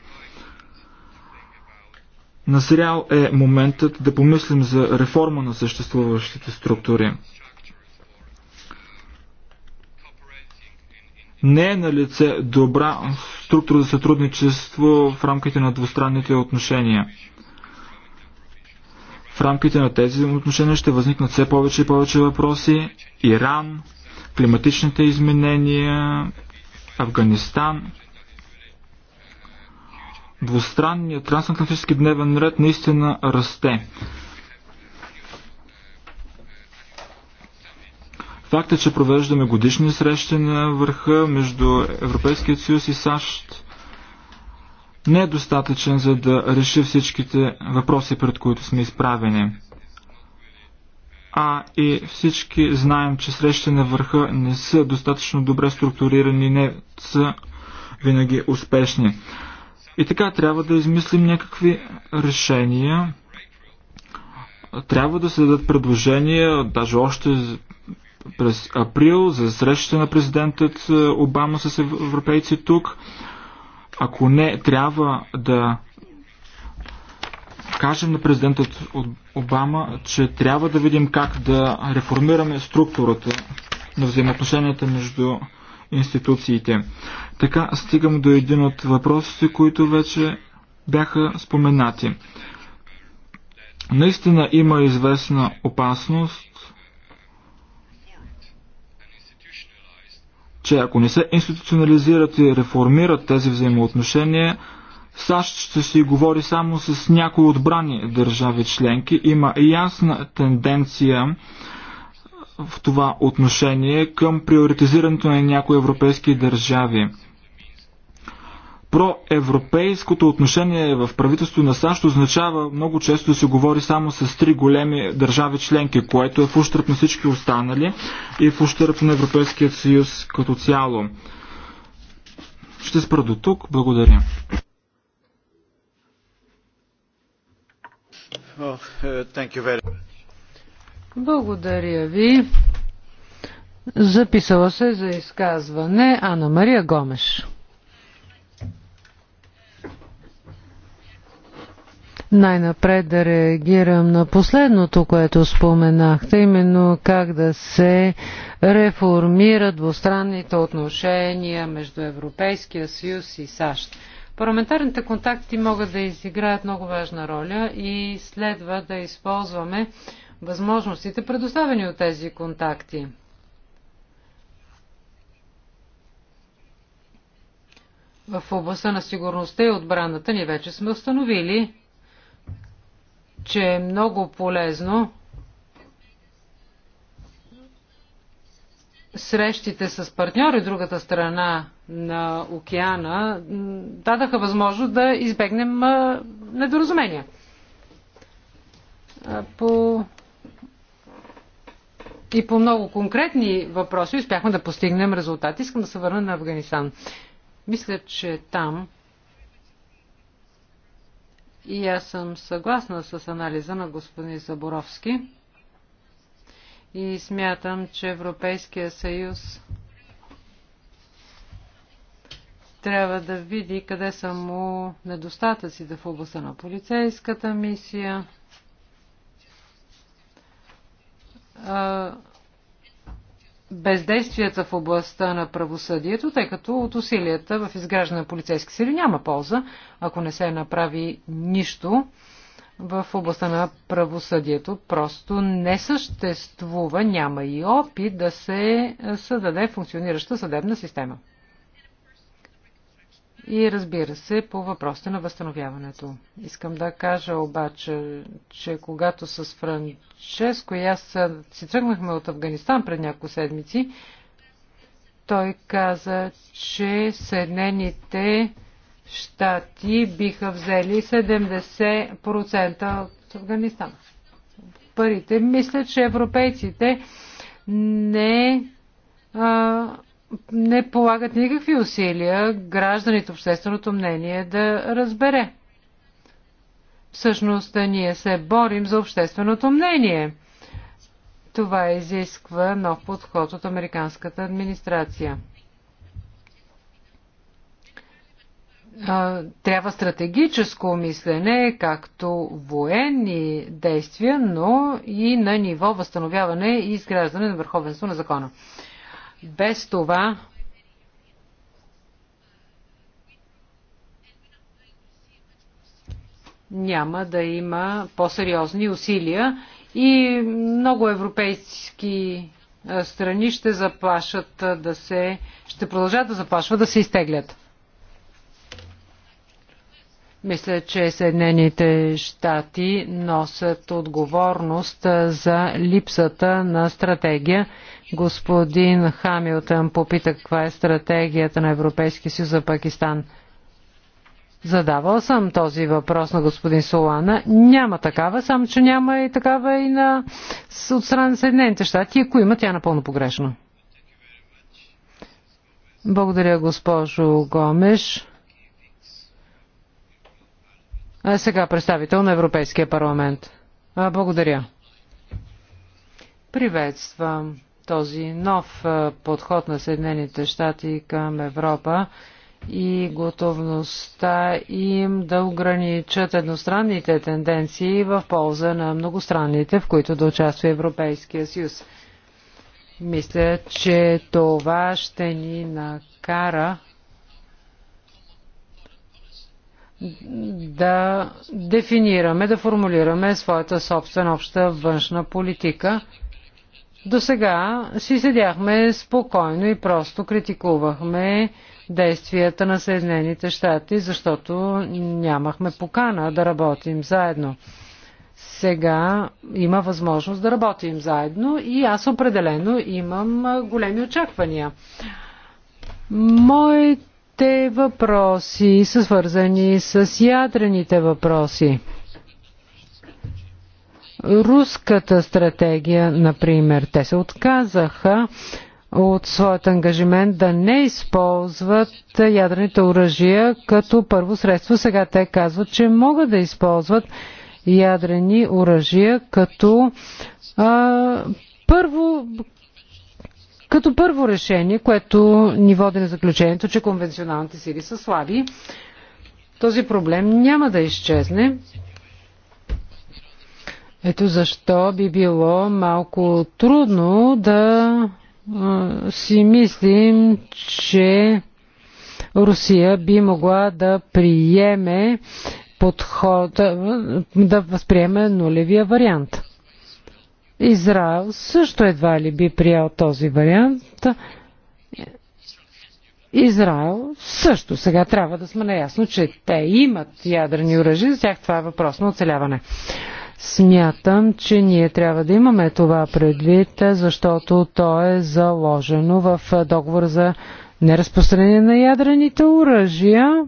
Насирял е моментът да помислим за реформа на съществуващите структури. Не е на лице добра структура за сътрудничество в рамките на двустранните отношения рамките на тези отношения ще възникнат все повече и повече въпроси. Иран, климатичните изменения, Афганистан. Двустранният трансатлантически дневен ред наистина расте. Факт е, че провеждаме годишни срещи на върха между Европейския съюз и САЩ не е достатъчен, за да реши всичките въпроси, пред които сме изправени. А и всички знаем, че срещи на върха не са достатъчно добре структурирани, не са винаги успешни. И така трябва да измислим някакви решения. Трябва да се дадат предложения, даже още през април, за срещата на президентът е, Обама с европейци тук. Ако не, трябва да кажем на президента Обама, че трябва да видим как да реформираме структурата на взаимоотношенията между институциите. Така стигам до един от въпросите, които вече бяха споменати. Наистина има известна опасност че ако не се институционализират и реформират тези взаимоотношения, САЩ ще си говори само с някои отбрани държави членки. Има ясна тенденция в това отношение към приоритизирането на някои европейски държави проевропейското отношение в правителството на САЩ означава много често да се говори само с три големи държави членки, което е в ущърп на всички останали и в ущърп на Европейския съюз като цяло. Ще спра до тук. Благодаря. Uh, Благодаря ви. Записала се за изказване Анна Мария Гомеш. Най-напред да реагирам на последното, което споменахте, именно как да се реформират двустранните отношения между Европейския съюз и САЩ. Парламентарните контакти могат да изиграят много важна роля и следва да използваме възможностите, предоставени от тези контакти. В областта на сигурността и отбраната ни вече сме установили, че е много полезно срещите с партньори от другата страна на океана дадаха възможност да избегнем недоразумения. По... И по много конкретни въпроси успяхме да постигнем резултати. Искам да се върна на Афганистан. Мисля, че там и аз съм съгласна с анализа на господин Заборовски. И смятам, че Европейския съюз трябва да види къде са му недостатъците в областта на полицейската мисия бездействията в областта на правосъдието, тъй като от усилията в изграждане на полицейски сили няма полза, ако не се направи нищо в областта на правосъдието. Просто не съществува, няма и опит да се създаде функционираща съдебна система и разбира се по въпросите на възстановяването. Искам да кажа обаче, че когато с Франческо и аз си тръгнахме от Афганистан пред няколко седмици, той каза, че Съединените щати биха взели 70% от Афганистан. Парите. Мисля, че европейците не а, не полагат никакви усилия гражданите, общественото мнение да разбере. Всъщност, ние се борим за общественото мнение. Това изисква нов подход от американската администрация. Трябва стратегическо мислене, както военни действия, но и на ниво възстановяване и изграждане на върховенство на закона. Без това няма да има по-сериозни усилия и много европейски страни ще заплашат да се, ще продължат да заплашват да се изтеглят. Мисля, че Съединените щати носят отговорност за липсата на стратегия Господин Хамилтън попита каква е стратегията на Европейския съюз за Пакистан. Задавал съм този въпрос на господин Солана. Няма такава, само че няма и такава и на, от страна на Съединените щати. Ако има, тя е напълно погрешна. Благодаря, госпожо Гомеш. А сега представител на Европейския парламент. А, благодаря. Приветствам този нов подход на Съединените щати към Европа и готовността им да ограничат едностранните тенденции в полза на многостранните, в които да участва Европейския съюз. Мисля, че това ще ни накара да дефинираме, да формулираме своята собствена обща външна политика – до сега си седяхме спокойно и просто критикувахме действията на Съединените щати, защото нямахме покана да работим заедно. Сега има възможност да работим заедно и аз определено имам големи очаквания. Моите въпроси са свързани с ядрените въпроси руската стратегия, например. Те се отказаха от своят ангажимент да не използват ядрените оръжия като първо средство. Сега те казват, че могат да използват ядрени оръжия като а, първо като първо решение, което ни води на заключението, че конвенционалните сили са слаби. Този проблем няма да изчезне. Ето защо би било малко трудно да си мислим, че Русия би могла да приеме подход, да възприеме нулевия вариант. Израел също едва ли би приел този вариант. Израел също. Сега трябва да сме наясно, че те имат ядрени оръжия, за тях това е въпрос на оцеляване. Смятам, че ние трябва да имаме това предвид, защото то е заложено в договор за неразпространение на ядрените оръжия.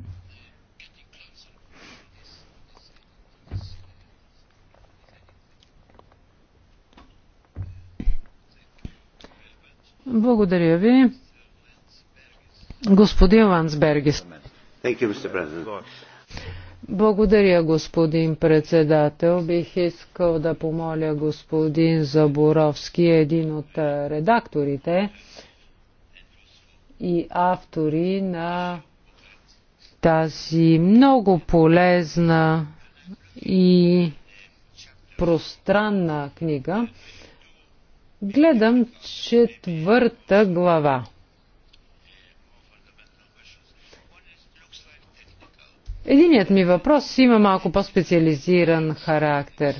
Благодаря ви. Господин Лансбергис. Thank you, Mr. President. Благодаря, господин председател. Бих искал да помоля господин Заборовски, един от редакторите и автори на тази много полезна и пространна книга. Гледам четвърта глава. Единият ми въпрос има малко по-специализиран характер.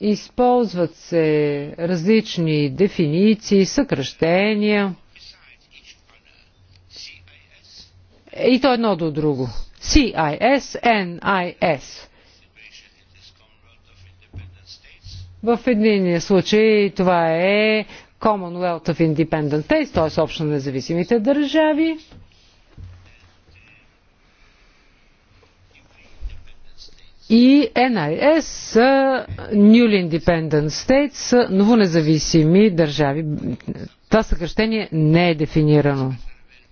Използват се различни дефиниции, съкръщения. И то едно до друго. CIS, NIS. В единия случай това е Commonwealth of Independent States, т.е. общо независимите държави. и NIS са Newly Independent States, са новонезависими държави. Това съкръщение не е дефинирано.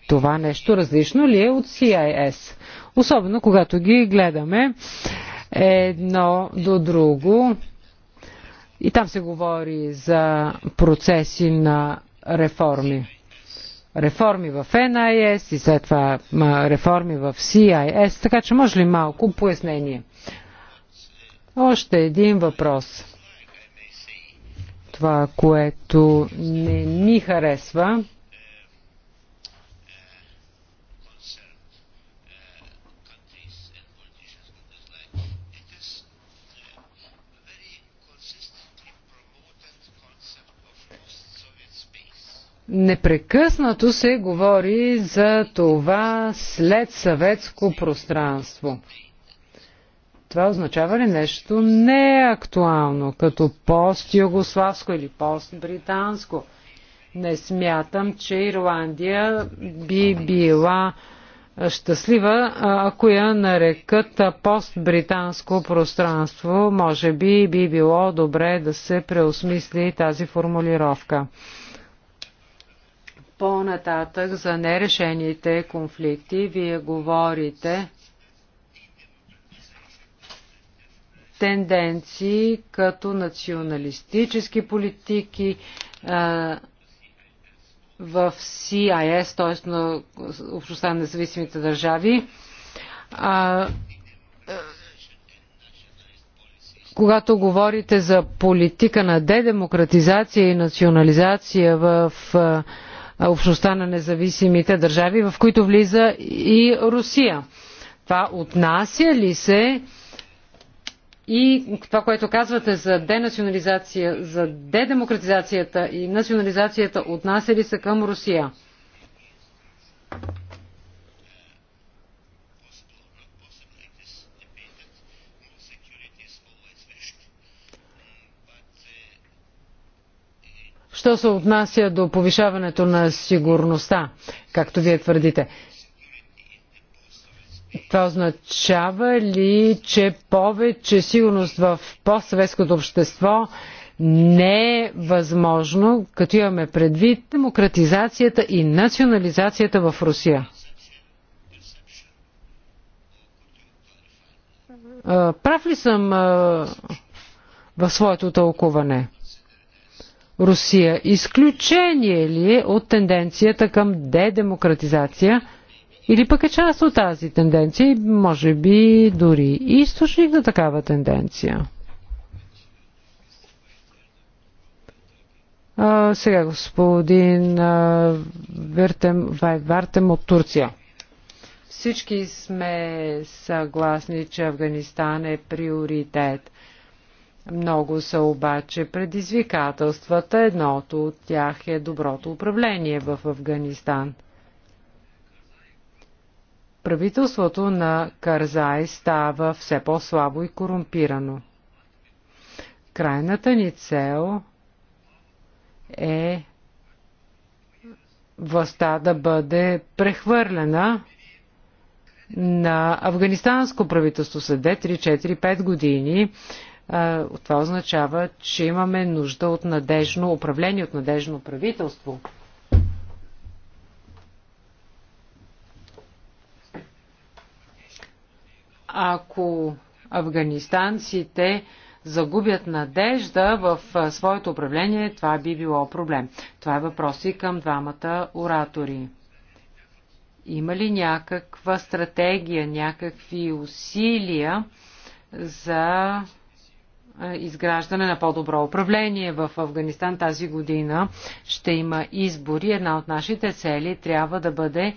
Това нещо различно ли е от CIS? Особено когато ги гледаме едно до друго. И там се говори за процеси на реформи. Реформи в NIS и след това реформи в CIS, така че може ли малко пояснение? Още един въпрос. Това, което не ми харесва, Непрекъснато се говори за това след съветско пространство това означава ли нещо неактуално, като пост-югославско или пост-британско? Не смятам, че Ирландия би била щастлива, ако я нарекат пост британско пространство. Може би би било добре да се преосмисли тази формулировка. По-нататък за нерешените конфликти вие говорите тенденции като националистически политики в CIS, т.е. на Общността на независимите държави. когато говорите за политика на дедемократизация и национализация в общността на независимите държави, в които влиза и Русия. Това отнася ли се и това, което казвате за денационализация, за дедемократизацията и национализацията, отнася ли се към Русия? Що се отнася до повишаването на сигурността, както вие твърдите, това означава ли, че повече сигурност в постсъветското общество не е възможно, като имаме предвид демократизацията и национализацията в Русия? Прав ли съм в своето тълкуване? Русия изключение ли е от тенденцията към дедемократизация – или пък е част от тази тенденция и може би дори източник на такава тенденция. А, сега господин а, Вертем, Вай, Вартем от Турция. Всички сме съгласни, че Афганистан е приоритет. Много са обаче предизвикателствата. Едното от тях е доброто управление в Афганистан – Правителството на Карзай става все по-слабо и корумпирано. Крайната ни цел е властта да бъде прехвърлена на афганистанско правителство след 2, 3, 4, 5 години. Това означава, че имаме нужда от надежно управление, от надежно правителство. Ако афганистанците загубят надежда в своето управление, това би било проблем. Това е въпрос и към двамата оратори. Има ли някаква стратегия, някакви усилия за изграждане на по-добро управление в Афганистан тази година? Ще има избори. Една от нашите цели трябва да бъде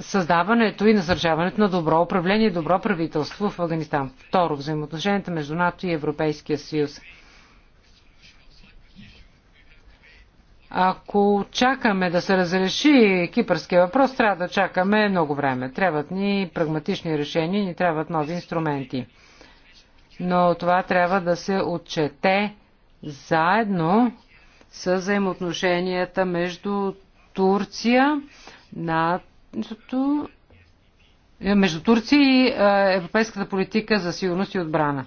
създаването и насърчаването на добро управление и добро правителство в Афганистан. Второ, взаимоотношенията между НАТО и Европейския съюз. Ако чакаме да се разреши кипърския въпрос, трябва да чакаме много време. Трябват ни прагматични решения, ни трябват нови инструменти. Но това трябва да се отчете заедно с взаимоотношенията между Турция НАТО, е, между Турция и е, европейската политика за сигурност и отбрана.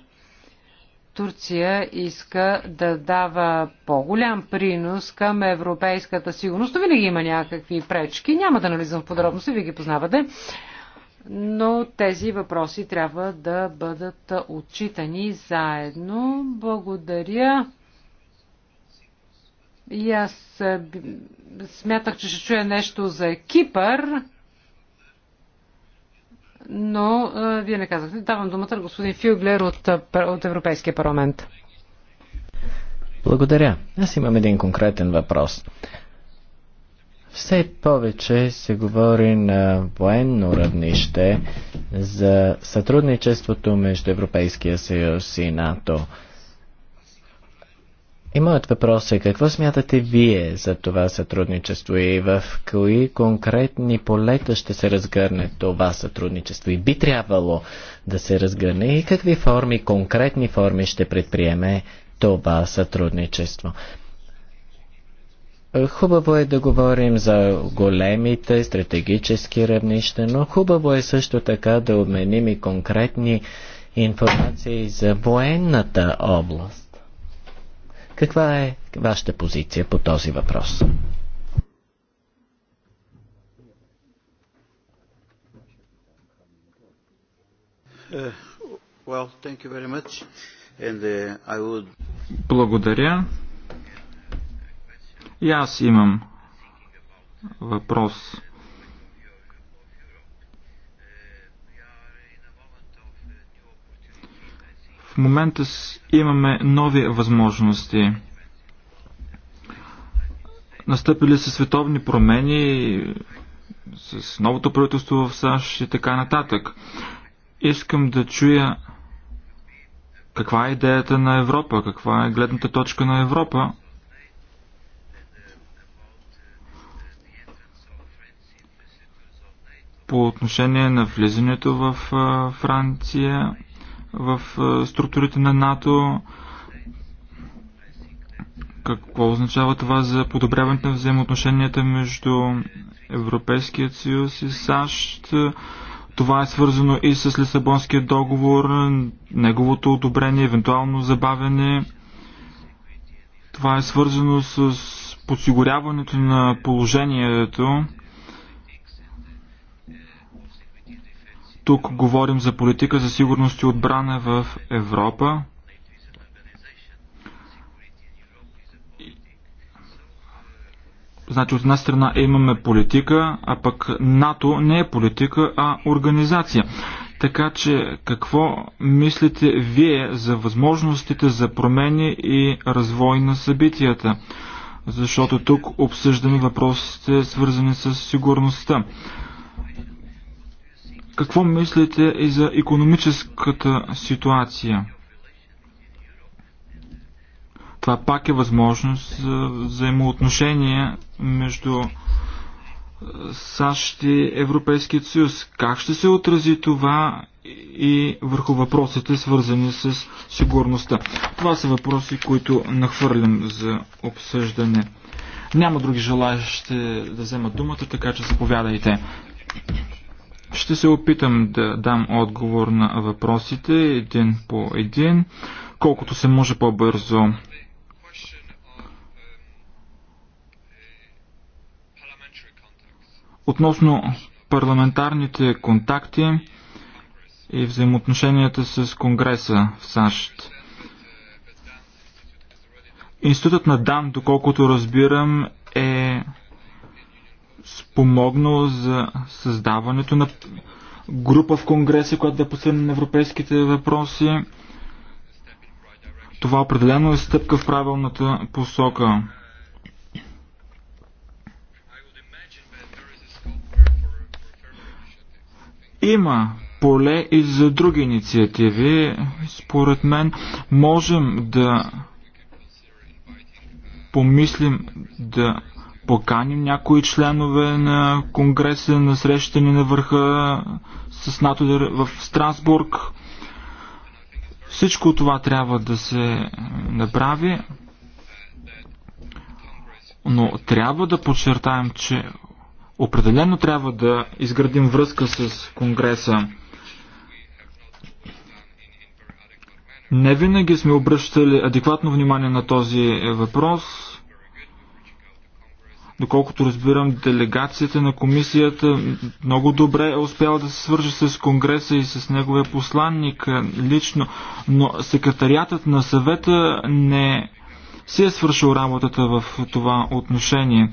Турция иска да дава по-голям принос към европейската сигурност, винаги има някакви пречки. Няма да анализирам в подробности, вие ги познавате. Но тези въпроси трябва да бъдат отчитани заедно. Благодаря и аз смятах, че ще чуя нещо за Кипър, но а, вие не казахте. Давам думата на господин Филглер от, от Европейския парламент. Благодаря. Аз имам един конкретен въпрос. Все повече се говори на военно равнище за сътрудничеството между Европейския съюз и НАТО. И моят въпрос е какво смятате вие за това сътрудничество и в кои конкретни полета ще се разгърне това сътрудничество и би трябвало да се разгърне и какви форми, конкретни форми ще предприеме това сътрудничество. Хубаво е да говорим за големите стратегически равнища, но хубаво е също така да обменим и конкретни информации за военната област. Каква е вашата позиция по този въпрос? Uh, uh, Благодаря. И аз имам въпрос. В момента имаме нови възможности. Настъпили са световни промени с новото правителство в САЩ и така нататък. Искам да чуя каква е идеята на Европа, каква е гледната точка на Европа по отношение на влизането в Франция в е, структурите на НАТО. Какво означава това за подобряването на взаимоотношенията между Европейският съюз и САЩ? Това е свързано и с Лисабонския договор, неговото одобрение, евентуално забавяне. Това е свързано с подсигуряването на положението Тук говорим за политика за сигурност и отбрана в Европа. Значи от една страна имаме политика, а пък НАТО не е политика, а организация. Така че какво мислите вие за възможностите за промени и развой на събитията? Защото тук обсъждаме въпросите свързани с сигурността. Какво мислите и за економическата ситуация? Това пак е възможност за взаимоотношения между е, САЩ и Европейският съюз. Как ще се отрази това и върху въпросите, свързани с сигурността? Това са въпроси, които нахвърлям за обсъждане. Няма други желаящи да вземат думата, така че заповядайте. Ще се опитам да дам отговор на въпросите един по един, колкото се може по-бързо. Относно парламентарните контакти и взаимоотношенията с Конгреса в САЩ. Институтът на Дан, доколкото разбирам, е спомогнал за създаването на група в Конгреса, която да е посъдне на европейските въпроси. Това определено е стъпка в правилната посока. Има поле и за други инициативи. Според мен можем да помислим да поканим някои членове на Конгреса на срещане на върха с НАТО в Страсбург. Всичко това трябва да се направи, но трябва да подчертаем, че определено трябва да изградим връзка с Конгреса. Не винаги сме обръщали адекватно внимание на този въпрос Доколкото разбирам, делегацията на комисията много добре е успяла да се свържи с Конгреса и с неговия посланник е, лично, но секретариатът на съвета не си е свършил работата в това отношение.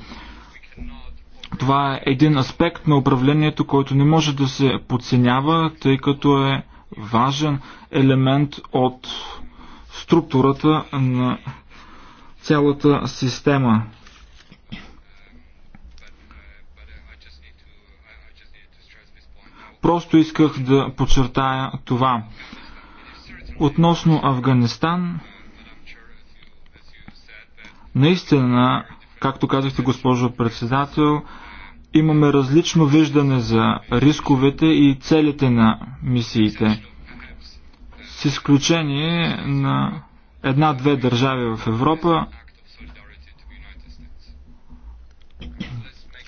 Това е един аспект на управлението, който не може да се подценява, тъй като е важен елемент от структурата на цялата система. Просто исках да подчертая това. Относно Афганистан, наистина, както казахте, госпожо председател, имаме различно виждане за рисковете и целите на мисиите. С изключение на една-две държави в Европа,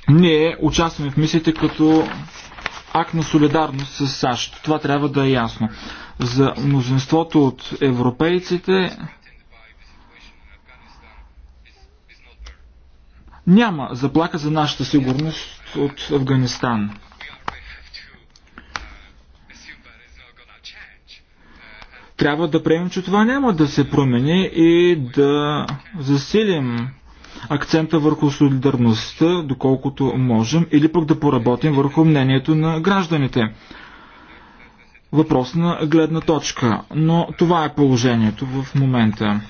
ние участваме в мисиите като акт на солидарност с САЩ. Това трябва да е ясно. За мнозинството от европейците няма заплаха за нашата сигурност от Афганистан. Трябва да приемем, че това няма да се промени и да засилим акцента върху солидарността, доколкото можем, или пък да поработим върху мнението на гражданите. Въпрос на гледна точка, но това е положението в момента.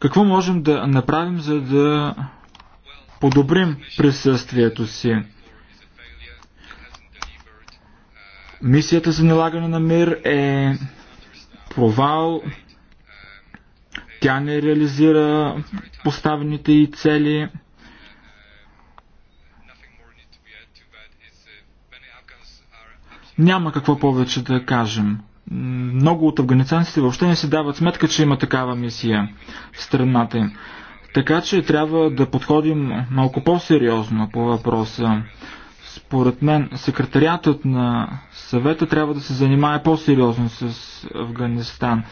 Какво можем да направим, за да подобрим присъствието си? Мисията за налагане на мир е провал, тя не реализира поставените и цели. Няма какво повече да кажем. Много от афганистанците въобще не си дават сметка, че има такава мисия в страната им. Така че трябва да подходим малко по-сериозно по въпроса. Според мен, секретариатът на съвета трябва да се занимае по-сериозно с Афганистан.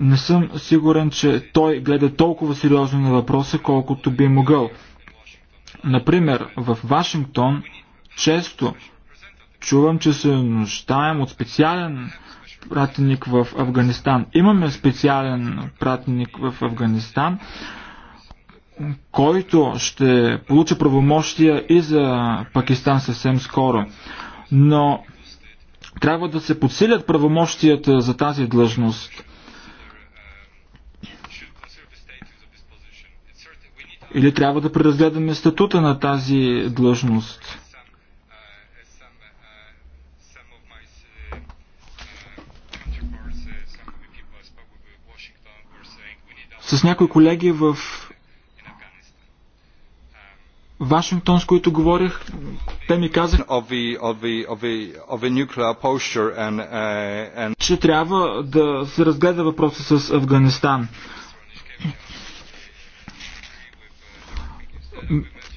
Не съм сигурен, че той гледа толкова сериозно на въпроса, колкото би могъл. Например, в Вашингтон често чувам, че се нуждаем от специален пратеник в Афганистан. Имаме специален пратеник в Афганистан, който ще получи правомощия и за Пакистан съвсем скоро. Но трябва да се подсилят правомощията за тази длъжност. Или трябва да преразгледаме статута на тази длъжност? С някои колеги в Вашингтон, с които говорих, те ми казаха, че трябва да се разгледа въпроса с Афганистан.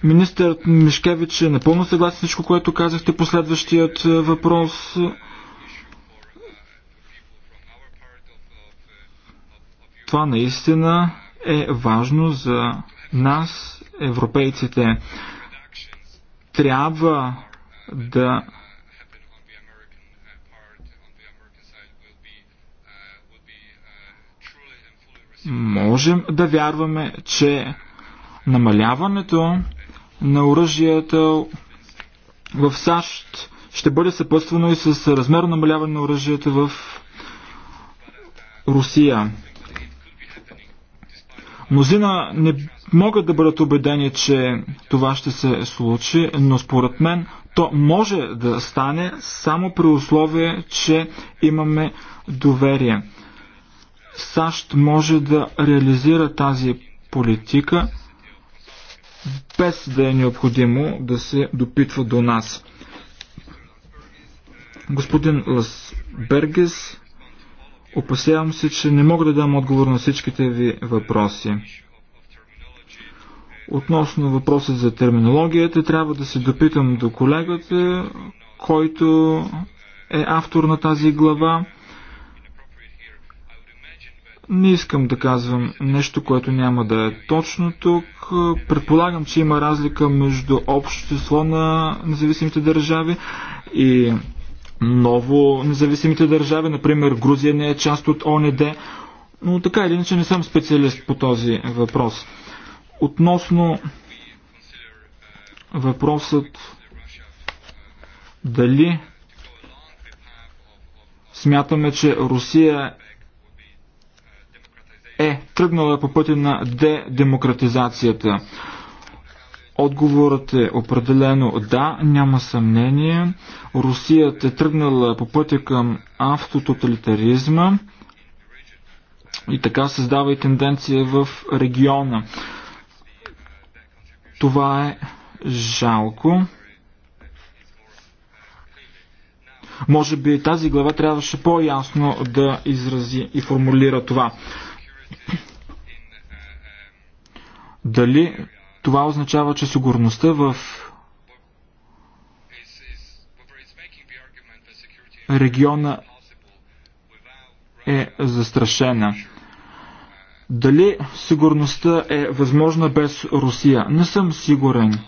Министър Мишкевич е напълно съгласен с всичко, което казахте. Последващият е, въпрос. Това наистина е важно за нас, европейците. Трябва да можем да вярваме, че Намаляването на оръжията в САЩ ще бъде съпътствано и с размерно намаляване на оръжията в Русия. Мнозина не могат да бъдат убедени, че това ще се случи, но според мен то може да стане само при условие, че имаме доверие. САЩ може да реализира тази политика без да е необходимо да се допитва до нас. Господин Лас Бергес, опасявам се, че не мога да дам отговор на всичките ви въпроси. Относно въпроса за терминологията, трябва да се допитам до колегата, който е автор на тази глава. Не искам да казвам нещо, което няма да е точно тук. Предполагам, че има разлика между общото число на независимите държави и ново независимите държави. Например, Грузия не е част от ОНД. Но така или иначе не съм специалист по този въпрос. Относно въпросът дали смятаме, че Русия е тръгнала по пътя на дедемократизацията. Отговорът е определено да, няма съмнение. Русия е тръгнала по пътя към автототалитаризма и така създава и тенденция в региона. Това е жалко. Може би тази глава трябваше по-ясно да изрази и формулира това. Дали това означава, че сигурността в региона е застрашена. Дали сигурността е възможна без Русия? Не съм сигурен.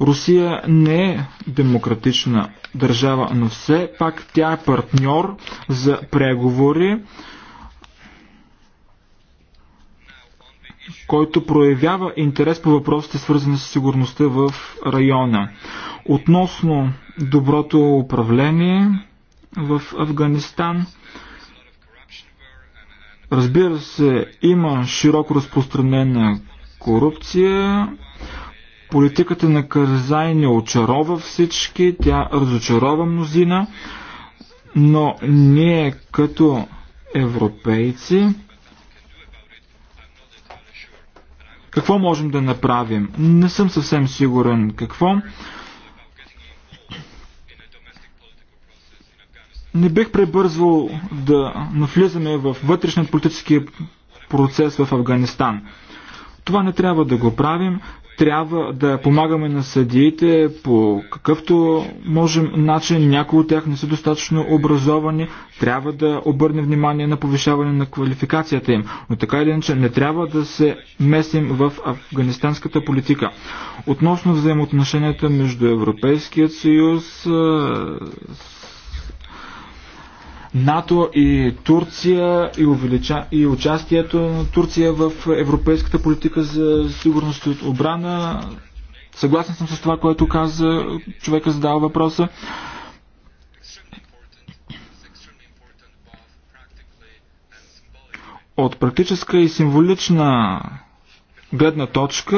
Русия не е демократична държава, но все пак тя е партньор за преговори който проявява интерес по въпросите свързани с сигурността в района. Относно доброто управление в Афганистан, разбира се, има широко разпространена корупция. Политиката на Карзай не очарова всички, тя разочарова мнозина, но ние като европейци Какво можем да направим? Не съм съвсем сигурен какво. Не бих пребързвал да навлизаме в вътрешния политически процес в Афганистан. Това не трябва да го правим. Трябва да помагаме на съдиите по какъвто можем начин. Някои от тях не са достатъчно образовани. Трябва да обърнем внимание на повишаване на квалификацията им. Но така или иначе не трябва да се месим в афганистанската политика. Относно взаимоотношенията между Европейският съюз, НАТО и Турция и, увелича, и участието на Турция в европейската политика за сигурност и отбрана. Съгласен съм с това, което каза човека задава въпроса. От практическа и символична гледна точка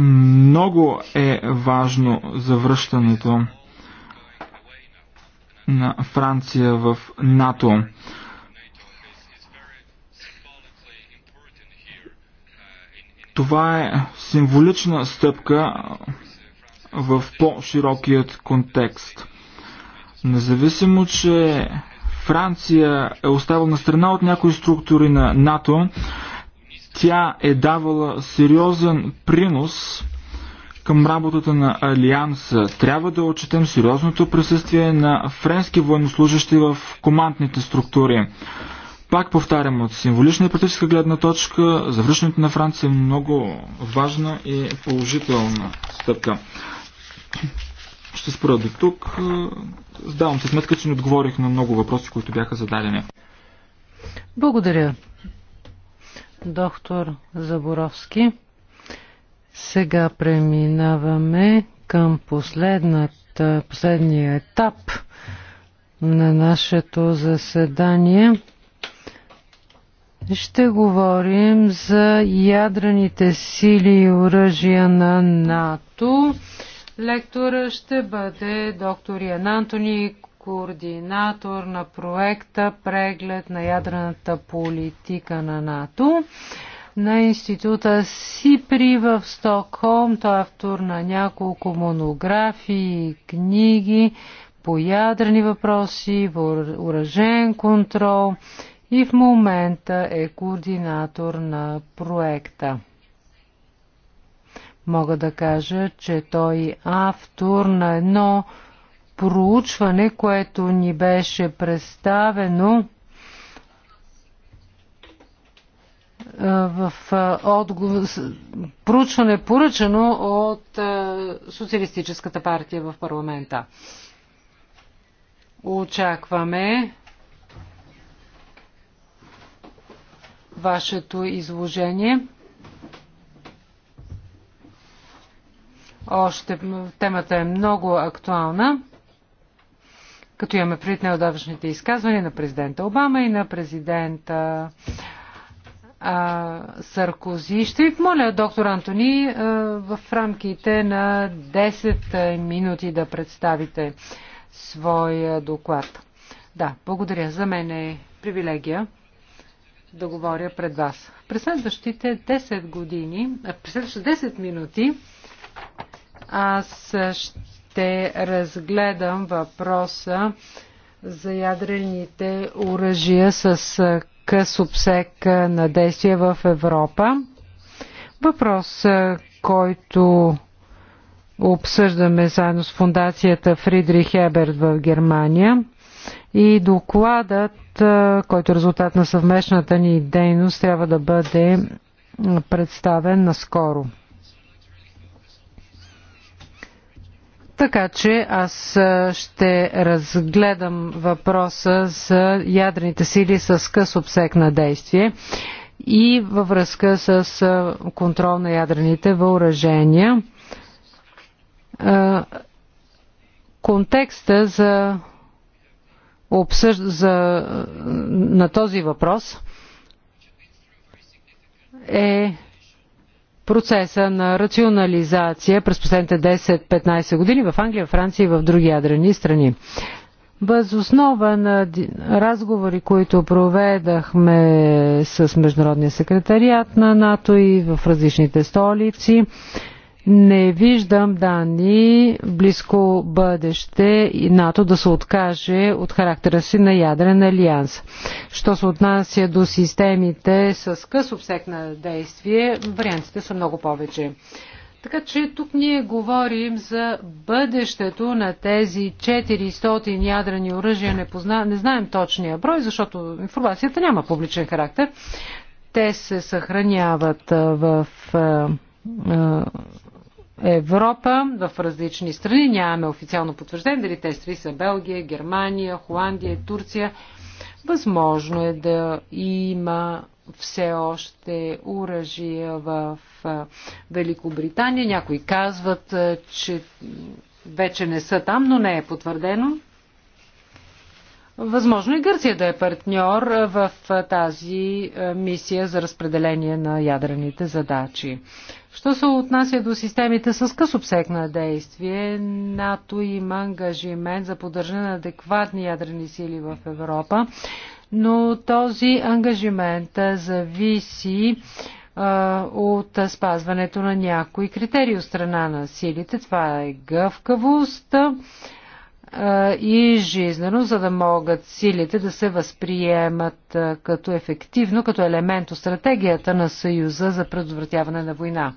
Много е важно завръщането на Франция в НАТО. Това е символична стъпка в по-широкият контекст. Независимо, че Франция е оставила на страна от някои структури на НАТО, тя е давала сериозен принос към работата на Алианса. Трябва да отчетем сериозното присъствие на френски военнослужащи в командните структури. Пак повтарям, от символична и практическа гледна точка, завръщането на Франция е много важна и положителна стъпка. Ще спра до тук. Сдавам се сметка, че не отговорих на много въпроси, които бяха зададени. Благодаря доктор Заборовски. Сега преминаваме към последния етап на нашето заседание. Ще говорим за ядрените сили и оръжия на НАТО. Лектора ще бъде доктор Ян Антони, координатор на проекта Преглед на ядрената политика на НАТО на института Сипри в Стокхолм. Той е автор на няколко монографии, книги по ядрени въпроси, уражен контрол и в момента е координатор на проекта. Мога да кажа, че той е автор на едно проучване, което ни беше представено в отговор... проучване поръчано от Социалистическата партия в парламента. Очакваме вашето изложение. Още темата е много актуална като имаме пред неодавашните изказвания на президента Обама и на президента а, Саркози. Ще ви помоля, доктор Антони, а, в рамките на 10 минути да представите своя доклад. Да, благодаря. За мен е привилегия да говоря пред вас. През следващите 10 години, през следващите 10 минути аз ще ще разгледам въпроса за ядрените оръжия с къс обсек на действие в Европа. Въпрос, който обсъждаме заедно с фундацията Фридрих Еберт в Германия. И докладът, който е резултат на съвместната ни дейност, трябва да бъде представен наскоро. Така че аз ще разгледам въпроса за ядрените сили с къс обсек на действие и във връзка с контрол на ядрените въоръжения. Контекста за, обсъж... за... на този въпрос е процеса на рационализация през последните 10-15 години в Англия, Франция и в други ядрени страни. Възоснова на разговори, които проведахме с Международния секретариат на НАТО и в различните столици, не виждам данни близко бъдеще и НАТО да се откаже от характера си на ядрен алианс. Що се отнася до системите с къс обсек на действие, вариантите са много повече. Така че тук ние говорим за бъдещето на тези 400 ядрени оръжия. Не, позна... не знаем точния брой, защото информацията няма публичен характер. Те се съхраняват в Европа, в различни страни. Нямаме официално потвърждение дали тези страни са Белгия, Германия, Холандия, Турция. Възможно е да има все още уражия в Великобритания. Някои казват, че вече не са там, но не е потвърдено. Възможно и е Гърция да е партньор в тази мисия за разпределение на ядрените задачи. Що се отнася до системите с къс обсек на действие, НАТО има ангажимент за поддържане на адекватни ядрени сили в Европа, но този ангажимент зависи от спазването на някои критерии от страна на силите. Това е гъвкавост, и жизнено, за да могат силите да се възприемат като ефективно, като елемент от стратегията на Съюза за предотвратяване на война.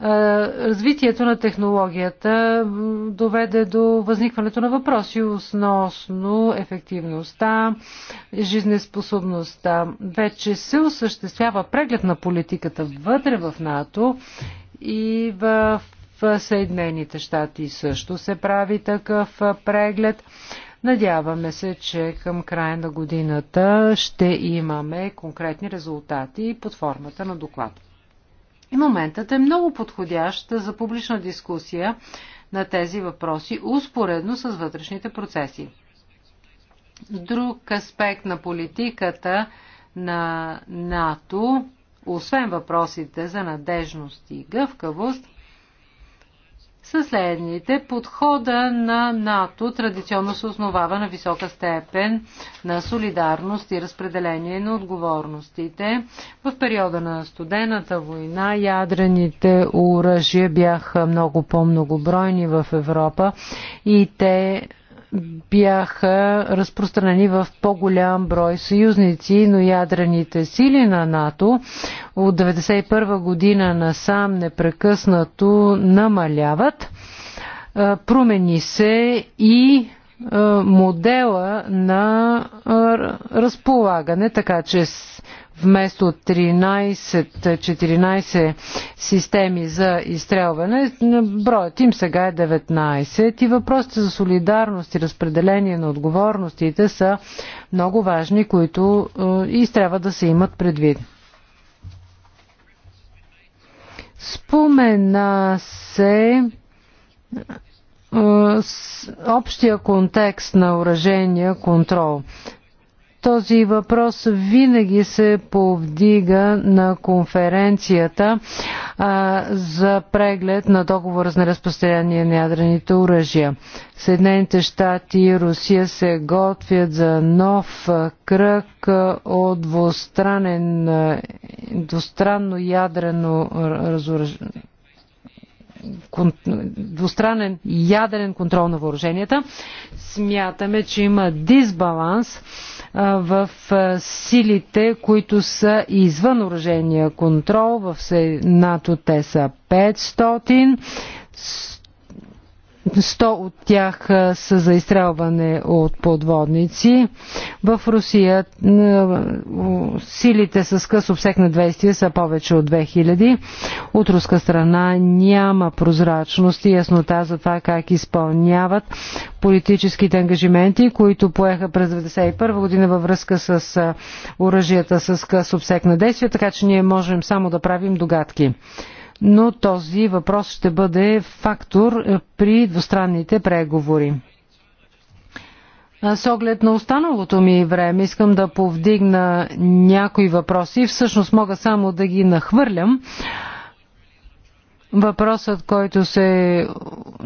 Развитието на технологията доведе до възникването на въпроси относно ефективността, жизнеспособността. Вече се осъществява преглед на политиката вътре в НАТО и в в Съединените щати също се прави такъв преглед. Надяваме се, че към края на годината ще имаме конкретни резултати под формата на доклад. И моментът е много подходящ за публична дискусия на тези въпроси, успоредно с вътрешните процеси. Друг аспект на политиката на НАТО, освен въпросите за надежност и гъвкавост, са следните. Подхода на НАТО традиционно се основава на висока степен на солидарност и разпределение на отговорностите. В периода на студената война ядрените оръжия бяха много по-многобройни в Европа и те бяха разпространени в по-голям брой съюзници, но ядрените сили на НАТО от 1991 година насам непрекъснато намаляват. Е, промени се и е, модела на е, разполагане, така че вместо 13-14 системи за изстрелване, броят им сега е 19 и въпросите за солидарност и разпределение на отговорностите са много важни, които е, и трябва да се имат предвид. Спомена се е, общия контекст на уражения контрол. Този въпрос винаги се повдига на конференцията а, за преглед на договора за неразпространение на ядрените оръжия. Съединените щати и Русия се готвят за нов кръг от двустранен, двустранно ядрено разоръжение двустранен ядрен контрол на въоръженията. Смятаме, че има дисбаланс в силите, които са извън оръжения контрол. В НАТО те са 500. 100 от тях са за изстрелване от подводници. В Русия силите с къс обсек на действие са повече от 2000. От руска страна няма прозрачност и яснота за това как изпълняват политическите ангажименти, които поеха през 1991 година във връзка с оръжията с къс обсек на действие, така че ние можем само да правим догадки но този въпрос ще бъде фактор е, при двустранните преговори. С оглед на останалото ми време искам да повдигна някои въпроси. Всъщност мога само да ги нахвърлям. Въпросът, който се...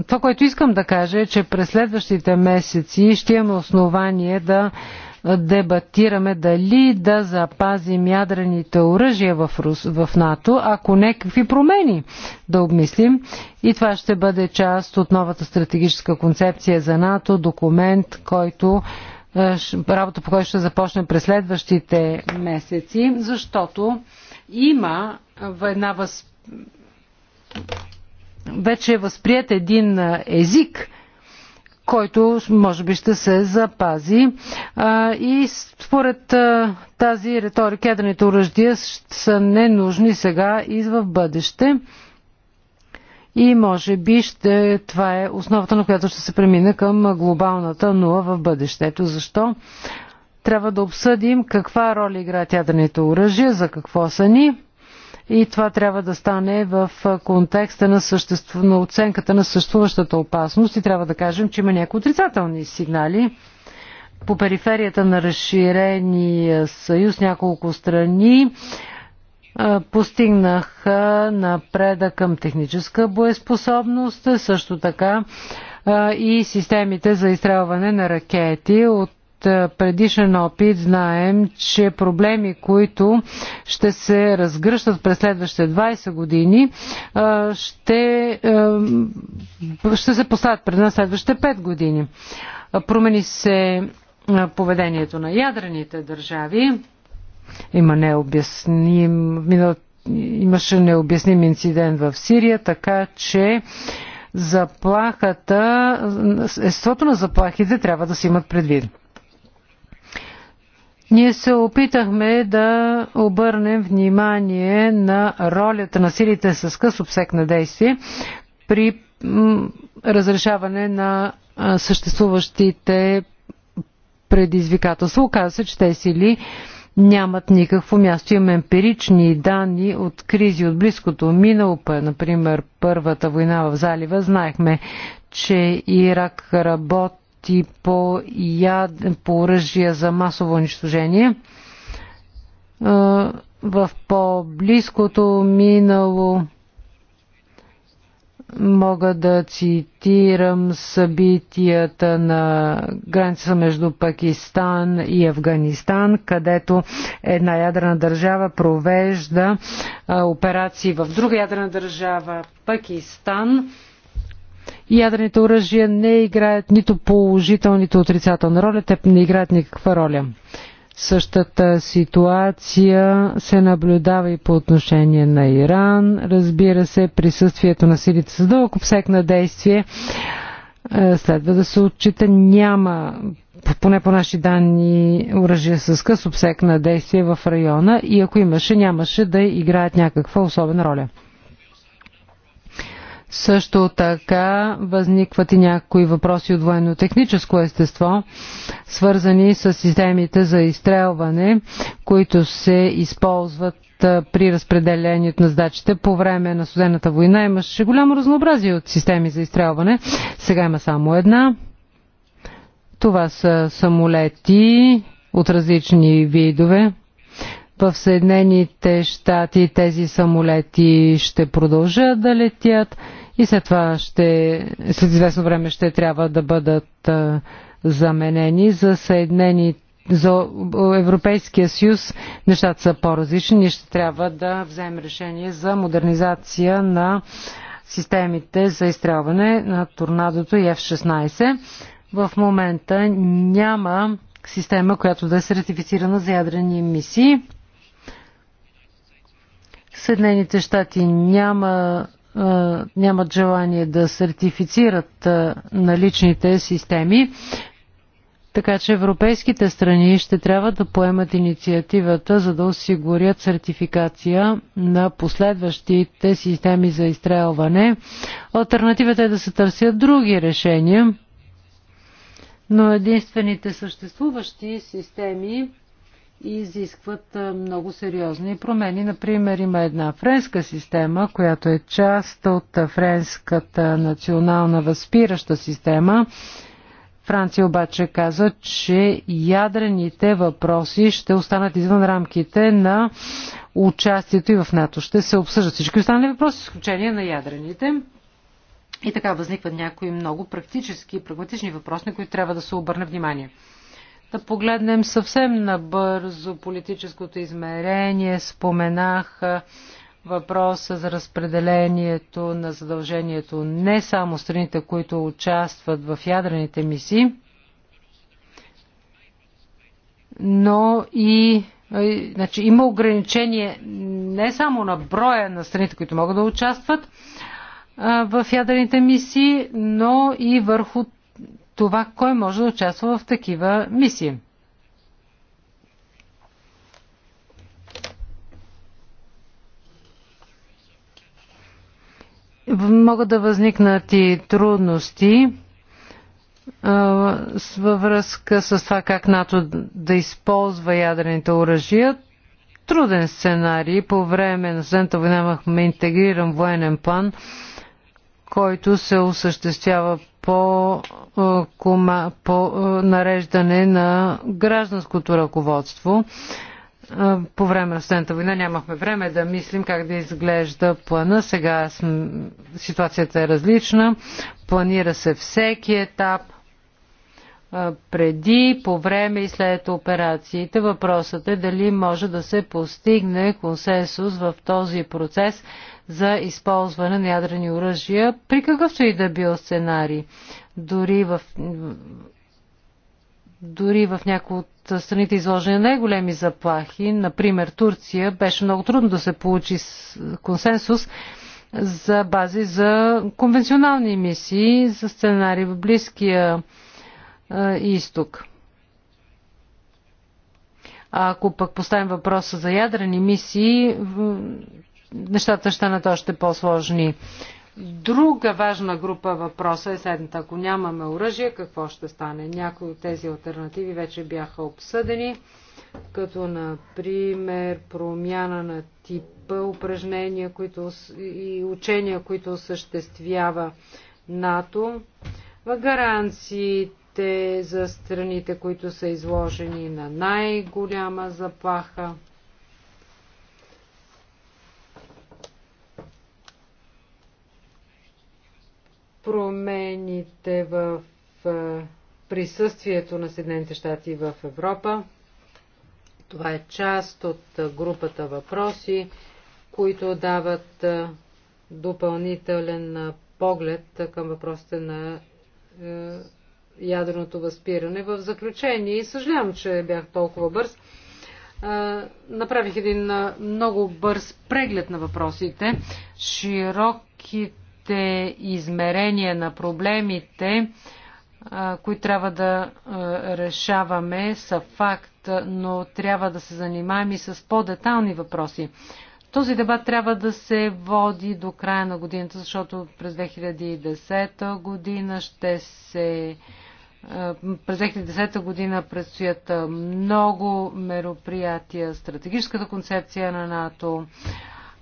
Това, което искам да кажа е, че през следващите месеци ще имаме основание да дебатираме дали да запазим ядрените оръжия в, Рус, в НАТО, ако не, какви промени да обмислим. И това ще бъде част от новата стратегическа концепция за НАТО, документ, който е, работа по който ще започне през следващите месеци, защото има една въз... вече е възприят един език – който може би ще се запази. И според тази риторика ядрените оръждия са ненужни сега и в бъдеще. И може би ще, това е основата, на която ще се премине към глобалната нула в бъдещето. Защо? Трябва да обсъдим каква роля играят ядрените оръжия, за какво са ни и това трябва да стане в контекста на, съществу... на оценката на съществуващата опасност и трябва да кажем, че има някои отрицателни сигнали. По периферията на разширения съюз няколко страни постигнаха напреда към техническа боеспособност, също така и системите за изстрелване на ракети от предишен опит знаем, че проблеми, които ще се разгръщат през следващите 20 години, ще, ще се поставят пред нас следващите 5 години. Промени се поведението на ядрените държави. Има необясним, имаше необясним инцидент в Сирия, така че заплахата, естеството на заплахите трябва да се имат предвид. Ние се опитахме да обърнем внимание на ролята на силите с къс обсек на действие при разрешаване на съществуващите предизвикателства. Оказва се, че те сили нямат никакво място. Имаме емпирични данни от кризи от близкото минало, например първата война в залива. Знаехме, че Ирак работи опити по, яд, по оръжия за масово унищожение. В по-близкото минало мога да цитирам събитията на граница между Пакистан и Афганистан, където една ядрена държава провежда операции в друга ядрена държава Пакистан ядрените оръжия не играят нито положителна, нито отрицателна роля. Те не играят никаква роля. Същата ситуация се наблюдава и по отношение на Иран. Разбира се, присъствието на силите с дълъг обсек на действие е, следва да се отчита. Няма, поне по наши данни, оръжие с къс обсек на действие в района и ако имаше, нямаше да играят някаква особена роля. Също така възникват и някои въпроси от военно-техническо естество, свързани с системите за изстрелване, които се използват при разпределението на задачите. По време на студената война имаше голямо разнообразие от системи за изстрелване. Сега има само една. Това са самолети от различни видове в Съединените щати тези самолети ще продължат да летят и след това ще, след известно време ще трябва да бъдат заменени за Съединените за Европейския съюз нещата са по-различни. Ние ще трябва да вземем решение за модернизация на системите за изстрелване на торнадото и F-16. В момента няма система, която да е сертифицирана за ядрени мисии. Съединените щати няма, нямат желание да сертифицират наличните системи, така че европейските страни ще трябва да поемат инициативата, за да осигурят сертификация на последващите системи за изстрелване. Альтернативата е да се търсят други решения, но единствените съществуващи системи и изискват много сериозни промени. Например, има една френска система, която е част от френската национална възпираща система. Франция обаче каза, че ядрените въпроси ще останат извън рамките на участието и в НАТО. Ще се обсъждат всички останали въпроси, с изключение на ядрените. И така възникват някои много практически и прагматични въпроси, на които трябва да се обърне внимание. Да погледнем съвсем набързо политическото измерение. Споменах въпроса за разпределението на задължението не само страните, които участват в ядрените мисии, но и значи, има ограничение не само на броя на страните, които могат да участват в ядрените мисии, но и върху това кой може да участва в такива мисии. Могат да възникнат и трудности във връзка с това как НАТО да използва ядрените оръжия. Труден сценарий. По време на Съединената война имахме интегриран военен план, който се осъществява по, е, кома, по е, нареждане на гражданското ръководство. Е, по време на студента война нямахме време да мислим как да изглежда плана. Сега ситуацията е различна. Планира се всеки етап преди, по време и след операциите. Въпросът е дали може да се постигне консенсус в този процес – за използване на ядрени оръжия при какъвто и да бил сценарий. Дори в, дори в някои от страните изложени на най-големи заплахи, например Турция, беше много трудно да се получи консенсус за бази за конвенционални мисии за сценари в Близкия е, изток. А ако пък поставим въпроса за ядрени мисии, нещата станат още по-сложни. Друга важна група въпроса е следната. Ако нямаме оръжие, какво ще стане? Някои от тези альтернативи вече бяха обсъдени, като например промяна на типа упражнения които, и учения, които осъществява НАТО, гаранциите за страните, които са изложени на най-голяма заплаха – промените в е, присъствието на Съединените щати в Европа. Това е част от е, групата въпроси, които дават е, допълнителен поглед към въпросите на ядреното възпиране. В заключение, и съжалявам, че бях толкова бърз, направих един много бърз преглед на въпросите. Широките различните измерения на проблемите, които трябва да решаваме, са факт, но трябва да се занимаваме и с по-детални въпроси. Този дебат трябва да се води до края на годината, защото през 2010 година ще се през 2010 година предстоят много мероприятия, стратегическата концепция на НАТО,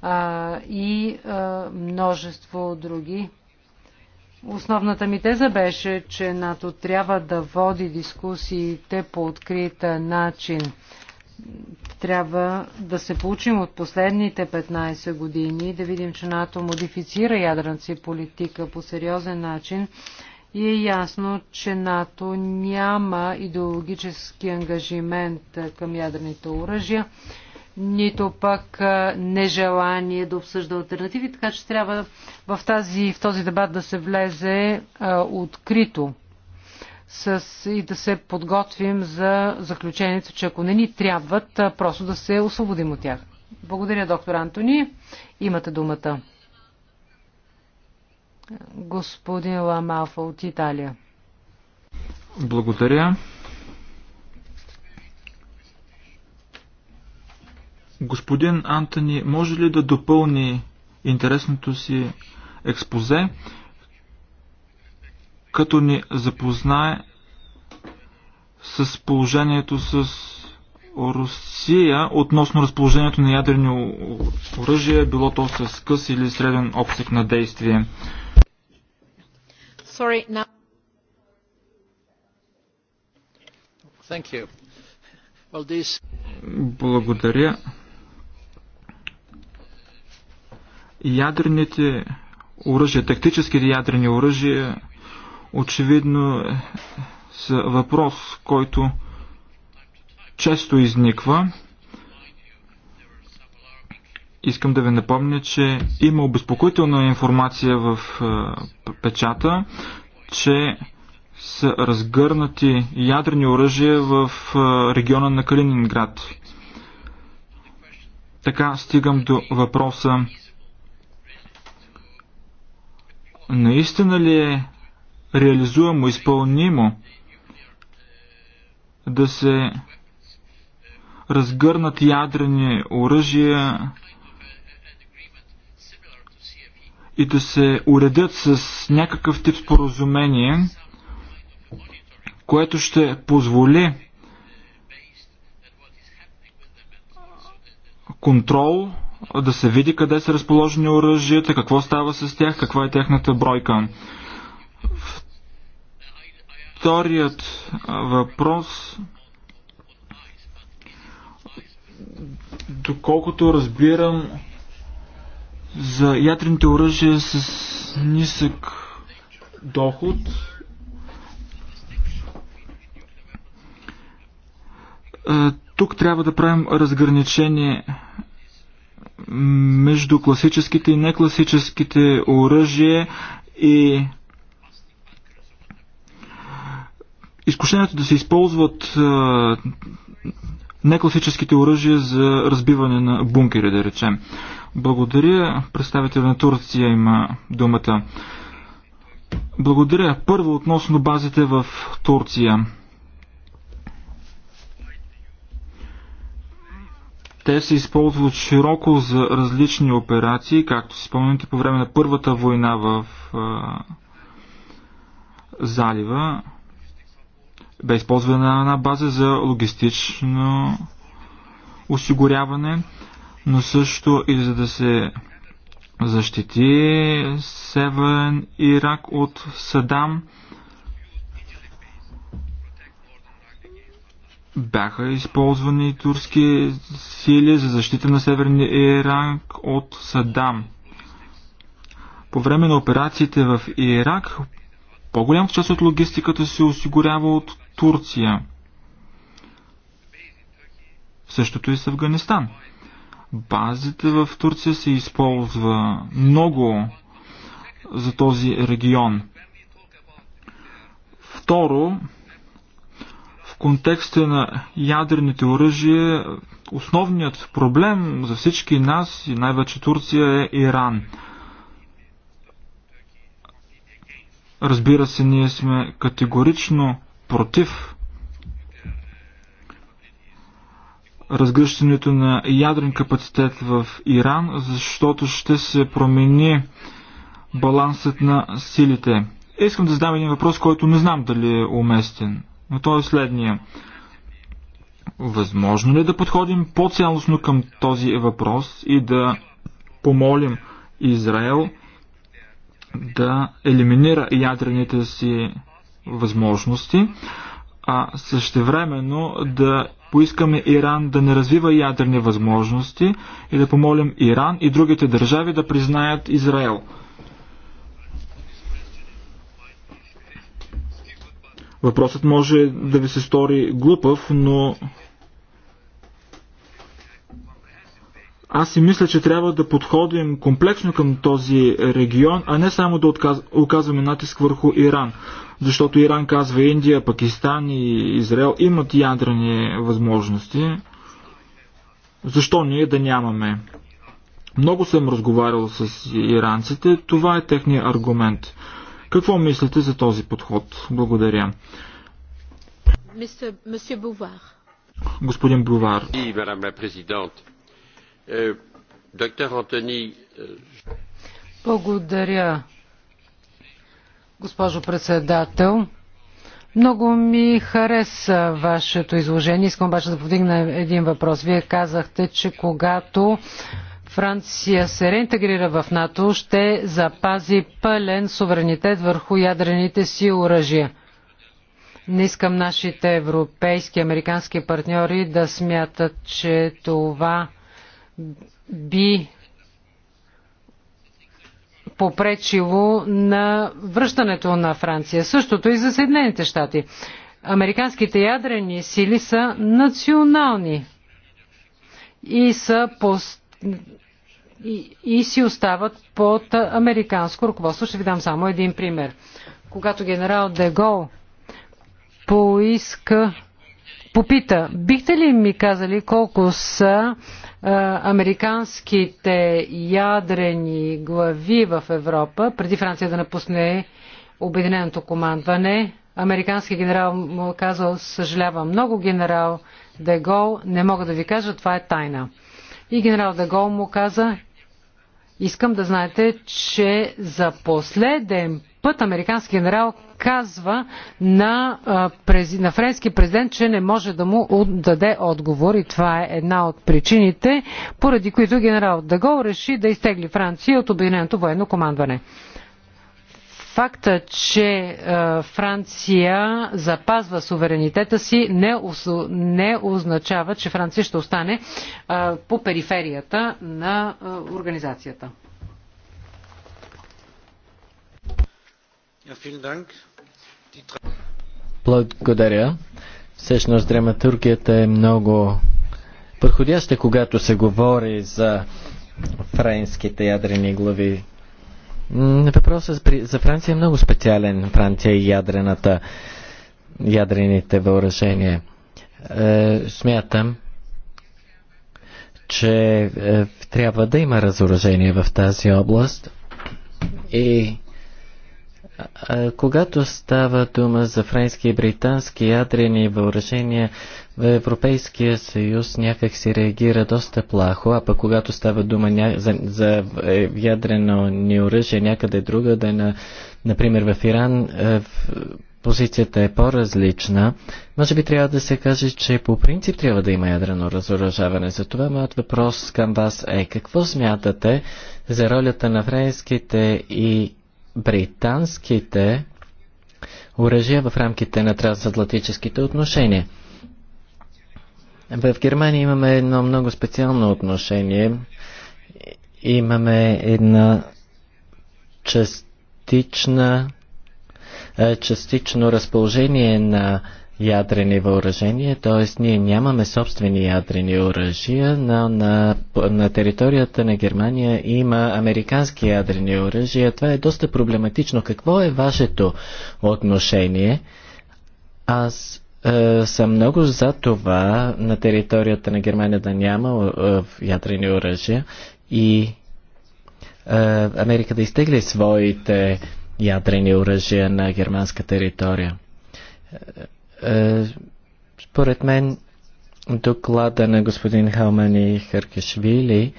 а, и а, множество други. Основната ми теза беше, че НАТО трябва да води дискусиите по открит начин. Трябва да се получим от последните 15 години, да видим, че НАТО модифицира ядрената си политика по сериозен начин и е ясно, че НАТО няма идеологически ангажимент към ядрените оръжия нито пък нежелание да обсъжда альтернативи, така че трябва в, тази, в този дебат да се влезе а, открито с, и да се подготвим за заключението, че ако не ни трябват, а, просто да се освободим от тях. Благодаря, доктор Антони. Имате думата. Господин Ламалфа от Италия. Благодаря. Господин Антони, може ли да допълни интересното си експозе, като ни запознае с положението с Русия относно разположението на ядрени оръжия, било то с къс или среден обсек на действие. Sorry, now... Thank you. Well, this... Благодаря. ядрените оръжия, тактическите ядрени оръжия, очевидно са въпрос, който често изниква. Искам да ви напомня, че има обезпокоителна информация в печата, че са разгърнати ядрени оръжия в региона на Калининград. Така стигам до въпроса наистина ли е реализуемо, изпълнимо да се разгърнат ядрени оръжия и да се уредят с някакъв тип споразумение, което ще позволи контрол да се види къде са разположени оръжията, какво става с тях, каква е тяхната бройка. Вторият въпрос доколкото разбирам за ядрените оръжия е с нисък доход тук трябва да правим разграничение между класическите и некласическите оръжия и изкушението да се използват некласическите оръжия за разбиване на бункери, да речем. Благодаря. Представител на Турция има думата. Благодаря. Първо относно базите в Турция. Те се използват широко за различни операции, както си спомняте по време на първата война в а, залива. Бе използвана една база за логистично осигуряване, но също и за да се защити Северен Ирак от Садам. бяха използвани турски сили за защита на Северния Иран от Садам. По време на операциите в Ирак, по-голямата част от логистиката се осигурява от Турция. Същото и с Афганистан. Базите в Турция се използва много за този регион. Второ, контекста на ядрените оръжия основният проблем за всички нас и най-вече Турция е Иран. Разбира се, ние сме категорично против разгръщането на ядрен капацитет в Иран, защото ще се промени балансът на силите. Искам да задам един въпрос, който не знам дали е уместен но той е следния. Възможно ли е да подходим по-цялостно към този въпрос и да помолим Израел да елиминира ядрените си възможности, а същевременно да поискаме Иран да не развива ядрени възможности и да помолим Иран и другите държави да признаят Израел. Въпросът може да ви се стори глупав, но аз си мисля, че трябва да подходим комплексно към този регион, а не само да отказ... оказваме натиск върху Иран. Защото Иран казва Индия, Пакистан и Израел имат ядрени възможности. Защо ние да нямаме? Много съм разговарял с иранците, това е техният аргумент. Какво мислите за този подход? Благодаря. Господин Бувар. Euh, euh, Благодаря, госпожо председател. Много ми хареса вашето изложение. Искам обаче да повдигна един въпрос. Вие казахте, че когато Франция се реинтегрира в НАТО, ще запази пълен суверенитет върху ядрените си оръжия. Не искам нашите европейски, и американски партньори да смятат, че това би попречило на връщането на Франция. Същото и за Съединените щати. Американските ядрени сили са национални и са пост и, и си остават под американско ръководство. Ще ви дам само един пример. Когато генерал Дегол поиска, попита, бихте ли ми казали колко са а, американските ядрени глави в Европа, преди Франция да напусне Обединеното командване, американски генерал му е казал, съжалявам много генерал Дегол, не мога да ви кажа, това е тайна. И генерал Дегол му каза, Искам да знаете, че за последен път американски генерал казва на, на френски президент, че не може да му даде отговор и това е една от причините, поради които генерал Дагол реши да изтегли Франция от Обединеното военно командване. Факта, че е, Франция запазва суверенитета си, не, не означава, че Франция ще остане е, по периферията на е, организацията. Благодаря. Всъщност драматургията е много подходяща, когато се говори за френските ядрени глави Въпросът за Франция е много специален. Франция и е ядрената, ядрените въоръжения. Е, смятам, че е, трябва да има разоръжение в тази област и е, когато става дума за френски и британски ядрени въоръжения, в Европейския съюз някак си реагира доста плахо, а пък когато става дума ня... за, за е, ядрено ни оръжие някъде друга, да на, например в Иран, е, в... позицията е по-различна. Може би трябва да се каже, че по принцип трябва да има ядрено разоръжаване. Затова моят въпрос към вас е какво смятате за ролята на френските и британските оръжия в рамките на трансатлантическите отношения? В Германия имаме едно много специално отношение. Имаме една частична, е, частично разположение на ядрени въоръжения, т.е. ние нямаме собствени ядрени оръжия, но на, на територията на Германия има американски ядрени оръжия. Това е доста проблематично. Какво е вашето отношение? Аз е, съм много за това на територията на Германия да няма е, ядрени оръжия и е, Америка да изтегли своите ядрени оръжия на германска територия. според мен доклада на господин Халмани Харкешвили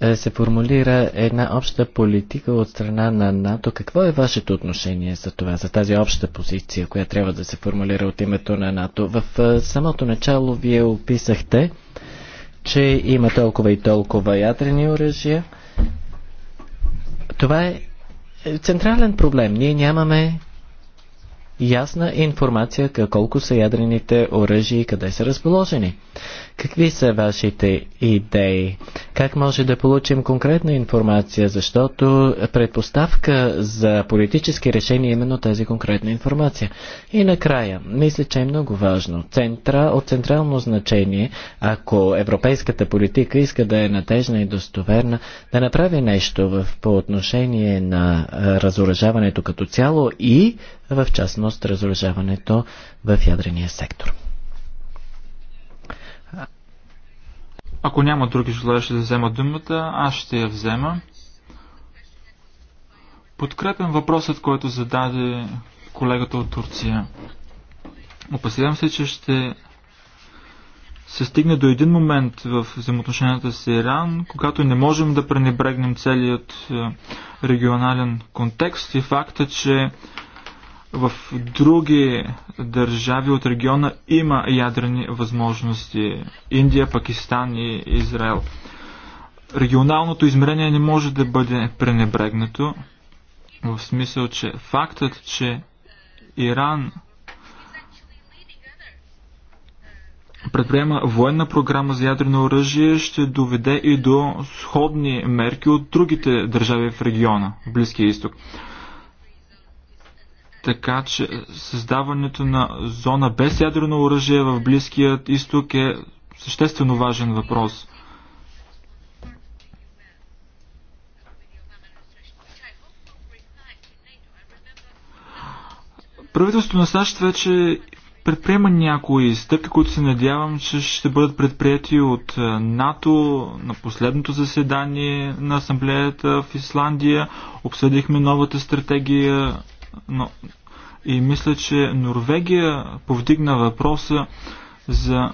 е, се формулира една обща политика от страна на НАТО. Какво е вашето отношение за това, за тази обща позиция, която трябва да се формулира от името на НАТО? В е, самото начало вие описахте, че има толкова и толкова ядрени оръжия. Това е, е централен проблем. Ние нямаме ясна информация колко са ядрените оръжия и къде са разположени. Какви са вашите идеи? Как може да получим конкретна информация? Защото предпоставка за политически решения е именно тази конкретна информация. И накрая, мисля, че е много важно. Центра от централно значение, ако европейската политика иска да е надежна и достоверна, да направи нещо в, по отношение на разоръжаването като цяло и в частност разоръжаването в ядрения сектор. Ако няма други желаящи да вземат думата, аз ще я взема. Подкрепям въпросът, който зададе колегата от Турция. Опасявам се, че ще се стигне до един момент в взаимоотношенията с Иран, когато не можем да пренебрегнем целият е, регионален контекст и факта, че в други държави от региона има ядрени възможности. Индия, Пакистан и Израел. Регионалното измерение не може да бъде пренебрегнато, в смисъл, че фактът, че Иран предприема военна програма за ядрено оръжие, ще доведе и до сходни мерки от другите държави в региона, Близкия изток. Така че създаването на зона без ядрено оръжие в Близкият изток е съществено важен въпрос. Правителството на САЩ вече предприема някои стъпки, които се надявам, че ще бъдат предприяти от е, НАТО на последното заседание на асамблеята в Исландия. Обсъдихме новата стратегия и мисля, че Норвегия повдигна въпроса за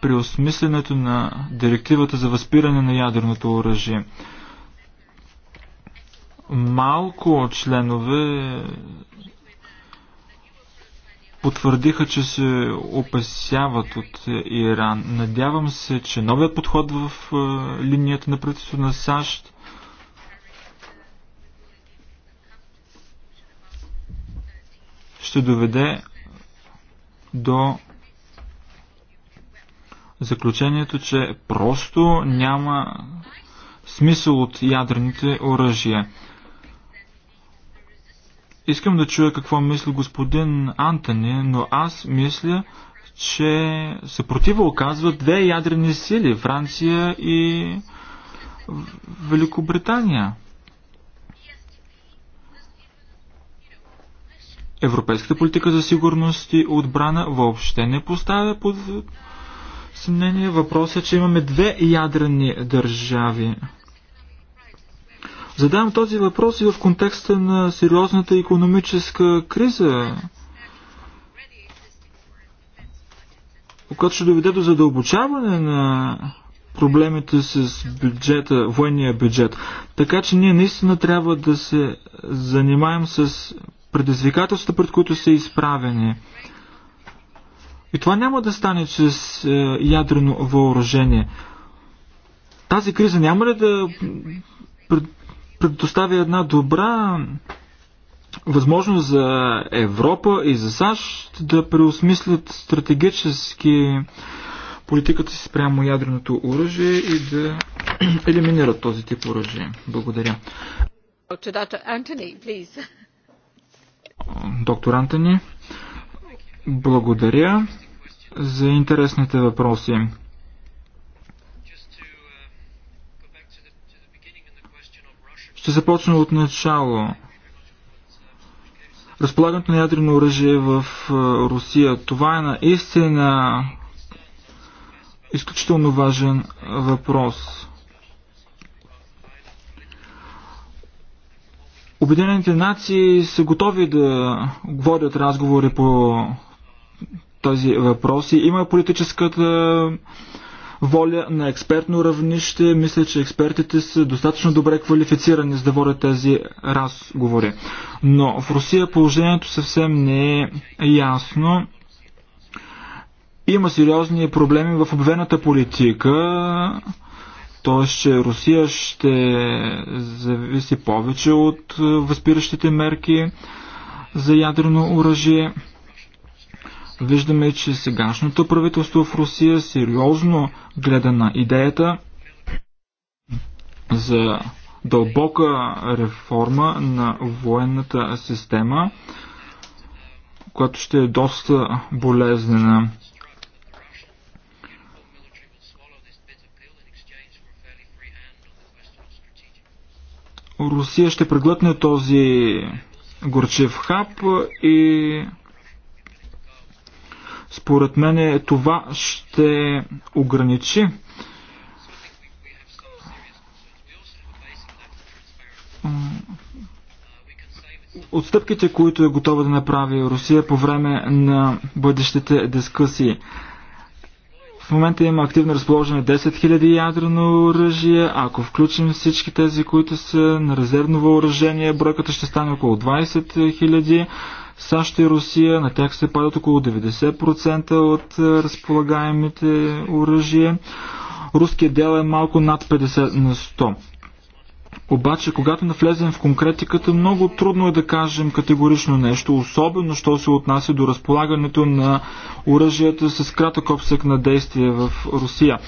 преосмисленето на директивата за възпиране на ядерното оръжие. Малко членове потвърдиха, че се опасяват от Иран. Надявам се, че новият подход в е, линията на правителството на САЩ ще доведе до заключението, че просто няма смисъл от ядрените оръжия. Искам да чуя какво мисли господин Антони, но аз мисля, че съпротива оказват две ядрени сили Франция и Великобритания. Европейската политика за сигурност и отбрана въобще не поставя под съмнение въпроса, е, че имаме две ядрени държави. Задавам този въпрос и в контекста на сериозната економическа криза, която ще доведе до задълбочаване на проблемите с бюджета, военния бюджет. Така че ние наистина трябва да се занимаем с предизвикателствата, пред които са изправени. И това няма да стане чрез е, ядрено въоръжение. Тази криза няма ли да предоставя една добра възможност за Европа и за САЩ да преосмислят стратегически политиката си спрямо ядреното оръжие и да елиминират този тип оръжие. Благодаря. please докторанта ни. Благодаря за интересните въпроси. Ще започна от начало. Разполагането на ядрено оръжие в е, Русия, това е наистина изключително важен въпрос. Обединените нации са готови да водят разговори по този въпрос. И има политическата воля на експертно равнище. Мисля, че експертите са достатъчно добре квалифицирани за да водят тези разговори. Но в Русия положението съвсем не е ясно. Има сериозни проблеми в обвената политика т.е. че Русия ще зависи повече от е, възпиращите мерки за ядрено оръжие. Виждаме, че сегашното правителство в Русия сериозно гледа на идеята за дълбока реформа на военната система, която ще е доста болезнена. Русия ще преглътне този горчев хап и според мен това ще ограничи отстъпките, които е готова да направи Русия по време на бъдещите дискусии. В момента има активно разположено 10 000 ядрено оръжие. Ако включим всички тези, които са на резервно въоръжение, бройката ще стане около 20 000. САЩ и Русия, на тях се падат около 90% от е, разполагаемите оръжия. Руският дел е малко над 50 на 100. Обаче, когато навлезем в конкретиката, много трудно е да кажем категорично нещо, особено що се отнася до разполагането на оръжията с кратък обсек на действие в Русия.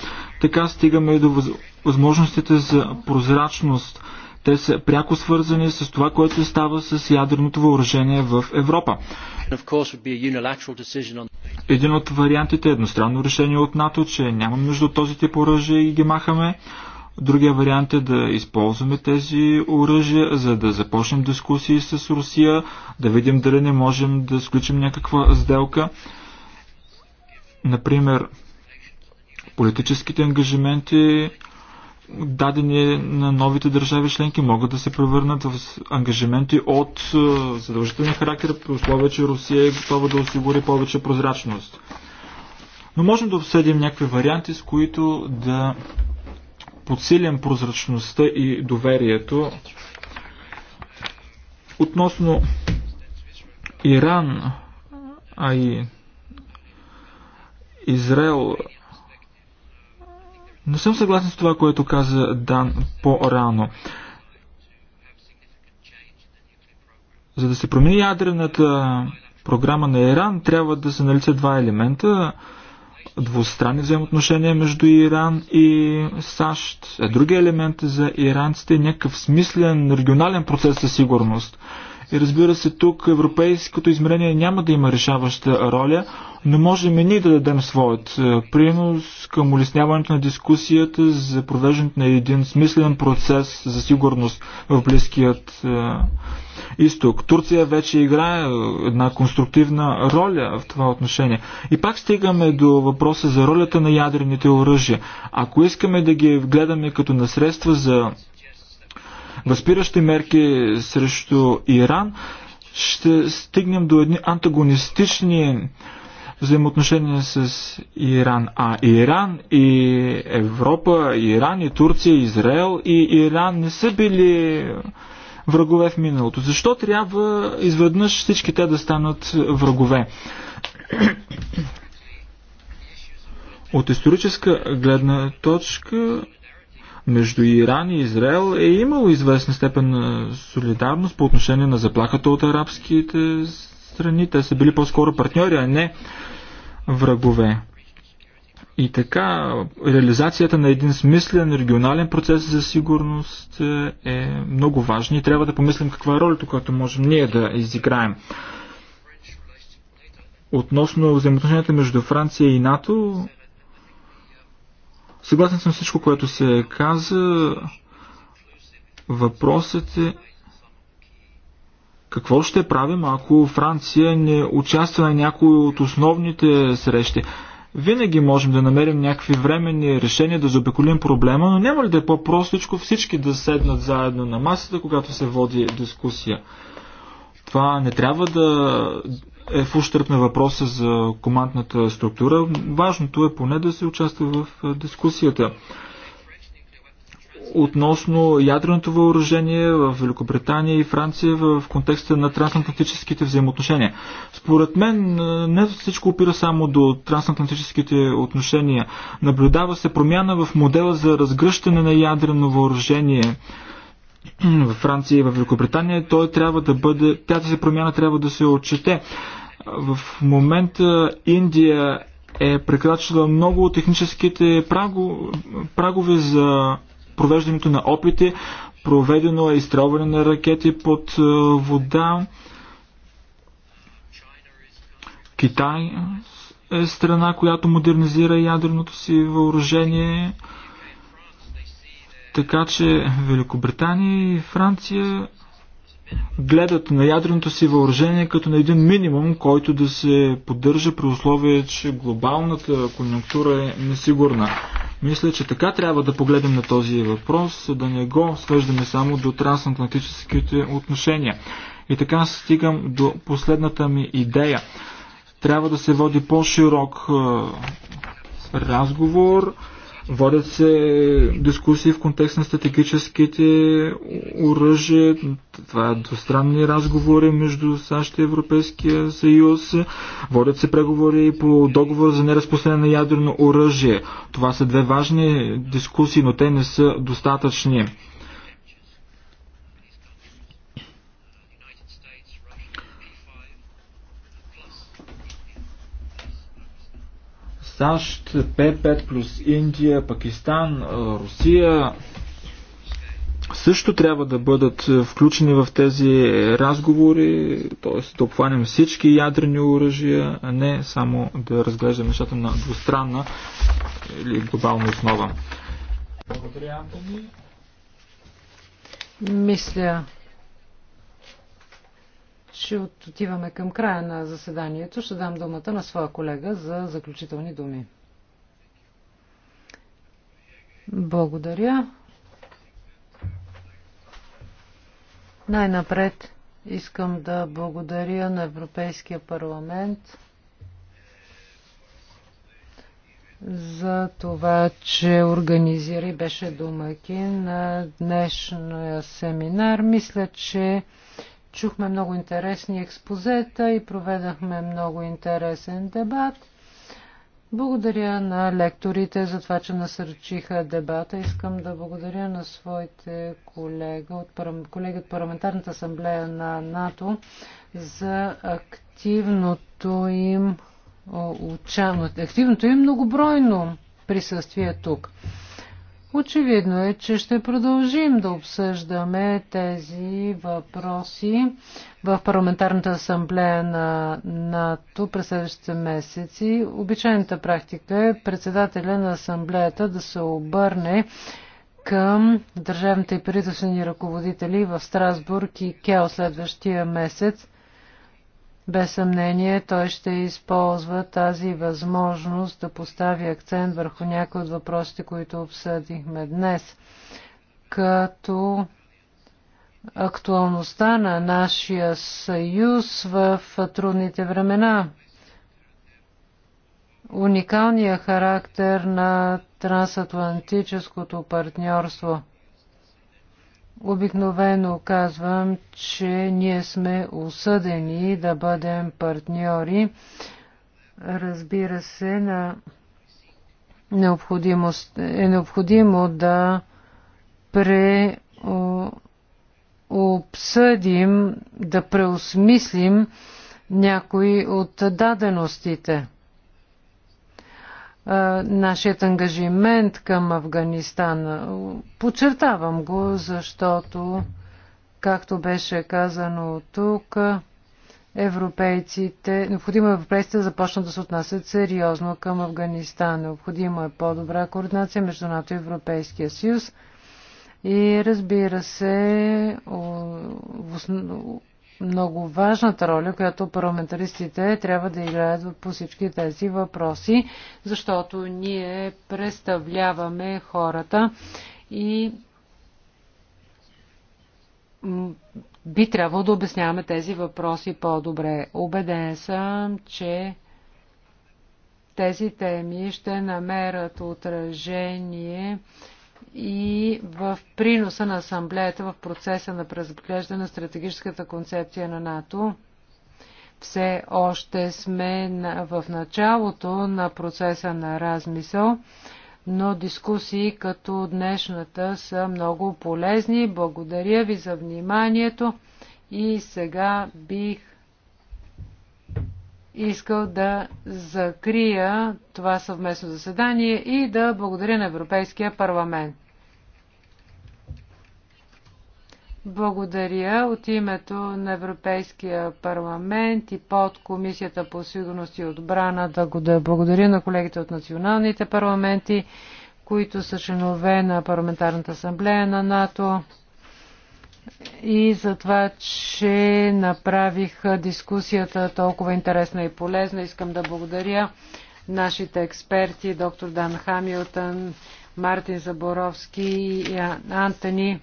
Така стигаме и до възможностите за прозрачност. Те са пряко свързани с това, което става с ядреното въоръжение в Европа. Един от вариантите е едностранно решение от НАТО, че нямаме нужда от този тип оръжие и ги махаме. Другия вариант е да използваме тези оръжия, за да започнем дискусии с Русия, да видим дали не можем да сключим някаква сделка. Например, политическите ангажименти, дадени на новите държави членки, могат да се превърнат в ангажименти от е, задължителен характер, при условие, че Русия е готова да осигури повече прозрачност. Но можем да обсъдим някакви варианти, с които да Подсилям прозрачността и доверието. Относно Иран, а и Израел, не съм съгласен с това, което каза Дан по-рано. За да се промени ядрената програма на Иран, трябва да се налица два елемента двустранни взаимоотношения между Иран и САЩ. Е други елемент е за иранците е някакъв смислен регионален процес със сигурност. И разбира се, тук европейското измерение няма да има решаваща роля, но можем и ние да дадем своят е, принос към улесняването на дискусията за провеждането на един смислен процес за сигурност в Близкият е, изток. Турция вече играе една конструктивна роля в това отношение. И пак стигаме до въпроса за ролята на ядрените оръжия. Ако искаме да ги гледаме като насредства за възпиращи мерки срещу Иран, ще стигнем до едни антагонистични взаимоотношения с Иран. А Иран и Европа, Иран и Турция, Израел и Иран не са били врагове в миналото. Защо трябва изведнъж всички те да станат врагове? От историческа гледна точка между Иран и Израел е имало известна степен на солидарност по отношение на заплахата от арабските страни. Те са били по-скоро партньори, а не врагове. И така, реализацията на един смислен регионален процес за сигурност е много важна и трябва да помислим каква е ролята, която можем ние да изиграем. Относно взаимоотношенията между Франция и НАТО, Съгласен съм всичко, което се каза. Въпросът е какво ще правим, ако Франция не участва на някои от основните срещи? Винаги можем да намерим някакви временни решения да заобиколим проблема, но няма ли да е по-простичко всички да седнат заедно на масата, когато се води дискусия? Това не трябва да е в ущърп на въпроса за командната структура. Важното е поне да се участва в дискусията. Относно ядреното въоръжение в Великобритания и Франция в контекста на трансатлантическите взаимоотношения. Според мен не всичко опира само до трансатлантическите отношения. Наблюдава се промяна в модела за разгръщане на ядрено въоръжение във Франция и в Великобритания, той трябва да бъде, тази промяна трябва да се отчете. В момента Индия е прекрачила много техническите прагове за провеждането на опити. Проведено е изстрелване на ракети под е, вода. Китай е страна, която модернизира ядреното си въоръжение. Така че Великобритания и Франция гледат на ядреното си въоръжение като на един минимум, който да се поддържа при условие, че глобалната конъюнктура е несигурна. Мисля, че така трябва да погледнем на този въпрос, да не го свеждаме само до трансатлантическите отношения. И така стигам до последната ми идея. Трябва да се води по-широк разговор, Водят се дискусии в контекст на стратегическите оръжия. Това е двустранни разговори между САЩ и Европейския съюз. Водят се преговори и по договор за неразпространение на ядрено оръжие. Това са две важни дискусии, но те не са достатъчни. САЩ, П5 плюс Индия, Пакистан, Русия също трябва да бъдат включени в тези разговори, т.е. да обхванем всички ядрени оръжия, а не само да разглеждаме нещата на двустранна или глобална основа. Благодаря, Антони. Мисля, ще отиваме към края на заседанието, ще дам думата на своя колега за заключителни думи. Благодаря. Най-напред искам да благодаря на Европейския парламент за това, че организира и беше домакин на днешния семинар. Мисля, че Чухме много интересни експозета и проведахме много интересен дебат. Благодаря на лекторите за това, че насърчиха дебата. Искам да благодаря на своите колега от, колеги от Парламентарната асамблея на НАТО за активното им, активното им многобройно присъствие тук. Очевидно е, че ще продължим да обсъждаме тези въпроси в Парламентарната асамблея на НАТО през следващите месеци. Обичайната практика е председателя на асамблеята да се обърне към държавните и правителствени ръководители в Страсбург и Кел следващия месец без съмнение той ще използва тази възможност да постави акцент върху някои от въпросите, които обсъдихме днес, като актуалността на нашия съюз в трудните времена, уникалния характер на трансатлантическото партньорство – Обикновено казвам, че ние сме осъдени да бъдем партньори. Разбира се, на необходимост, е необходимо да пре, обсъдим, да преосмислим някои от даденостите нашият ангажимент към Афганистан. Подчертавам го, защото, както беше казано тук, европейците, необходимо е европейците да започнат да се отнасят сериозно към Афганистан. Необходимо е по-добра координация между НАТО и Европейския съюз. И разбира се, много важната роля, която парламентаристите трябва да играят по всички тези въпроси, защото ние представляваме хората и би трябвало да обясняваме тези въпроси по-добре. Обеден съм, че тези теми ще намерят отражение и в приноса на асамблеята в процеса на преразглеждане на стратегическата концепция на НАТО. Все още сме в началото на процеса на размисъл, но дискусии като днешната са много полезни. Благодаря ви за вниманието и сега бих искал да закрия това съвместно заседание и да благодаря на Европейския парламент. Благодаря от името на Европейския парламент и под Комисията по сигурност и отбрана да го да благодаря на колегите от националните парламенти, които са членове на Парламентарната асамблея на НАТО и за това, че направих дискусията толкова интересна и полезна. Искам да благодаря нашите експерти, доктор Дан Хамилтън, Мартин Заборовски и Антони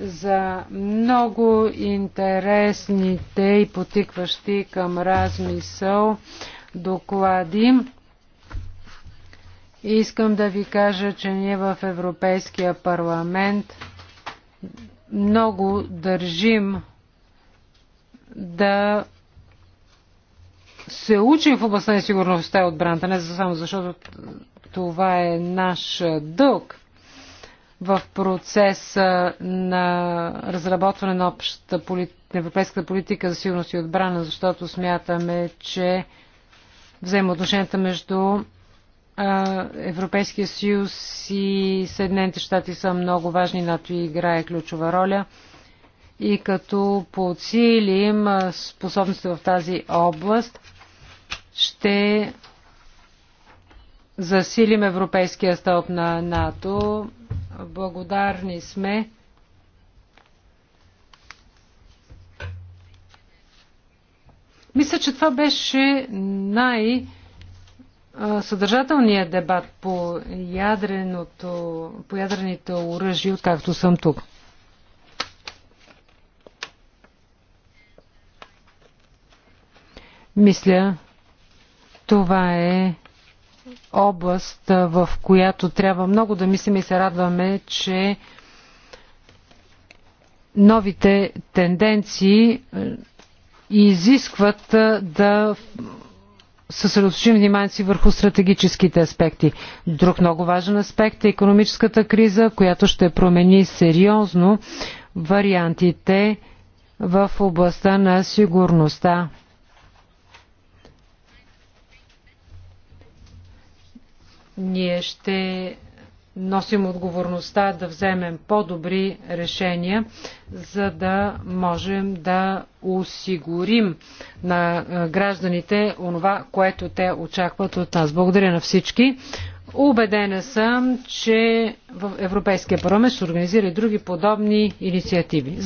за много интересните и потикващи към размисъл доклади. Искам да ви кажа, че ние в Европейския парламент много държим да се учим в областта на сигурността и отбраната, не само защото това е наш дълг в процеса на разработване на общата полит... европейската политика за сигурност и отбрана, защото смятаме, че взаимоотношенията между Европейския съюз и Съединените щати са много важни, НАТО играе ключова роля. И като подсилим способности в тази област, ще засилим Европейския стълб на НАТО. Благодарни сме. Мисля, че това беше най- съдържателният дебат по, ядреното, по ядрените оръжия, откакто съм тук. Мисля, това е област, в която трябва много да мислим и се радваме, че новите тенденции изискват да съсредоточим вниманието си върху стратегическите аспекти. Друг много важен аспект е економическата криза, която ще промени сериозно вариантите в областта на сигурността. Ние ще носим отговорността да вземем по-добри решения, за да можем да осигурим на гражданите онова, което те очакват от нас. Благодаря на всички. Убедена съм, че в Европейския парламент ще организира и други подобни инициативи.